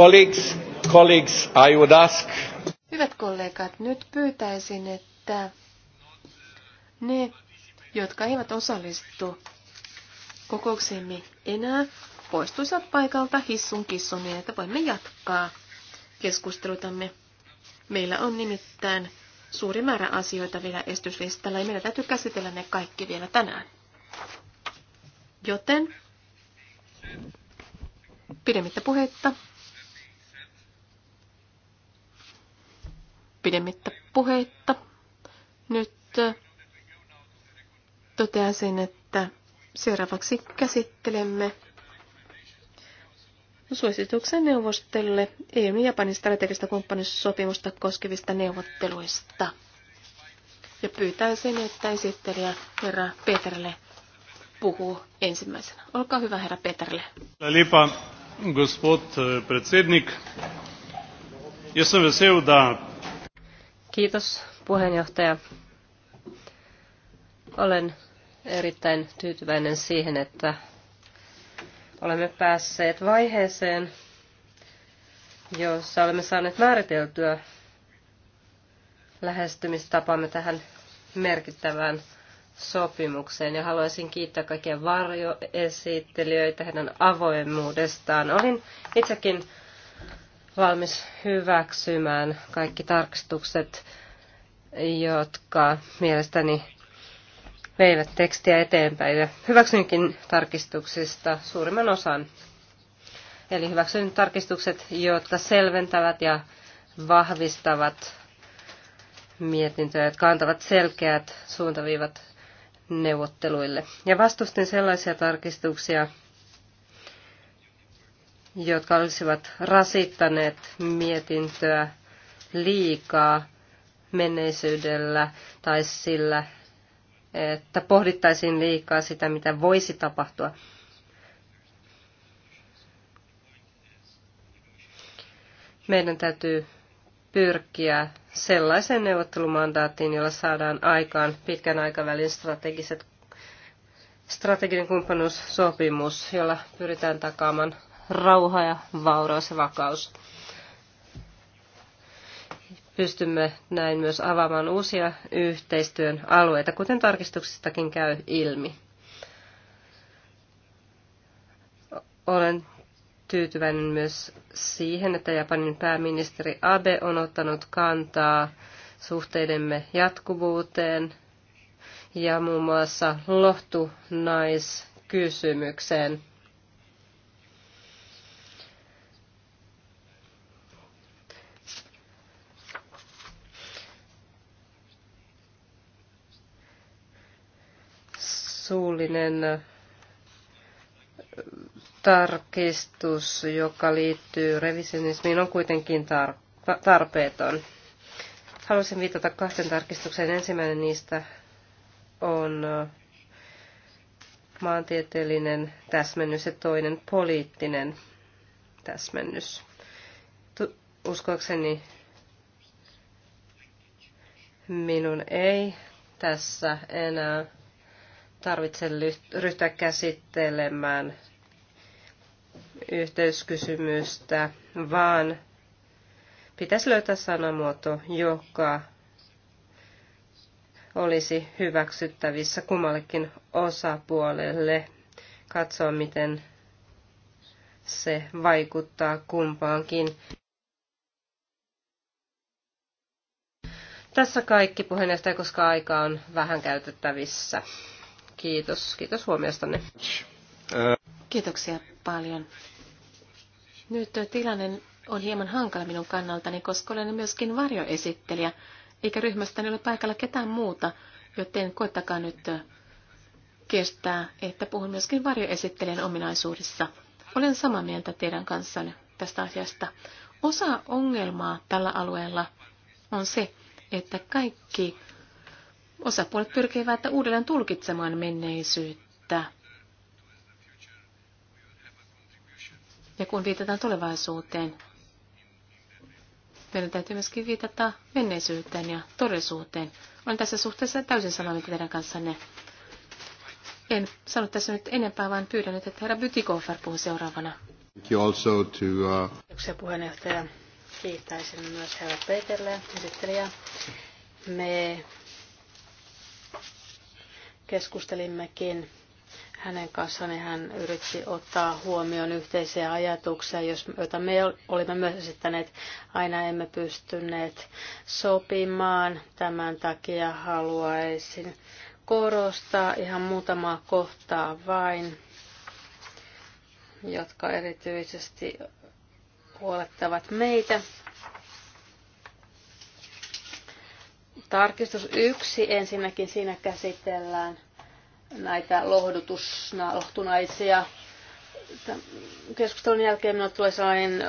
Colleagues, colleagues, I would ask. Hyvät kollegat, nyt pyytäisin, että ne, jotka eivät osallistu kokouksemme, enää, poistuisivat paikalta hissun kissun niin, että voimme jatkaa keskustelutamme. Meillä on nimittäin suuri määrä asioita vielä estyslistalla ja meidän täytyy käsitellä ne kaikki vielä tänään. Joten pidemmittä puheitta pidemmittä puheitta. Nyt äh, totean sen, että seuraavaksi käsittelemme suosituksen neuvostelle EU- ja Japanin strategista kumppanissopimusta koskevista neuvotteluista. Ja pyytäisin, että esittelijä herra Peterle puhuu ensimmäisenä. Olkaa hyvä herra Peterle. Lipa, gospod eh, predsednik. Jaz vesel, da Kiitos puheenjohtaja. Olen erittäin tyytyväinen siihen, että olemme päässeet vaiheeseen, jossa olemme saaneet määriteltyä lähestymistapamme tähän merkittävään sopimukseen. Ja haluaisin kiittää kaikkia varjoesittelijöitä heidän avoimuudestaan. Olin itsekin valmis hyväksymään kaikki tarkistukset, jotka mielestäni veivät tekstiä eteenpäin. Ja hyväksynkin tarkistuksista suurimman osan. Eli hyväksyn tarkistukset, jotka selventävät ja vahvistavat mietintöjä, jotka antavat selkeät suuntaviivat neuvotteluille. Ja vastustin sellaisia tarkistuksia, jotka olisivat rasittaneet mietintöä liikaa menneisyydellä tai sillä, että pohdittaisiin liikaa sitä, mitä voisi tapahtua. Meidän täytyy pyrkiä sellaiseen neuvottelumandaattiin, jolla saadaan aikaan pitkän aikavälin strategiset, strateginen kumppanuussopimus, jolla pyritään takaamaan rauha ja vauraus ja vakaus. Pystymme näin myös avaamaan uusia yhteistyön alueita, kuten tarkistuksistakin käy ilmi. Olen tyytyväinen myös siihen, että Japanin pääministeri Abe on ottanut kantaa suhteidemme jatkuvuuteen ja muun muassa lohtunaiskysymykseen. suullinen äh, tarkistus, joka liittyy revisionismiin, on kuitenkin tar- tarpeeton. Haluaisin viitata kahteen tarkistukseen. Ensimmäinen niistä on äh, maantieteellinen täsmennys ja toinen poliittinen täsmennys. Tu- uskoakseni minun ei tässä enää tarvitse ryhtyä käsittelemään yhteyskysymystä, vaan pitäisi löytää sanamuoto, joka olisi hyväksyttävissä kummallekin osapuolelle. Katsoa, miten se vaikuttaa kumpaankin. Tässä kaikki puheenjohtaja, koska aika on vähän käytettävissä. Kiitos, kiitos huomiostanne. Kiitoksia paljon. Nyt tilanne on hieman hankala minun kannaltani, koska olen myöskin varjoesittelijä, eikä ryhmästäni ole paikalla ketään muuta, joten koittakaa nyt kestää, että puhun myöskin varjoesittelijän ominaisuudessa. Olen samaa mieltä teidän kanssanne tästä asiasta. Osa ongelmaa tällä alueella on se, että kaikki Osapuolet pyrkivät uudelleen tulkitsemaan menneisyyttä. Ja kun viitataan tulevaisuuteen, meidän täytyy myöskin viitata menneisyyteen ja todellisuuteen. Olen tässä suhteessa täysin samaa mieltä teidän kanssanne. En sano tässä nyt enempää, vaan pyydän nyt, että herra Bytikofer puhuu seuraavana. Thank uh... Kiitoksia puheenjohtaja. Kiittäisin myös herra Peterle, esittelijä. Me keskustelimmekin hänen kanssaan, niin hän yritti ottaa huomioon yhteisiä ajatuksia, joita me olimme myös esittäneet. Aina emme pystyneet sopimaan. Tämän takia haluaisin korostaa ihan muutamaa kohtaa vain, jotka erityisesti huolettavat meitä. Tarkistus yksi ensinnäkin siinä käsitellään näitä lohdutusnauhtunaisia. Keskustelun jälkeen minulle tulee sellainen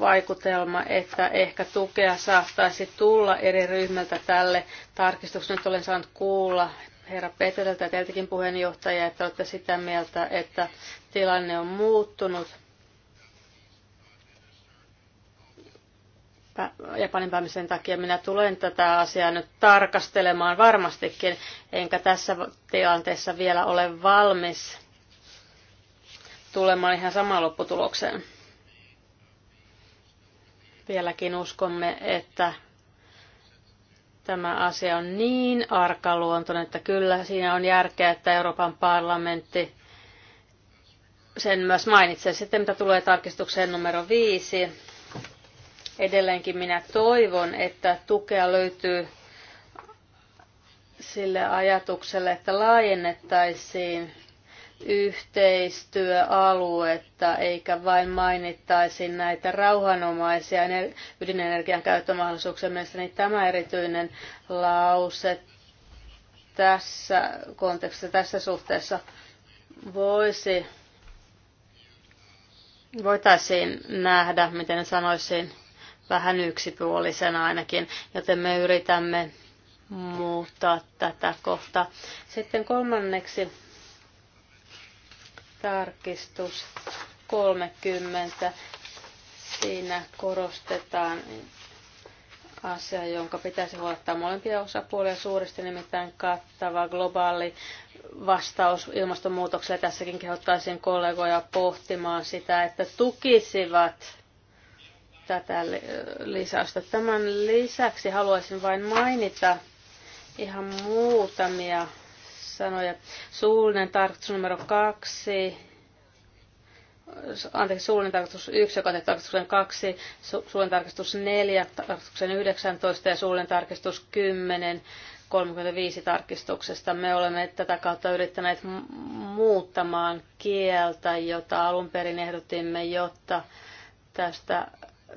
vaikutelma, että ehkä tukea saattaisi tulla eri ryhmältä tälle tarkistukselle. Nyt olen saanut kuulla herra Peteriltä ja teiltäkin puheenjohtaja, että olette sitä mieltä, että tilanne on muuttunut – Japanin päämisen takia minä tulen tätä asiaa nyt tarkastelemaan varmastikin, enkä tässä tilanteessa vielä ole valmis tulemaan ihan samaan lopputulokseen. Vieläkin uskomme, että tämä asia on niin arkaluontoinen, että kyllä siinä on järkeä, että Euroopan parlamentti sen myös mainitsee. Sitten mitä tulee tarkistukseen numero viisi, Edelleenkin minä toivon, että tukea löytyy sille ajatukselle, että laajennettaisiin yhteistyöaluetta, eikä vain mainittaisi näitä rauhanomaisia ydinenergian käyttömahdollisuuksia. Mielestäni tämä erityinen lause tässä kontekstissa, tässä suhteessa voisi, voitaisiin nähdä, miten sanoisin, vähän yksipuolisen ainakin, joten me yritämme muuttaa tätä kohtaa. Sitten kolmanneksi tarkistus 30. Siinä korostetaan asia, jonka pitäisi huolettaa molempia osapuolia suuresti, nimittäin kattava globaali vastaus ilmastonmuutokseen. Tässäkin kehottaisin kollegoja pohtimaan sitä, että tukisivat tätä lisäystä. Tämän lisäksi haluaisin vain mainita ihan muutamia sanoja. Suullinen tarkoitus numero kaksi, anteeksi, suullinen tarkastus 1, joka tarkastuksen 2, su- suullinen tarkastus 4, tarkastuksen 19 ja suullinen tarkastus 10, 35 tarkistuksesta. Me olemme tätä kautta yrittäneet muuttamaan kieltä, jota alun perin ehdotimme, jotta tästä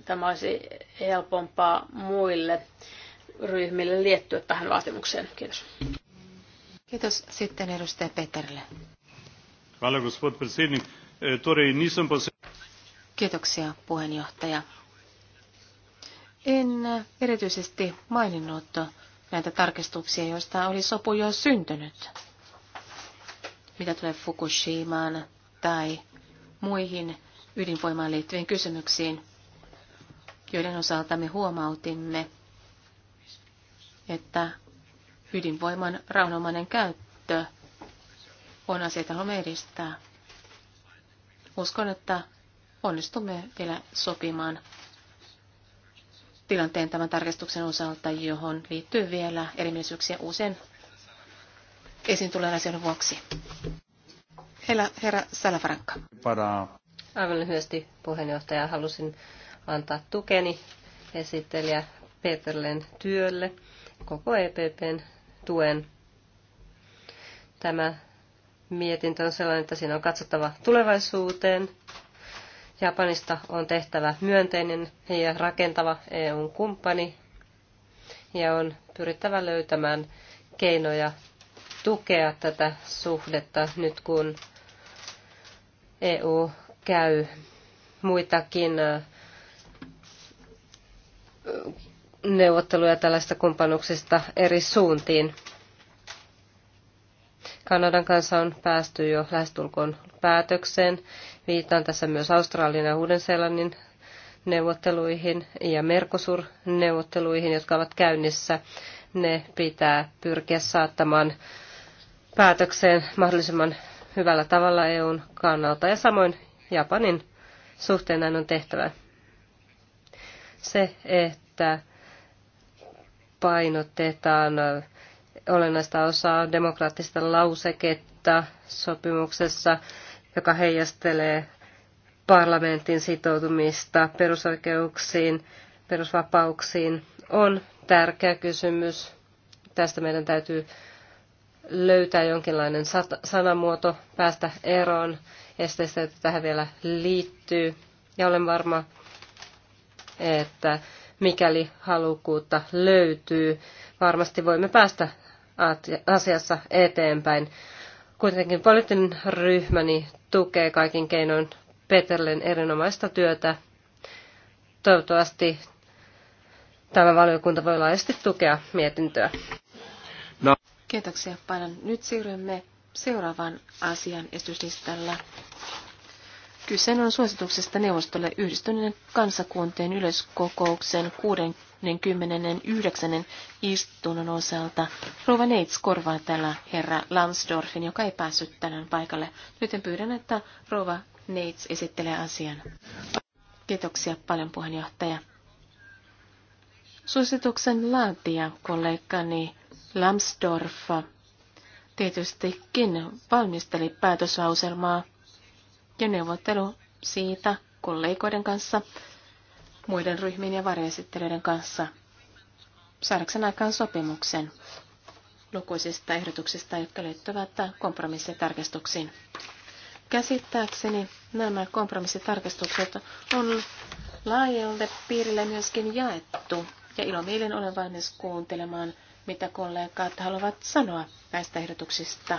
tämä olisi helpompaa muille ryhmille liettyä tähän vaatimukseen. Kiitos. Kiitos sitten edustaja Peterille. E, Kiitoksia, puheenjohtaja. En erityisesti maininnut näitä tarkistuksia, joista oli sopu jo syntynyt. Mitä tulee Fukushimaan tai muihin ydinvoimaan liittyviin kysymyksiin, joiden osalta me huomautimme, että ydinvoiman rauhanomainen käyttö on asioita haluamme edistää. Uskon, että onnistumme vielä sopimaan tilanteen tämän tarkistuksen osalta, johon liittyy vielä erimielisyyksiä usein esiin tulee asian vuoksi. Herra, herra Salafranka. Aivan lyhyesti puheenjohtaja, halusin antaa tukeni esittelijä Peterlen työlle, koko EPPn tuen. Tämä mietintö on sellainen, että siinä on katsottava tulevaisuuteen. Japanista on tehtävä myönteinen ja rakentava EUn kumppani ja on pyrittävä löytämään keinoja tukea tätä suhdetta nyt kun EU käy muitakin neuvotteluja tällaista kumppanuksista eri suuntiin. Kanadan kanssa on päästy jo lähestulkoon päätökseen. Viitaan tässä myös Australian ja Uuden-Seelannin neuvotteluihin ja Mercosur-neuvotteluihin, jotka ovat käynnissä. Ne pitää pyrkiä saattamaan päätökseen mahdollisimman hyvällä tavalla EUn kannalta ja samoin Japanin suhteen näin on tehtävä se, että painotetaan olennaista osaa demokraattista lauseketta sopimuksessa, joka heijastelee parlamentin sitoutumista perusoikeuksiin, perusvapauksiin, on tärkeä kysymys. Tästä meidän täytyy löytää jonkinlainen sanamuoto, päästä eroon esteistä, että tähän vielä liittyy. Ja olen varma, että mikäli halukkuutta löytyy, varmasti voimme päästä asiassa eteenpäin. Kuitenkin poliittinen ryhmäni tukee kaikin keinoin Peterlen erinomaista työtä. Toivottavasti tämä valiokunta voi laajasti tukea mietintöä. No. Kiitoksia paljon. Nyt siirrymme seuraavaan asian esityslistalla, Kyse on suosituksesta neuvostolle yhdistyneen kansakuntien yleiskokouksen 69. istunnon osalta. Rova Neits korvaa täällä herra Lansdorfin, joka ei päässyt tänään paikalle. Nyt pyydän, että Rova Neits esittelee asian. Kiitoksia paljon puheenjohtaja. Suosituksen laatija kollegani Lambsdorff tietystikin valmisteli päätöslauselmaa ja neuvottelu siitä kollegoiden kanssa, muiden ryhmien ja varjoesittelyiden kanssa saadakseen aikaan sopimuksen lukuisista ehdotuksista, jotka liittyvät kompromissitarkistuksiin. Käsittääkseni nämä kompromissitarkistukset on laajalle piirille myöskin jaettu, ja ilomielin olen valmis kuuntelemaan, mitä kollegat haluavat sanoa näistä ehdotuksista,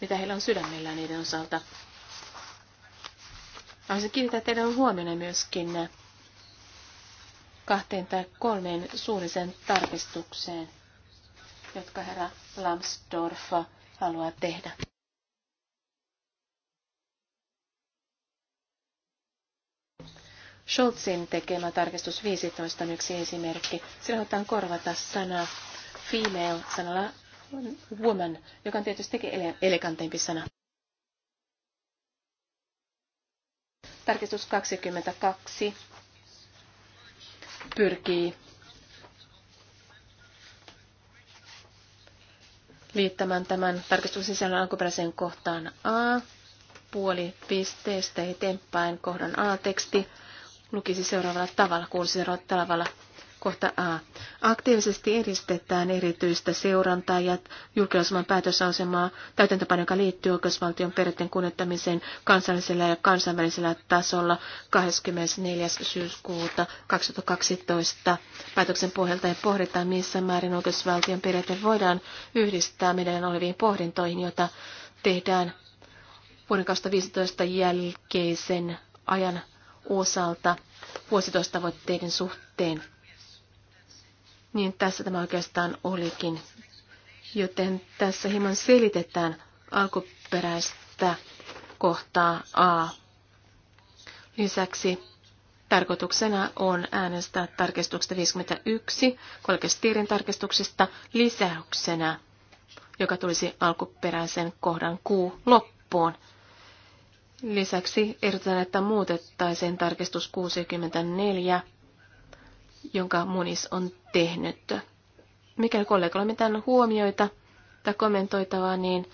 mitä heillä on sydämellä niiden osalta. Haluaisin kiinnittää teidän huomioon myöskin kahteen tai kolmeen suulliseen tarkistukseen, jotka herra Lambsdorff haluaa tehdä. Scholzin tekemä tarkistus 15 on yksi esimerkki. Sillä halutaan korvata sana female sanalla woman, joka on tietysti elegantempi sana. Tarkistus 22 pyrkii liittämään tämän sisällön alkuperäiseen kohtaan A, puoli pisteestä eteenpäin kohdan A-teksti lukisi seuraavalla tavalla, kuulisi seuraavalla tavalla. Kohta A. Aktiivisesti edistetään erityistä seurantaa ja julkilausuman päätösasemaa täytäntöpano, joka liittyy oikeusvaltion periaatteen kunnettamiseen kansallisella ja kansainvälisellä tasolla 24. syyskuuta 2012. Päätöksen pohjalta ja pohditaan, missä määrin oikeusvaltion periaate voidaan yhdistää meidän oleviin pohdintoihin, joita tehdään vuoden 2015 jälkeisen ajan osalta vuositoistavoitteiden suhteen. Niin tässä tämä oikeastaan olikin. Joten tässä hieman selitetään alkuperäistä kohtaa A. Lisäksi tarkoituksena on äänestää tarkistuksesta 51 kolkestiirin tarkistuksesta lisäyksenä, joka tulisi alkuperäisen kohdan Q loppuun. Lisäksi ehdotetaan, että muutettaisiin tarkistus 64 jonka Munis on tehnyt. Mikäli kollegalla on mitään huomioita tai kommentoitavaa, niin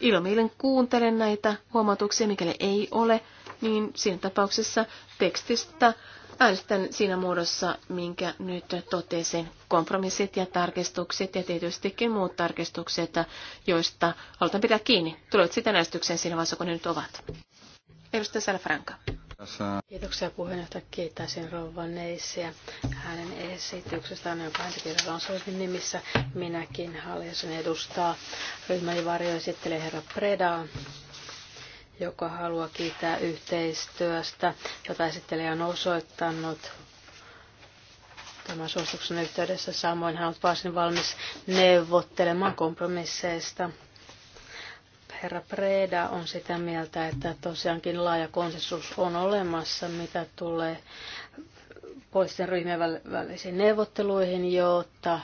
ilomielen kuuntelen näitä huomautuksia. Mikäli ei ole, niin siinä tapauksessa tekstistä äänestän siinä muodossa, minkä nyt totesin. Kompromissit ja tarkistukset ja tietystikin muut tarkistukset, joista halutaan pitää kiinni. Tulevat sitten äänestykseen siinä vaiheessa, kun ne nyt ovat. Edustaja Salafranca. Kiitoksia puheenjohtaja. Kiittäisin rouva Neissiä hänen esityksestään, joka hän teki Ransoitin nimissä. Minäkin haluaisin edustaa ryhmäni esittelee herra Predaa joka haluaa kiittää yhteistyöstä, jota esittelijä on osoittanut tämän suosituksen yhteydessä. Samoin hän on varsin valmis neuvottelemaan kompromisseista. Herra Preda on sitä mieltä, että tosiaankin laaja konsensus on olemassa, mitä tulee poisten ryhmien välisiin neuvotteluihin, jotta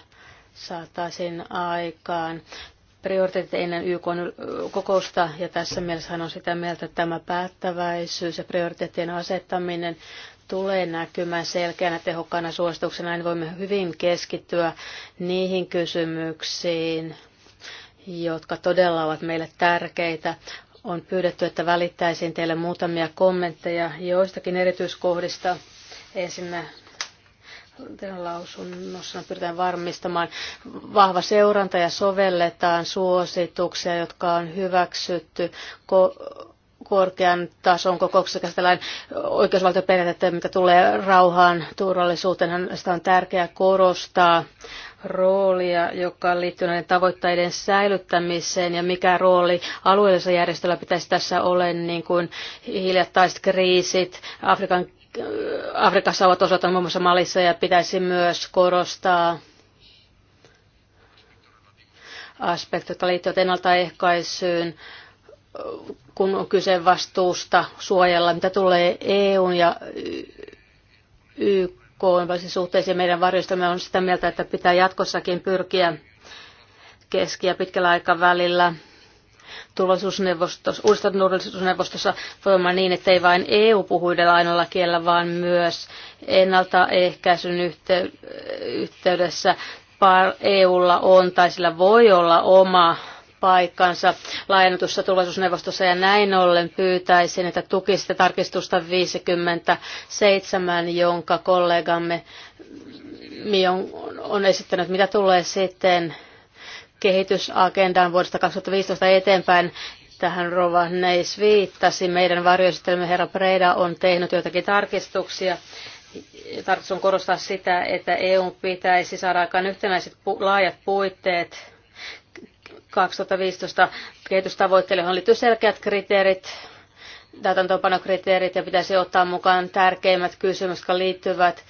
saataisiin aikaan prioriteetit ennen YK kokousta, ja tässä mielessä hän on sitä mieltä, että tämä päättäväisyys ja prioriteettien asettaminen tulee näkymään selkeänä tehokkaana suosituksena, niin voimme hyvin keskittyä niihin kysymyksiin, jotka todella ovat meille tärkeitä. On pyydetty, että välittäisin teille muutamia kommentteja joistakin erityiskohdista. Ensinnä lausunnossa pyritään varmistamaan vahva seuranta ja sovelletaan suosituksia, jotka on hyväksytty ko- korkean tason kokouksessa käsitellään oikeusvaltioperiaatteita, mitä tulee rauhaan, turvallisuuteen. Sitä on tärkeää korostaa roolia, joka liittyy näiden tavoitteiden säilyttämiseen ja mikä rooli alueellisella järjestöllä pitäisi tässä olla, niin kuin hiljattaiset kriisit, Afrikan, Afrikassa ovat osoittaneet muun muassa Malissa ja pitäisi myös korostaa aspekti, jotka liittyvät ennaltaehkäisyyn, kun on kyse vastuusta suojella, mitä tulee EUn ja YK YK suhteeseen meidän varjostamme on sitä mieltä, että pitää jatkossakin pyrkiä keski- ja pitkällä aikavälillä turvallisuusneuvostossa, uudessa turvallisuusneuvostossa voimaan niin, että ei vain EU puhu yhdellä ainoalla kielellä, vaan myös ennaltaehkäisyn yhteydessä EUlla on tai sillä voi olla oma paikkansa laajennetussa tulevaisuusneuvostossa ja näin ollen pyytäisin, että tukisitte tarkistusta 57, jonka kollegamme on esittänyt, mitä tulee sitten kehitysagendaan vuodesta 2015 eteenpäin. Tähän Rova Neis viittasi. Meidän varjoesittelemme herra Preda on tehnyt joitakin tarkistuksia. Tarkoitus on korostaa sitä, että EU pitäisi saada aikaan yhtenäiset laajat puitteet 2015 kehitystavoitteille liittyy selkeät kriteerit, täytäntöönpanokriteerit ja pitäisi ottaa mukaan tärkeimmät kysymykset, jotka liittyvät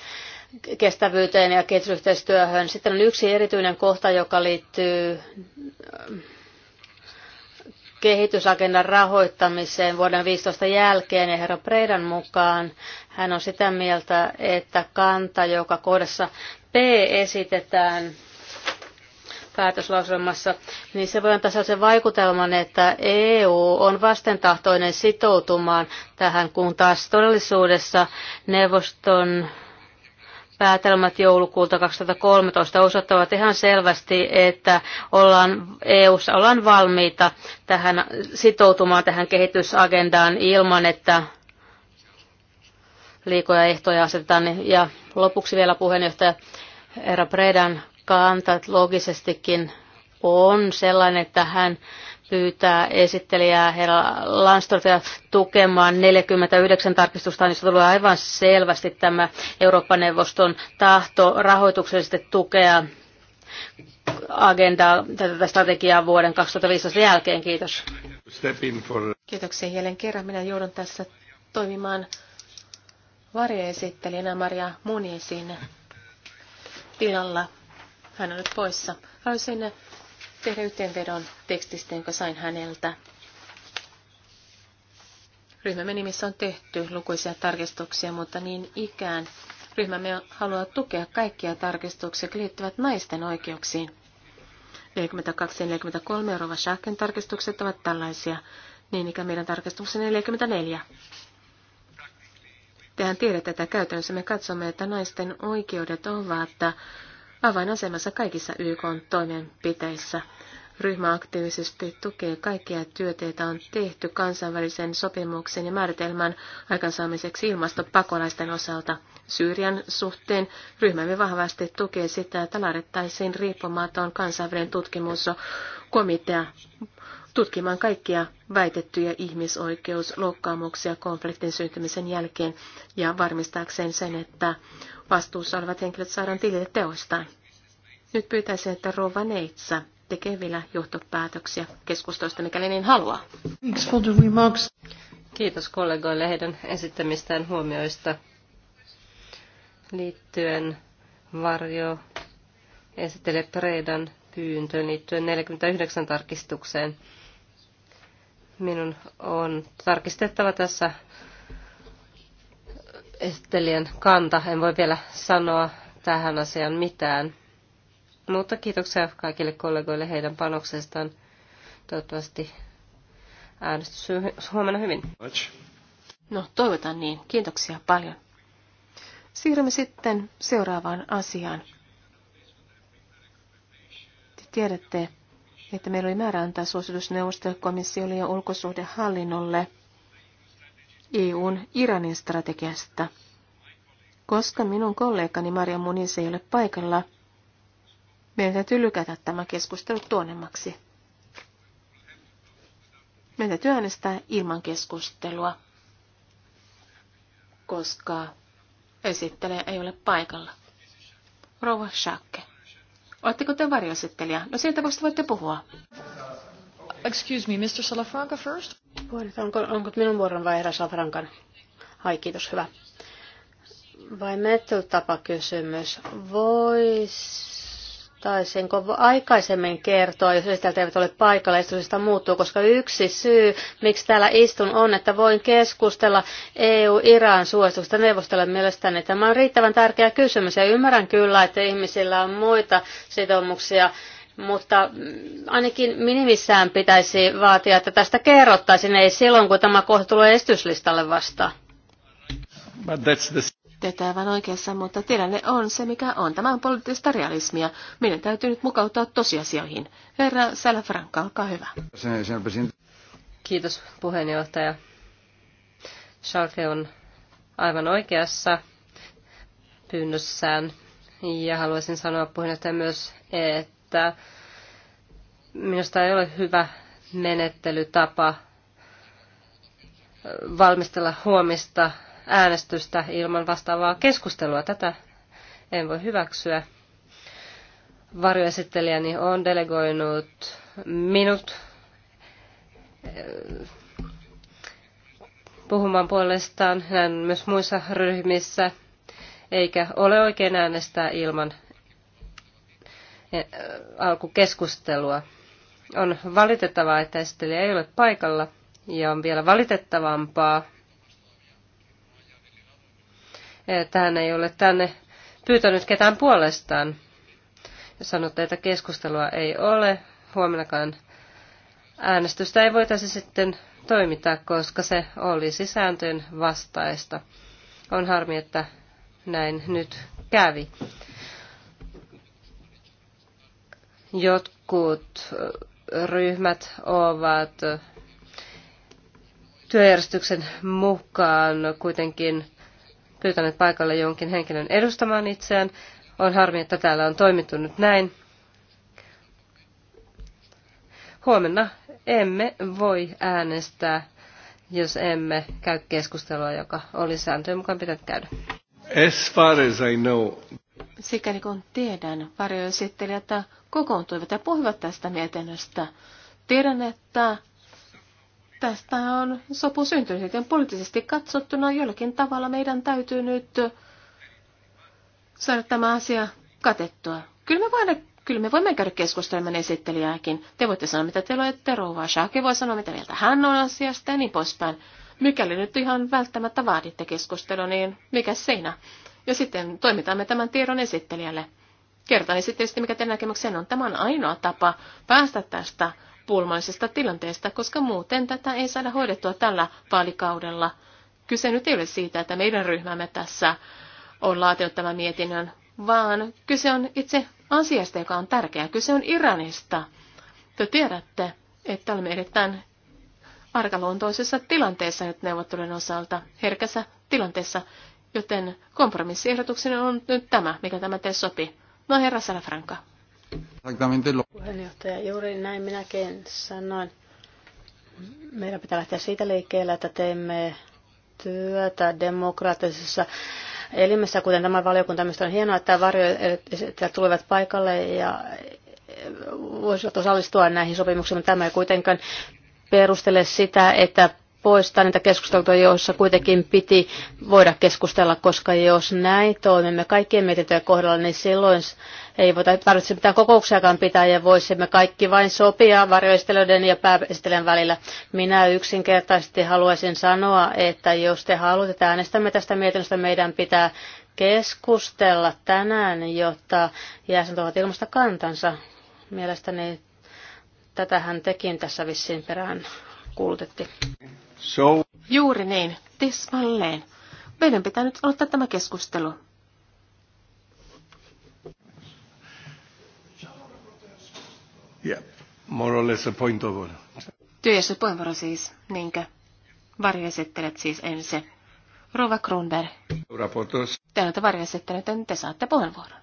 kestävyyteen ja kehitysyhteistyöhön. Sitten on yksi erityinen kohta, joka liittyy ähm, kehitysagendan rahoittamiseen vuoden 15 jälkeen ja herra Preidan mukaan hän on sitä mieltä, että kanta, joka kohdassa P esitetään, päätöslauselmassa, niin se voi antaa sellaisen vaikutelman, että EU on vastentahtoinen sitoutumaan tähän, kun taas todellisuudessa neuvoston päätelmät joulukuulta 2013 osoittavat ihan selvästi, että ollaan, EUssa ollaan valmiita tähän, sitoutumaan tähän kehitysagendaan ilman, että liikoja ehtoja asetetaan. Ja lopuksi vielä puheenjohtaja Herra Predan kantat loogisestikin on sellainen, että hän pyytää esittelijää herra Lansdorfia tukemaan 49 tarkistusta, niin se tulee aivan selvästi tämä Eurooppa-neuvoston tahto rahoituksellisesti tukea agendaa tätä strategiaa vuoden 2015 jälkeen. Kiitos. For... Kiitoksia jälleen kerran. Minä joudun tässä toimimaan varjoesittelijänä Maria Munisin tilalla. Hän on nyt poissa. Haluaisin tehdä yhteenvedon tekstistä, jonka sain häneltä. Ryhmämme nimissä on tehty lukuisia tarkistuksia, mutta niin ikään ryhmämme haluaa tukea kaikkia tarkistuksia, jotka liittyvät naisten oikeuksiin. 42 ja 43 Rova Schaken tarkistukset ovat tällaisia, niin ikään meidän tarkistuksemme 44. Tehän tiedätte, että käytännössä me katsomme, että naisten oikeudet ovat avainasemassa kaikissa YK toimenpiteissä. Ryhmä aktiivisesti tukee kaikkia työtä, joita on tehty kansainvälisen sopimuksen ja määritelmän aikansaamiseksi ilmastopakolaisten osalta. Syyrian suhteen ryhmämme vahvasti tukee sitä, että laadettaisiin riippumaton kansainvälinen tutkimuskomitea tutkimaan kaikkia väitettyjä ihmisoikeusloukkaamuksia konfliktin syntymisen jälkeen ja varmistaakseen sen, että vastuussa olevat henkilöt saadaan tilille teoistaan. Nyt pyytäisin, että Rova Neitsa tekee vielä johtopäätöksiä keskustelusta, mikäli niin haluaa. Kiitos kollegoille heidän esittämistään huomioista liittyen varjo esittelee Predan pyyntöön liittyen 49 tarkistukseen. Minun on tarkistettava tässä esittelijän kanta. En voi vielä sanoa tähän asiaan mitään. Mutta kiitoksia kaikille kollegoille heidän panoksestaan. Toivottavasti äänestys huomenna hyvin. No, toivotan niin. Kiitoksia paljon. Siirrymme sitten seuraavaan asiaan. Te tiedätte, että meillä oli määrä antaa suositusneuvostokomissiolle ja ulkosuhdehallinnolle – EUn Iranin strategiasta. Koska minun kollegani Maria Munis ei ole paikalla, meidän täytyy lykätä tämä keskustelu tuonemmaksi. Meidän täytyy äänestää ilman keskustelua, koska esittelijä ei ole paikalla. Rouva Schacke, oletteko te varjoesittelijä? No siitä vasta voitte puhua. Excuse me, Mr. Salafranca first. Onko, onko minun vuoron vai herra Salafrancan? Ai, kiitos, hyvä. Vai menettelytapa kysymys. Voisi Taisinko aikaisemmin kertoa, jos esittäjät eivät ole paikalla, istumisesta muuttuu, koska yksi syy, miksi täällä istun, on, että voin keskustella EU-Iran suosituksesta neuvostolle mielestäni. Tämä on riittävän tärkeä kysymys ja ymmärrän kyllä, että ihmisillä on muita sitoumuksia mutta ainakin minimissään pitäisi vaatia, että tästä kerrottaisiin, ei silloin, kun tämä kohta tulee estyslistalle vastaan. Tätä aivan oikeassa, mutta tilanne on se, mikä on. Tämä on poliittista realismia. Meidän täytyy nyt mukautua tosiasioihin. Herra Salafranka, olkaa hyvä. Kiitos puheenjohtaja. Schalke on aivan oikeassa pyynnössään. Ja haluaisin sanoa puheenjohtaja myös, että että Minusta ei ole hyvä menettelytapa valmistella huomista äänestystä ilman vastaavaa keskustelua. Tätä en voi hyväksyä. Varjoesittelijäni on delegoinut minut eh, puhumaan puolestaan. Hän myös muissa ryhmissä, eikä ole oikein äänestää ilman Eh, alkukeskustelua. On valitettavaa, että esittelijä ei ole paikalla ja on vielä valitettavampaa, että hän ei ole tänne pyytänyt ketään puolestaan. Ja sanotte, että keskustelua ei ole, huomennakaan äänestystä ei voitaisi sitten toimittaa, koska se olisi sääntöjen vastaista. On harmi, että näin nyt kävi. Jotkut ryhmät ovat työjärjestyksen mukaan kuitenkin pyytäneet paikalle jonkin henkilön edustamaan itseään. On harmi, että täällä on toimittu nyt näin. Huomenna emme voi äänestää, jos emme käy keskustelua, joka oli sääntöjen mukaan pitänyt käydä. As far as I know. Sikäli kun tiedän, että kokoontuivat ja puhuivat tästä mietinnöstä. Tiedän, että tästä on sopu syntynyt, joten poliittisesti katsottuna jollakin tavalla meidän täytyy nyt saada tämä asia katettua. Kyllä me voimme, kyllä me voimme käydä keskustelemaan esittelijääkin. Te voitte sanoa, mitä te olette, rouva Shaki voi sanoa, mitä mieltä hän on asiasta ja niin poispäin. Mikäli nyt ihan välttämättä vaaditte keskustelua, niin mikä seinä? Ja sitten toimitamme tämän tiedon esittelijälle. Kertaan sitten mikä teidän näkemyksenne on. Tämä on ainoa tapa päästä tästä pulmallisesta tilanteesta, koska muuten tätä ei saada hoidettua tällä vaalikaudella. Kyse nyt ei ole siitä, että meidän ryhmämme tässä on laatinut tämän mietinnön, vaan kyse on itse asiasta, joka on tärkeä. Kyse on Iranista. Te tiedätte, että olemme erittäin arkaluontoisessa tilanteessa nyt neuvottelujen osalta, herkässä tilanteessa, joten kompromissiehdotuksena on nyt tämä, mikä tämä te sopii. No herra Salafranca. Puheenjohtaja, juuri näin minäkin sanoin. Meidän pitää lähteä siitä liikkeelle, että teemme työtä demokraattisessa elimessä, kuten tämä valiokunta. Mistä on hienoa, että varjoesittäjät tulevat paikalle ja voisivat osallistua näihin sopimuksiin, mutta tämä ei kuitenkaan perustele sitä, että poistaa niitä keskusteltuja, joissa kuitenkin piti voida keskustella, koska jos näin toimimme kaikkien mietintöjen kohdalla, niin silloin ei voida, tarvitse mitään kokouksiakaan pitää ja voisimme kaikki vain sopia varjoistelijoiden ja pääesittelijän välillä. Minä yksinkertaisesti haluaisin sanoa, että jos te haluatte, että äänestämme tästä mietinnöstä, meidän pitää keskustella tänään, jotta jäsenet ovat ilmasta kantansa. Mielestäni tätähän tekin tässä vissiin perään kuulutettiin. So. Juuri niin, tismalleen. Meidän pitää nyt aloittaa tämä keskustelu. Yeah, more or less a point of order. Työjässä puheenvuoro siis, niinkö? Varjoesittelet siis ensin. Rova Kronberg. Raportos. Te olette te saatte puheenvuoron.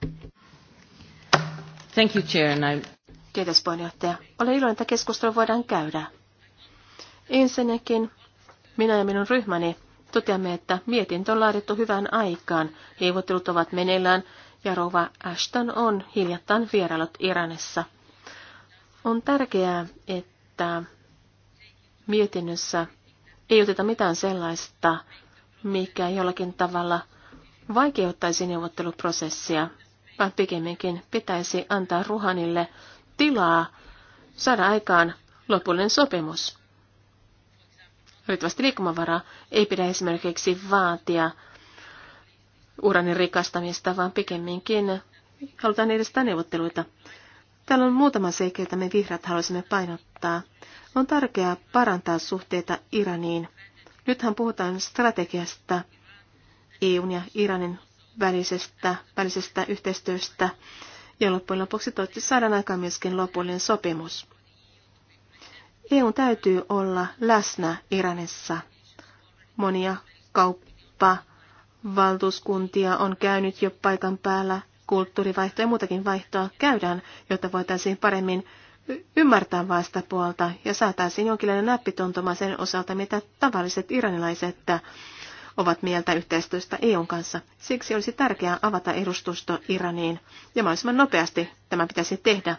Thank you, Chair. And I... Kiitos, puheenjohtaja. Olen iloinen, että keskustelu voidaan käydä. Ensinnäkin minä ja minun ryhmäni toteamme, että mietintö on laadittu hyvään aikaan. Neuvottelut ovat meneillään ja Rova Ashton on hiljattain vierailut Iranissa. On tärkeää, että mietinnössä ei oteta mitään sellaista, mikä jollakin tavalla vaikeuttaisi neuvotteluprosessia, vaan pikemminkin pitäisi antaa Ruhanille tilaa saada aikaan lopullinen sopimus riittävästi liikkumavaraa. Ei pidä esimerkiksi vaatia uranin rikastamista, vaan pikemminkin halutaan edistää neuvotteluita. Täällä on muutama seikka, jota me vihreät haluaisimme painottaa. On tärkeää parantaa suhteita Iraniin. Nythän puhutaan strategiasta EUn ja Iranin välisestä, välisestä yhteistyöstä, ja loppujen lopuksi toivottavasti saadaan aikaan myöskin lopullinen sopimus. EUn täytyy olla läsnä Iranissa. Monia kauppavaltuuskuntia on käynyt jo paikan päällä. Kulttuurivaihtoa ja muutakin vaihtoa käydään, jotta voitaisiin paremmin ymmärtää vastapuolta ja saataisiin jonkinlainen näppituntuma sen osalta, mitä tavalliset iranilaiset ovat mieltä yhteistyöstä EUn kanssa. Siksi olisi tärkeää avata edustusto Iraniin ja mahdollisimman nopeasti tämä pitäisi tehdä.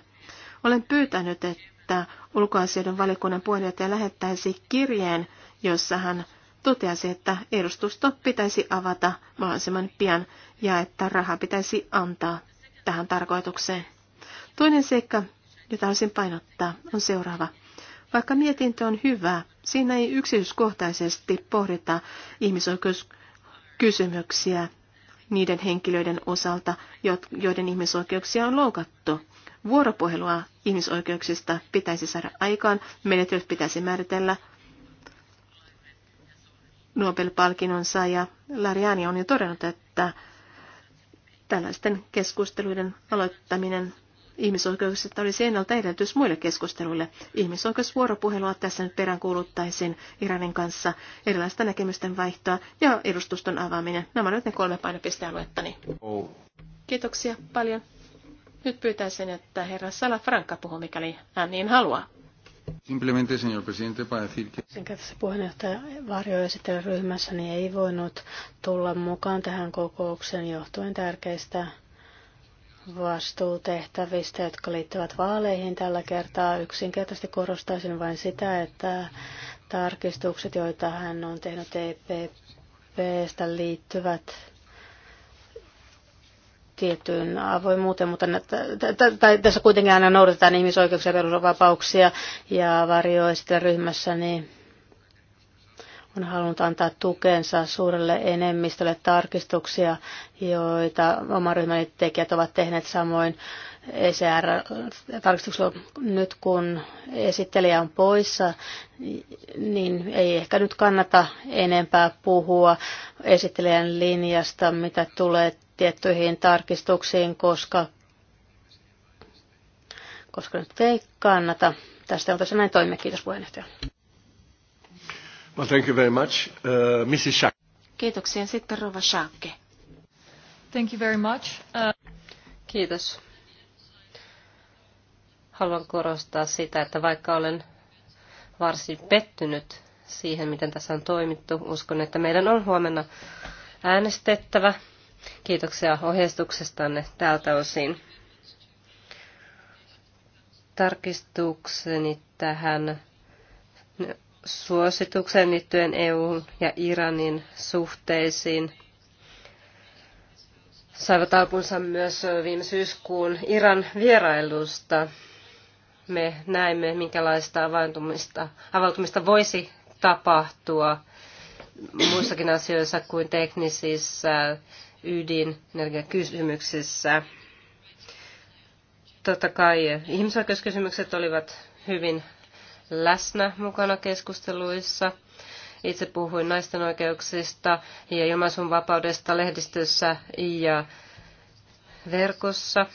Olen pyytänyt, että että ulkoasioiden valikunnan puheenjohtaja lähettäisi kirjeen, jossa hän toteasi, että edustusto pitäisi avata mahdollisimman pian ja että raha pitäisi antaa tähän tarkoitukseen. Toinen seikka, jota haluaisin painottaa, on seuraava. Vaikka mietintö on hyvä, siinä ei yksityiskohtaisesti pohdita ihmisoikeuskysymyksiä niiden henkilöiden osalta, joiden ihmisoikeuksia on loukattu. Vuoropuhelua ihmisoikeuksista pitäisi saada aikaan, menetelmät pitäisi määritellä. Nobel-palkinnon saaja Lariani on jo todennut, että tällaisten keskusteluiden aloittaminen ihmisoikeuksista olisi ennalta edellytys muille keskusteluille. Ihmisoikeusvuoropuhelua tässä nyt peräänkuuluttaisiin Iranin kanssa, erilaista näkemysten vaihtoa ja edustuston avaaminen. Nämä ovat nyt ne kolme painopistealuettani. Oh. Kiitoksia paljon. Nyt pyytäisin, että herra Franka puhuu, mikäli hän niin haluaa. Simplemente, señor presidente, para decir que... Sen tässä puheenjohtaja varjoesittely ryhmässäni niin ei voinut tulla mukaan tähän kokoukseen johtuen tärkeistä vastuutehtävistä, jotka liittyvät vaaleihin tällä kertaa. Yksinkertaisesti korostaisin vain sitä, että tarkistukset, joita hän on tehnyt EPPstä, liittyvät tiettyyn avoimuuteen, mutta tässä kuitenkin aina noudatetaan ihmisoikeuksia, perusvapauksia ja varjo ryhmässä, niin on halunnut antaa tukensa suurelle enemmistölle tarkistuksia, joita oman ryhmän tekijät ovat tehneet samoin ECR-tarkistuksella nyt kun esittelijä on poissa, niin ei ehkä nyt kannata enempää puhua esittelijän linjasta, mitä tulee tiettyihin tarkistuksiin, koska, koska nyt ei kannata. Tästä on näin toimia. Kiitos puheenjohtaja. Well, thank you very much. Uh, Mrs. Schack. Kiitoksia. Sitten Rova Schaakke. Thank you very much. Uh... Kiitos. Haluan korostaa sitä, että vaikka olen varsin pettynyt siihen, miten tässä on toimittu, uskon, että meidän on huomenna äänestettävä Kiitoksia ohjeistuksestanne tältä osin. Tarkistukseni tähän suositukseen liittyen EU- ja Iranin suhteisiin saivat alkunsa myös viime syyskuun Iran vierailusta. Me näimme, minkälaista avautumista, avautumista voisi tapahtua muissakin asioissa kuin teknisissä ydinenergiakysymyksissä. Totta kai ihmisoikeuskysymykset olivat hyvin läsnä mukana keskusteluissa. Itse puhuin naisten oikeuksista ja ilmaisun vapaudesta lehdistössä ja verkossa.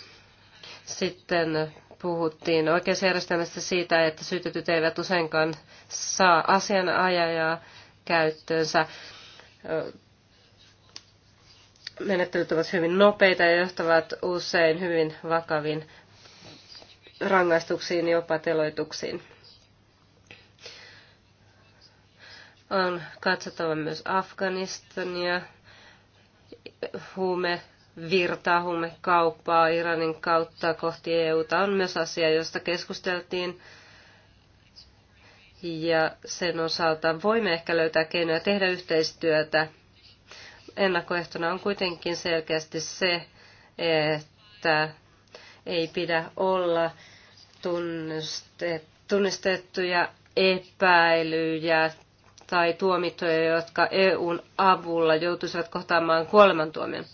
Sitten puhuttiin oikeusjärjestelmästä siitä, että syytetyt eivät useinkaan saa asianajajaa käyttöönsä menettelyt ovat hyvin nopeita ja johtavat usein hyvin vakaviin rangaistuksiin, jopa teloituksiin. On katsottava myös Afganistania, huume virtaa, huumekauppaa Iranin kautta kohti EUta on myös asia, josta keskusteltiin. Ja sen osalta voimme ehkä löytää keinoja tehdä yhteistyötä ennakkoehtona on kuitenkin selkeästi se, että ei pidä olla tunnistettuja epäilyjä tai tuomittuja, jotka EUn avulla joutuisivat kohtaamaan kuolemantuomion.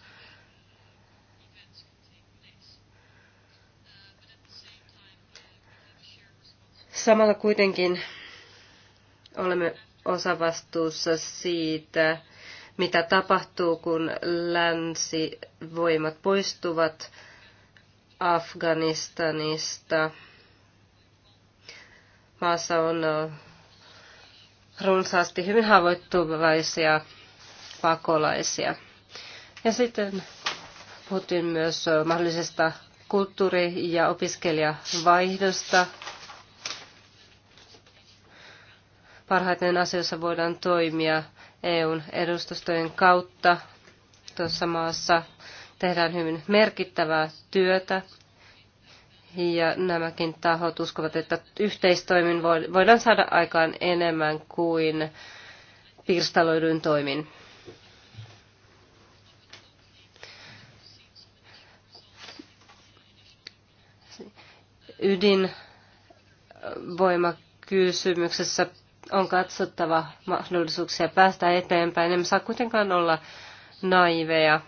Samalla kuitenkin olemme osavastuussa siitä, mitä tapahtuu, kun länsivoimat poistuvat Afganistanista. Maassa on runsaasti hyvin haavoittuvaisia pakolaisia. Ja sitten puhuttiin myös mahdollisesta kulttuuri- ja opiskelijavaihdosta. Parhaiten asioissa voidaan toimia EUn edustustojen kautta tuossa maassa tehdään hyvin merkittävää työtä. Ja nämäkin tahot uskovat, että yhteistoimin voidaan saada aikaan enemmän kuin pirstaloiduin toimin. Ydinvoimakysymyksessä on katsottava mahdollisuuksia päästä eteenpäin. Emme saa kuitenkaan olla naiveja.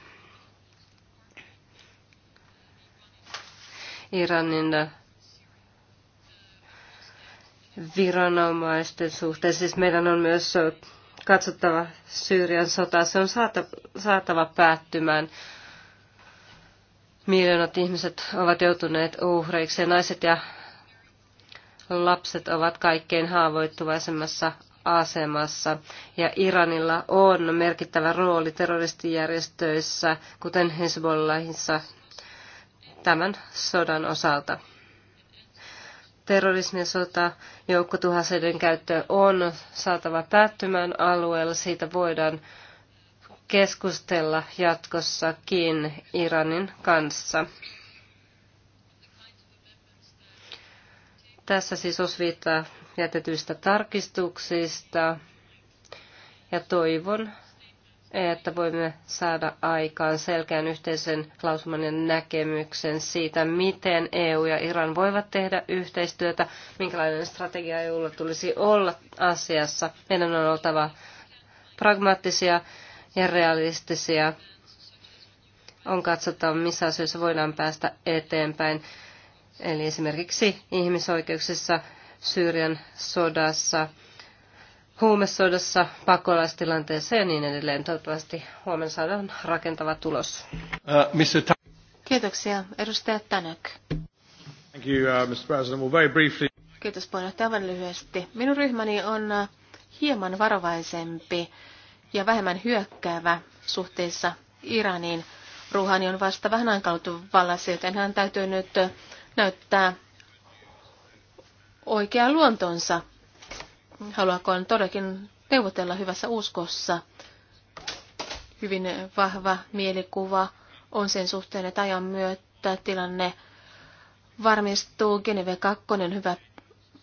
Iranin viranomaisten suhteen. Siis meidän on myös katsottava Syyrian sota. Se on saatava päättymään. Miljoonat ihmiset ovat joutuneet uhreiksi ja naiset ja lapset ovat kaikkein haavoittuvaisemmassa asemassa. Ja Iranilla on merkittävä rooli terroristijärjestöissä, kuten Hezbollahissa tämän sodan osalta. Terrorismi ja sota joukkotuhaseiden käyttö on saatava päättymään alueella. Siitä voidaan keskustella jatkossakin Iranin kanssa. Tässä siis osviittaa jätetyistä tarkistuksista ja toivon, että voimme saada aikaan selkeän yhteisen lausuman ja näkemyksen siitä, miten EU ja Iran voivat tehdä yhteistyötä, minkälainen strategia EUlla tulisi olla asiassa. Meidän on oltava pragmaattisia ja realistisia. On katsottava, missä asioissa voidaan päästä eteenpäin Eli esimerkiksi ihmisoikeuksissa, Syyrian sodassa, huumesodassa, pakolaistilanteessa ja niin edelleen. Toivottavasti huomenna saadaan rakentava tulos. Uh, Kiitoksia. Edustaja Tanak. Thank you, uh, Mr. President. Well, very briefly... Kiitos puheenjohtaja. Aivan lyhyesti. Minun ryhmäni on uh, hieman varovaisempi ja vähemmän hyökkäävä suhteessa Iraniin. Ruhani on vasta vähän aikaa vallassa, joten hän täytyy nyt uh, näyttää oikea luontonsa. Haluaako on todellakin neuvotella hyvässä uskossa? Hyvin vahva mielikuva on sen suhteen, että ajan myötä tilanne varmistuu. Geneve 2 hyvä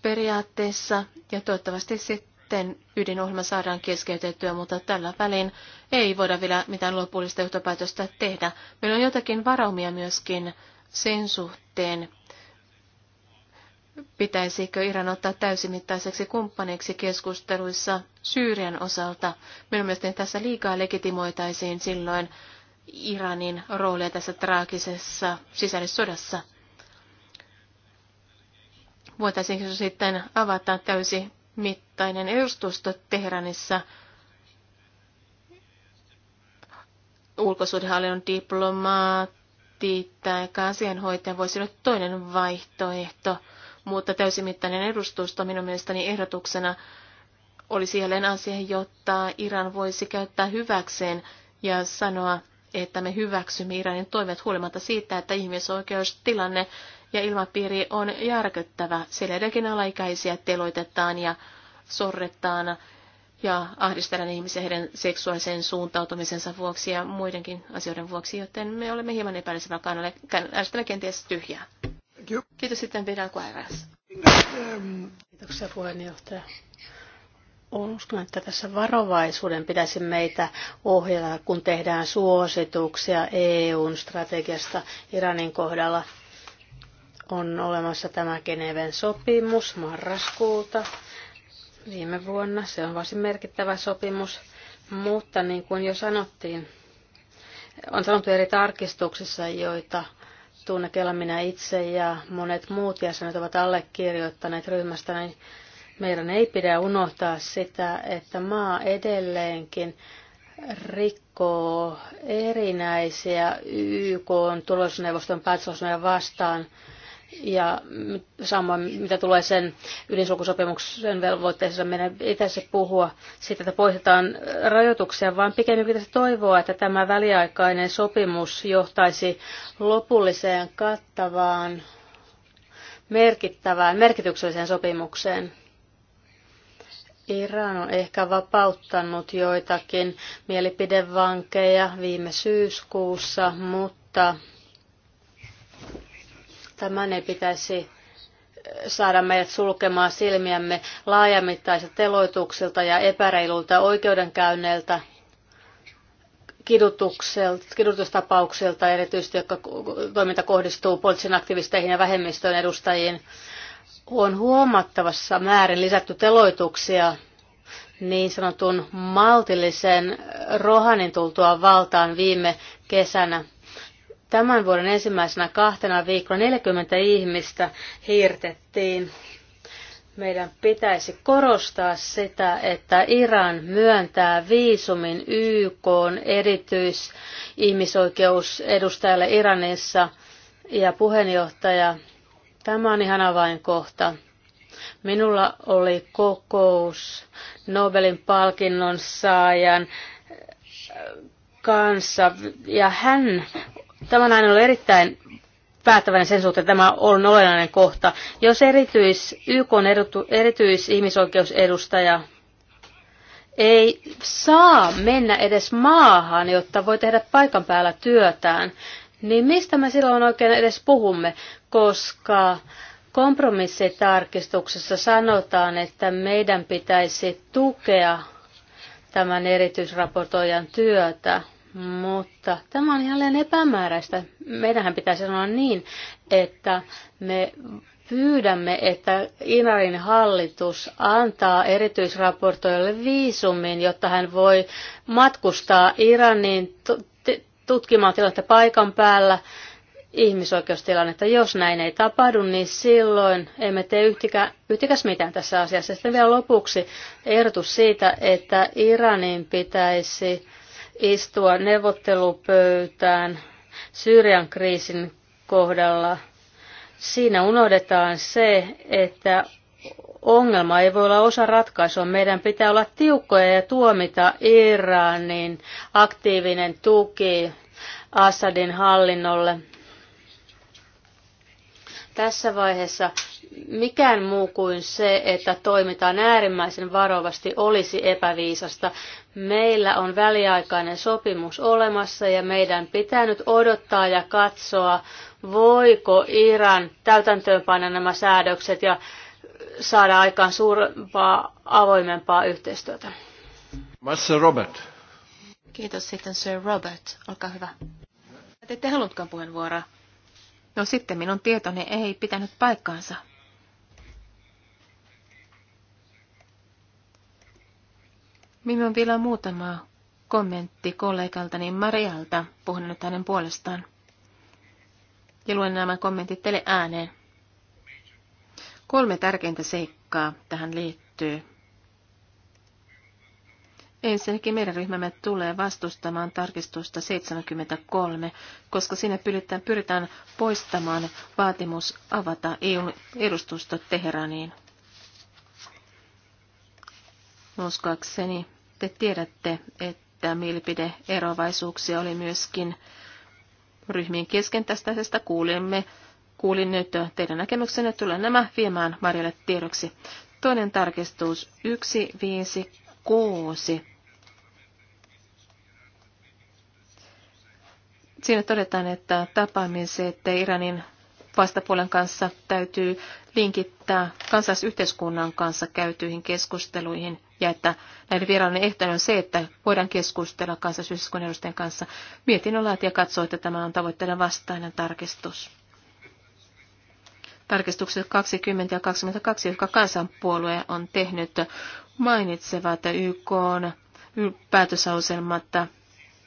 periaatteessa ja toivottavasti sitten ydinohjelma saadaan keskeytettyä, mutta tällä välin ei voida vielä mitään lopullista johtopäätöstä tehdä. Meillä on jotakin varaumia myöskin sen suhteen, pitäisikö Iran ottaa täysimittaiseksi kumppaneiksi keskusteluissa Syyrian osalta. Minun mielestäni tässä liikaa legitimoitaisiin silloin Iranin roolia tässä traagisessa sisällissodassa. Voitaisiinko sitten avata täysi mittainen edustusto Teheranissa ulkosuudenhallinnon diplomaatti tai asianhoitaja voisi olla toinen vaihtoehto – mutta täysimittainen edustusto minun mielestäni ehdotuksena olisi jälleen asia, jotta Iran voisi käyttää hyväkseen ja sanoa, että me hyväksymme Iranin toimet huolimatta siitä, että ihmisoikeustilanne ja ilmapiiri on järkyttävä. Siellä edelläkin alaikäisiä teloitetaan ja sorretaan ja ahdistetaan ihmisiä heidän seksuaalisen suuntautumisensa vuoksi ja muidenkin asioiden vuoksi, joten me olemme hieman epäilisellä kannalla. Äänestämme kenties tyhjää. Kiitos sitten Vidal Kiitoksia puheenjohtaja. Uskon, että tässä varovaisuuden pitäisi meitä ohjata, kun tehdään suosituksia EUn strategiasta Iranin kohdalla. On olemassa tämä Geneven sopimus marraskuulta viime vuonna. Se on varsin merkittävä sopimus, mutta niin kuin jo sanottiin, on sanottu eri tarkistuksissa, joita Tunne Kela minä itse ja monet muut jäsenet ovat allekirjoittaneet ryhmästä, niin meidän ei pidä unohtaa sitä, että maa edelleenkin rikkoo erinäisiä YK tulosneuvoston päätöslauselmia vastaan ja samoin mitä tulee sen ydinsulkusopimuksen velvoitteeseen, meidän ei tässä puhua siitä, että poistetaan rajoituksia, vaan pikemminkin pitäisi toivoa, että tämä väliaikainen sopimus johtaisi lopulliseen kattavaan merkittävään, merkitykselliseen sopimukseen. Iran on ehkä vapauttanut joitakin mielipidevankeja viime syyskuussa, mutta Tämän ei pitäisi saada meidät sulkemaan silmiämme laajamittaisilta teloituksilta ja epäreilulta oikeudenkäynneiltä, kidutustapauksilta, erityisesti jotka toiminta kohdistuu poliittisiin aktivisteihin ja vähemmistöön edustajiin. On huomattavassa määrin lisätty teloituksia niin sanotun maltillisen Rohanin tultua valtaan viime kesänä. Tämän vuoden ensimmäisenä kahtena viikolla 40 ihmistä hiirtettiin. Meidän pitäisi korostaa sitä, että Iran myöntää viisumin YK erityisihmisoikeusedustajalle Iranissa ja puheenjohtaja. Tämä on ihan avainkohta. Minulla oli kokous Nobelin palkinnon saajan kanssa ja hän Tämä näin on erittäin päättäväinen sen suhteen, että tämä on olennainen kohta. Jos erityis, YK on erityisihmisoikeusedustaja ei saa mennä edes maahan, jotta voi tehdä paikan päällä työtään, niin mistä me silloin oikein edes puhumme, koska kompromissitarkistuksessa sanotaan, että meidän pitäisi tukea tämän erityisraportoijan työtä. Mutta tämä on jälleen epämääräistä. Meidähän pitäisi sanoa niin, että me pyydämme, että Inarin hallitus antaa erityisraportoijalle viisumin, jotta hän voi matkustaa Iranin tutkimaan tilannetta paikan päällä ihmisoikeustilannetta. Jos näin ei tapahdu, niin silloin emme tee yhtikä, yhtikäs mitään tässä asiassa. Sitten vielä lopuksi ehdotus siitä, että Iranin pitäisi istua neuvottelupöytään Syyrian kriisin kohdalla. Siinä unohdetaan se, että ongelma ei voi olla osa ratkaisua. Meidän pitää olla tiukkoja ja tuomita Iranin aktiivinen tuki Assadin hallinnolle. Tässä vaiheessa mikään muu kuin se, että toimitaan äärimmäisen varovasti, olisi epäviisasta. Meillä on väliaikainen sopimus olemassa ja meidän pitää nyt odottaa ja katsoa, voiko Iran täytäntöönpanna nämä säädökset ja saada aikaan suurempaa, avoimempaa yhteistyötä. Master Robert. Kiitos sitten Sir Robert. Olkaa hyvä. Te ette halunnutkaan puheenvuoroa. No sitten minun tietoni ei pitänyt paikkaansa. Minulla on vielä muutama kommentti kollegaltani Marialta, puhun nyt hänen puolestaan. Ja luen nämä kommentit teille ääneen. Kolme tärkeintä seikkaa tähän liittyy. Ensinnäkin meidän ryhmämme tulee vastustamaan tarkistusta 73, koska siinä pyritään, pyritään poistamaan vaatimus avata EUn edustusto Teheraniin. Uskoakseni te tiedätte, että mielipideerovaisuuksia oli myöskin ryhmien kesken tästä asiasta. Kuulimme, kuulin nyt teidän näkemyksenne. Tulen nämä viemään Marjalle tiedoksi. Toinen tarkistus 156. Siinä todetaan, että tapaamiset Iranin vastapuolen kanssa täytyy linkittää kansallisyhteiskunnan kanssa käytyihin keskusteluihin ja että näiden vieraiden ehtona on se, että voidaan keskustella kansallisyhteiskunnan edustajien kanssa. Mietin laatija katsoo, että tämä on tavoitteiden vastainen tarkistus. Tarkistukset 20 ja 22, jotka kansanpuolue on tehnyt, mainitsevat YK on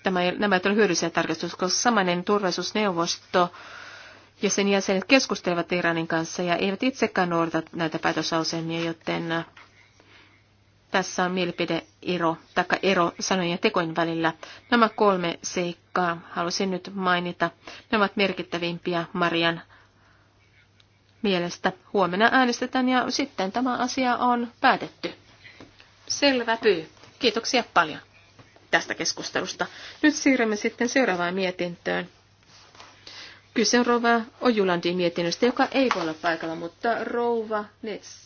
Tämä, nämä eivät ole hyödyllisiä tarkistuksia, koska samainen turvallisuusneuvosto ja sen jäsenet keskustelevat Iranin kanssa ja eivät itsekään noudata näitä päätösauselmia, joten tässä on mielipideero, taikka ero sanojen ja tekojen välillä. Nämä kolme seikkaa halusin nyt mainita. Ne ovat merkittävimpiä Marian mielestä. Huomenna äänestetään ja sitten tämä asia on päätetty. Selvä pyy. Kiitoksia paljon tästä keskustelusta. Nyt siirrymme sitten seuraavaan mietintöön. Kyse on rouva Ojulandin mietinnöstä, joka ei voi olla paikalla, mutta rouva,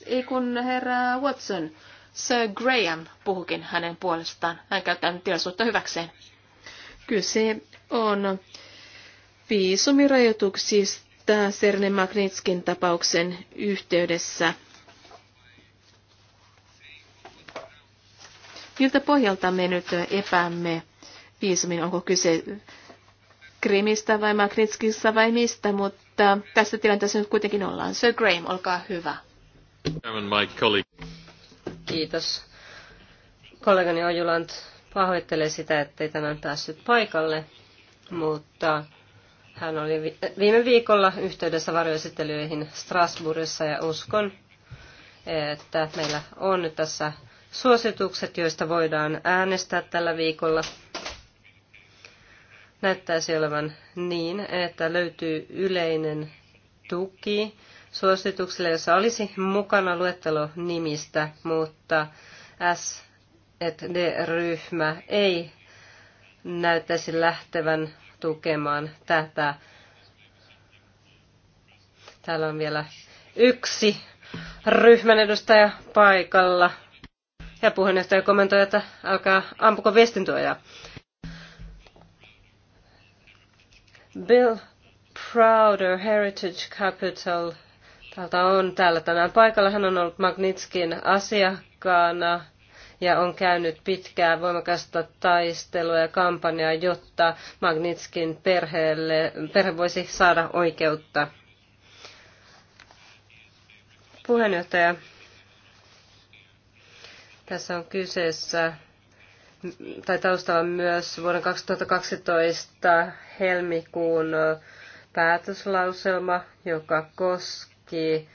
ei kun herra Watson Sir Graham puhukin hänen puolestaan. Hän käyttää nyt tilaisuutta hyväkseen. Kyse on viisumirajoituksista Serne Magnitskin tapauksen yhteydessä. Miltä pohjalta me nyt epäämme viisumin? Onko kyse Krimistä vai Magnitskissa vai mistä, mutta tässä tilanteessa nyt kuitenkin ollaan. Sir Graham, olkaa hyvä. Kiitos. Kollegani Ojulant pahoittelee sitä, ettei tänään päässyt paikalle, mutta hän oli viime viikolla yhteydessä varjoesittelyihin Strasbourgissa ja uskon, että meillä on nyt tässä suositukset, joista voidaan äänestää tällä viikolla. Näyttäisi olevan niin, että löytyy yleinen tuki suositukselle, jossa olisi mukana luettelo nimistä, mutta S et D-ryhmä ei näyttäisi lähtevän tukemaan tätä. Täällä on vielä yksi ryhmän edustaja paikalla. Ja puheenjohtaja kommentoi, että alkaa ampuko viestintuojaa. Bill Prouder Heritage Capital Täältä on täällä tänään paikalla. Hän on ollut Magnitskin asiakkaana ja on käynyt pitkää voimakasta taistelua ja kampanjaa, jotta Magnitskin perheelle, perhe voisi saada oikeutta. Puheenjohtaja, tässä on kyseessä tai taustalla myös vuoden 2012 helmikuun päätöslauselma, joka koskee kaikki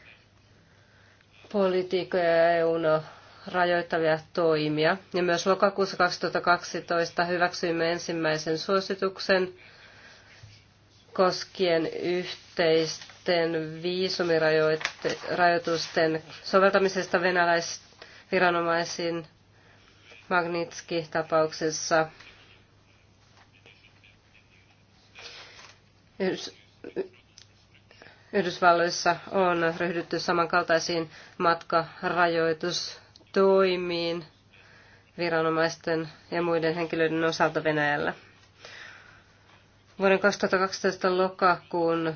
politiikkoja ja EUn rajoittavia toimia. Ja myös lokakuussa 2012 hyväksyimme ensimmäisen suosituksen koskien yhteisten viisumirajoitusten soveltamisesta venäläisviranomaisiin Magnitski-tapauksessa. Yhdysvalloissa on ryhdytty samankaltaisiin matkarajoitustoimiin viranomaisten ja muiden henkilöiden osalta Venäjällä. Vuoden 2012 lokakuun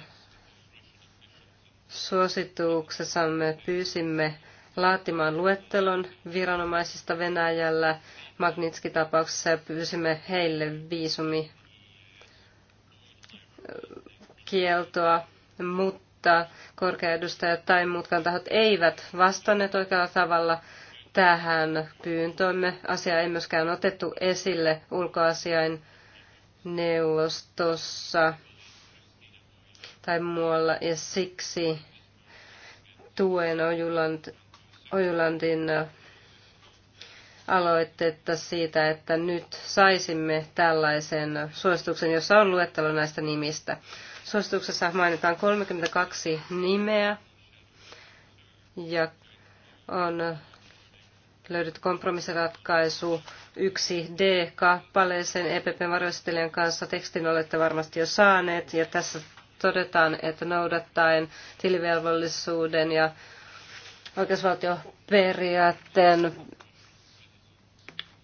suosituksessamme pyysimme laatimaan luettelon viranomaisista Venäjällä Magnitski-tapauksessa ja pyysimme heille viisumi kieltoa, mutta mutta korkeaedustajat tai muutkaan tahot eivät vastanneet oikealla tavalla tähän pyyntöömme. Asia ei myöskään otettu esille ulkoasiain neuvostossa tai muualla, ja siksi tuen Ojuland, Ojulandin aloitetta siitä, että nyt saisimme tällaisen suosituksen, jossa on luettelo näistä nimistä. Suosituksessa mainitaan 32 nimeä ja on löydetty kompromissiratkaisu yksi D-kappaleeseen EPP varjostelijan kanssa. Tekstin olette varmasti jo saaneet ja tässä todetaan, että noudattaen tilivelvollisuuden ja oikeusvaltioperiaatteen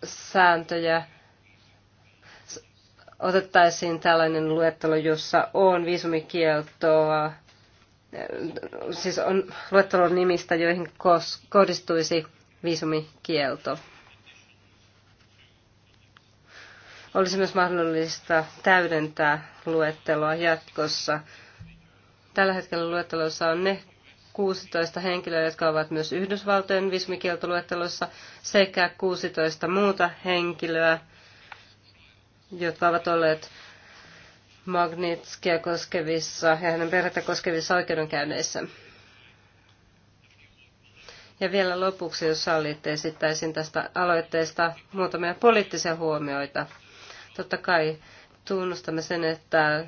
sääntöjä otettaisiin tällainen luettelo, jossa on viisumikieltoa, siis on luettelo nimistä, joihin kohdistuisi viisumikielto. Olisi myös mahdollista täydentää luetteloa jatkossa. Tällä hetkellä luettelossa on ne 16 henkilöä, jotka ovat myös Yhdysvaltojen viisumikieltoluettelossa, sekä 16 muuta henkilöä, jotka ovat olleet Magnitskia koskevissa ja hänen perhettä koskevissa oikeudenkäynneissä. Ja vielä lopuksi, jos sallitte, esittäisin tästä aloitteesta muutamia poliittisia huomioita. Totta kai tunnustamme sen, että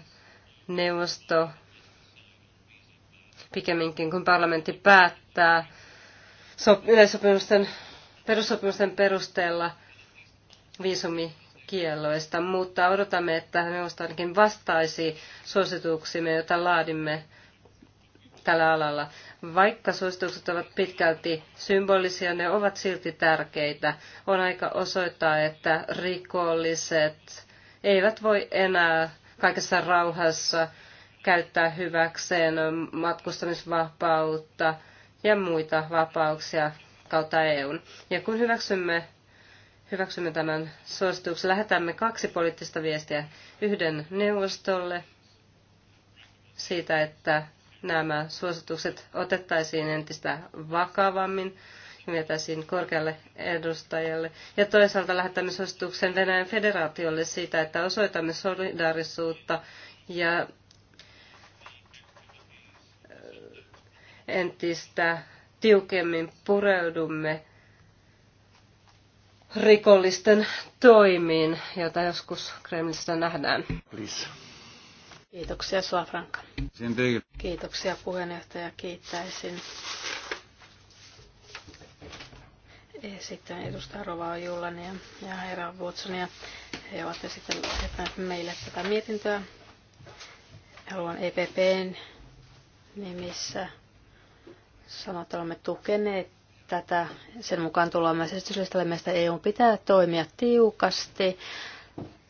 neuvosto pikemminkin kun parlamentti päättää yleissopimusten perussopimusten perusteella viisumi kielloista, mutta odotamme, että neuvosto ainakin vastaisi suosituksimme, joita laadimme tällä alalla. Vaikka suositukset ovat pitkälti symbolisia, ne ovat silti tärkeitä. On aika osoittaa, että rikolliset eivät voi enää kaikessa rauhassa käyttää hyväkseen matkustamisvapautta ja muita vapauksia kautta EUn. Ja kun hyväksymme hyväksymme tämän suosituksen. Lähetämme kaksi poliittista viestiä. Yhden neuvostolle siitä, että nämä suositukset otettaisiin entistä vakavammin ja vietäisiin korkealle edustajalle. Ja toisaalta lähetämme suosituksen Venäjän federaatiolle siitä, että osoitamme solidaarisuutta ja äh, entistä tiukemmin pureudumme rikollisten toimiin, joita joskus Kremlistä nähdään. Please. Kiitoksia Franka. Kiitoksia puheenjohtaja. Kiittäisin sitten edustaja Rovaa Jullania ja herra Watsonia. He ovat esittäneet meille tätä mietintöä. Haluan EPPn nimissä sanoa, että olemme tukeneet tätä sen mukaan tullaan myös esityslistalle. Meistä EU pitää toimia tiukasti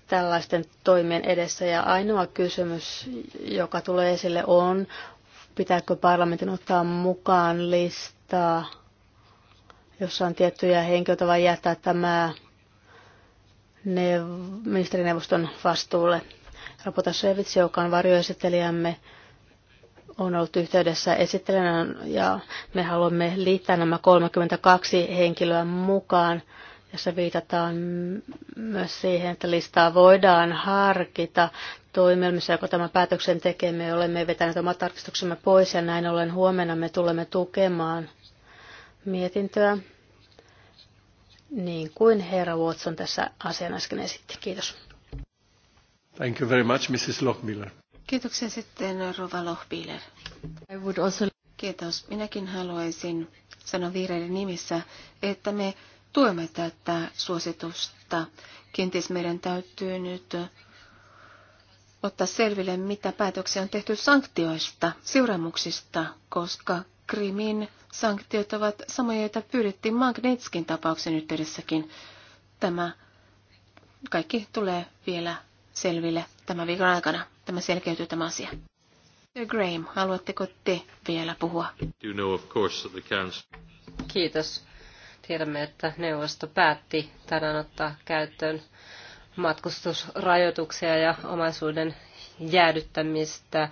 tällaisten toimien edessä ja ainoa kysymys, joka tulee esille on, pitääkö parlamentin ottaa mukaan listaa, jossa on tiettyjä henkilöitä vai jättää tämä neuv- ministerineuvoston vastuulle. Rapota Sevitsi, joka on varjoesittelijämme, on ollut yhteydessä esittelijänä ja me haluamme liittää nämä 32 henkilöä mukaan. Tässä viitataan myös siihen, että listaa voidaan harkita toimielmissä, kun tämä päätöksen tekee. Me olemme vetäneet omat tarkistuksemme pois ja näin ollen huomenna me tulemme tukemaan mietintöä, niin kuin herra Watson tässä asian äsken esitti. Kiitos. Thank you very much, Mrs. Kiitoksia sitten Rova Lohbiler. also... Kiitos. Minäkin haluaisin sanoa vihreiden nimissä, että me tuemme tätä suositusta. Kenties meidän täytyy nyt ottaa selville, mitä päätöksiä on tehty sanktioista, seuraamuksista, koska Krimin sanktiot ovat samoja, joita pyydettiin Magnitskin tapauksen yhteydessäkin. Tämä kaikki tulee vielä selville tämän viikon aikana tämä selkeytyy tämä asia. Graham, haluatteko te vielä puhua? Kiitos. Tiedämme, että neuvosto päätti tänään ottaa käyttöön matkustusrajoituksia ja omaisuuden jäädyttämistä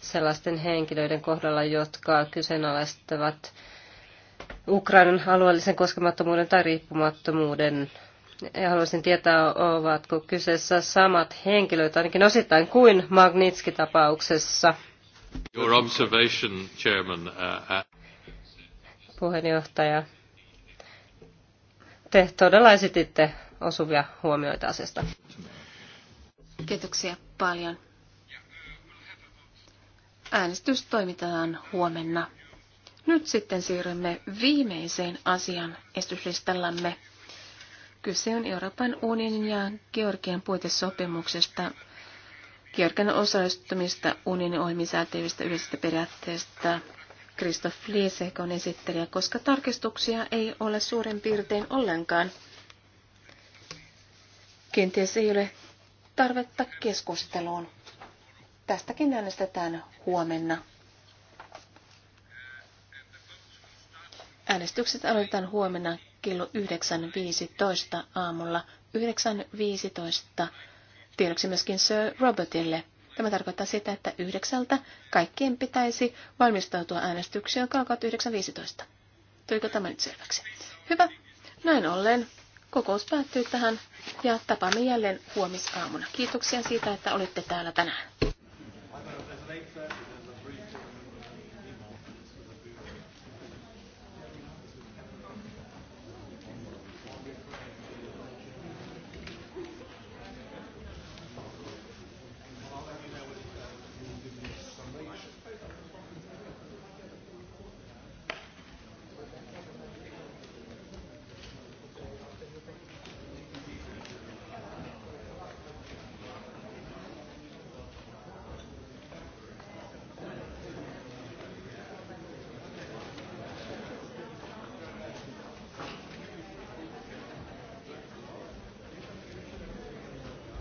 sellaisten henkilöiden kohdalla, jotka kyseenalaistavat Ukrainan alueellisen koskemattomuuden tai riippumattomuuden ja haluaisin tietää, ovatko kyseessä samat henkilöt, ainakin osittain kuin Magnitski-tapauksessa. Your observation, Chairman. Uh, uh, Puheenjohtaja, te todella esititte osuvia huomioita asiasta. Kiitoksia paljon. Äänestys toimitetaan huomenna. Nyt sitten siirrymme viimeiseen asian esityslistallamme. Kyse on Euroopan unionin ja Georgian puitesopimuksesta, Georgian osallistumista unionin ohjelmisäätevistä yleisestä periaatteesta. Kristof Liesek on esittelijä, koska tarkistuksia ei ole suurin piirtein ollenkaan. Kenties ei ole tarvetta keskusteluun. Tästäkin äänestetään huomenna. Äänestykset aloitetaan huomenna kello 9.15 aamulla. 9.15. Tiedoksi myöskin Sir Robertille. Tämä tarkoittaa sitä, että yhdeksältä kaikkien pitäisi valmistautua äänestykseen, joka 9.15. Tuliko tämä nyt selväksi? Hyvä. Näin ollen kokous päättyy tähän ja tapaamme jälleen huomisaamuna. Kiitoksia siitä, että olitte täällä tänään.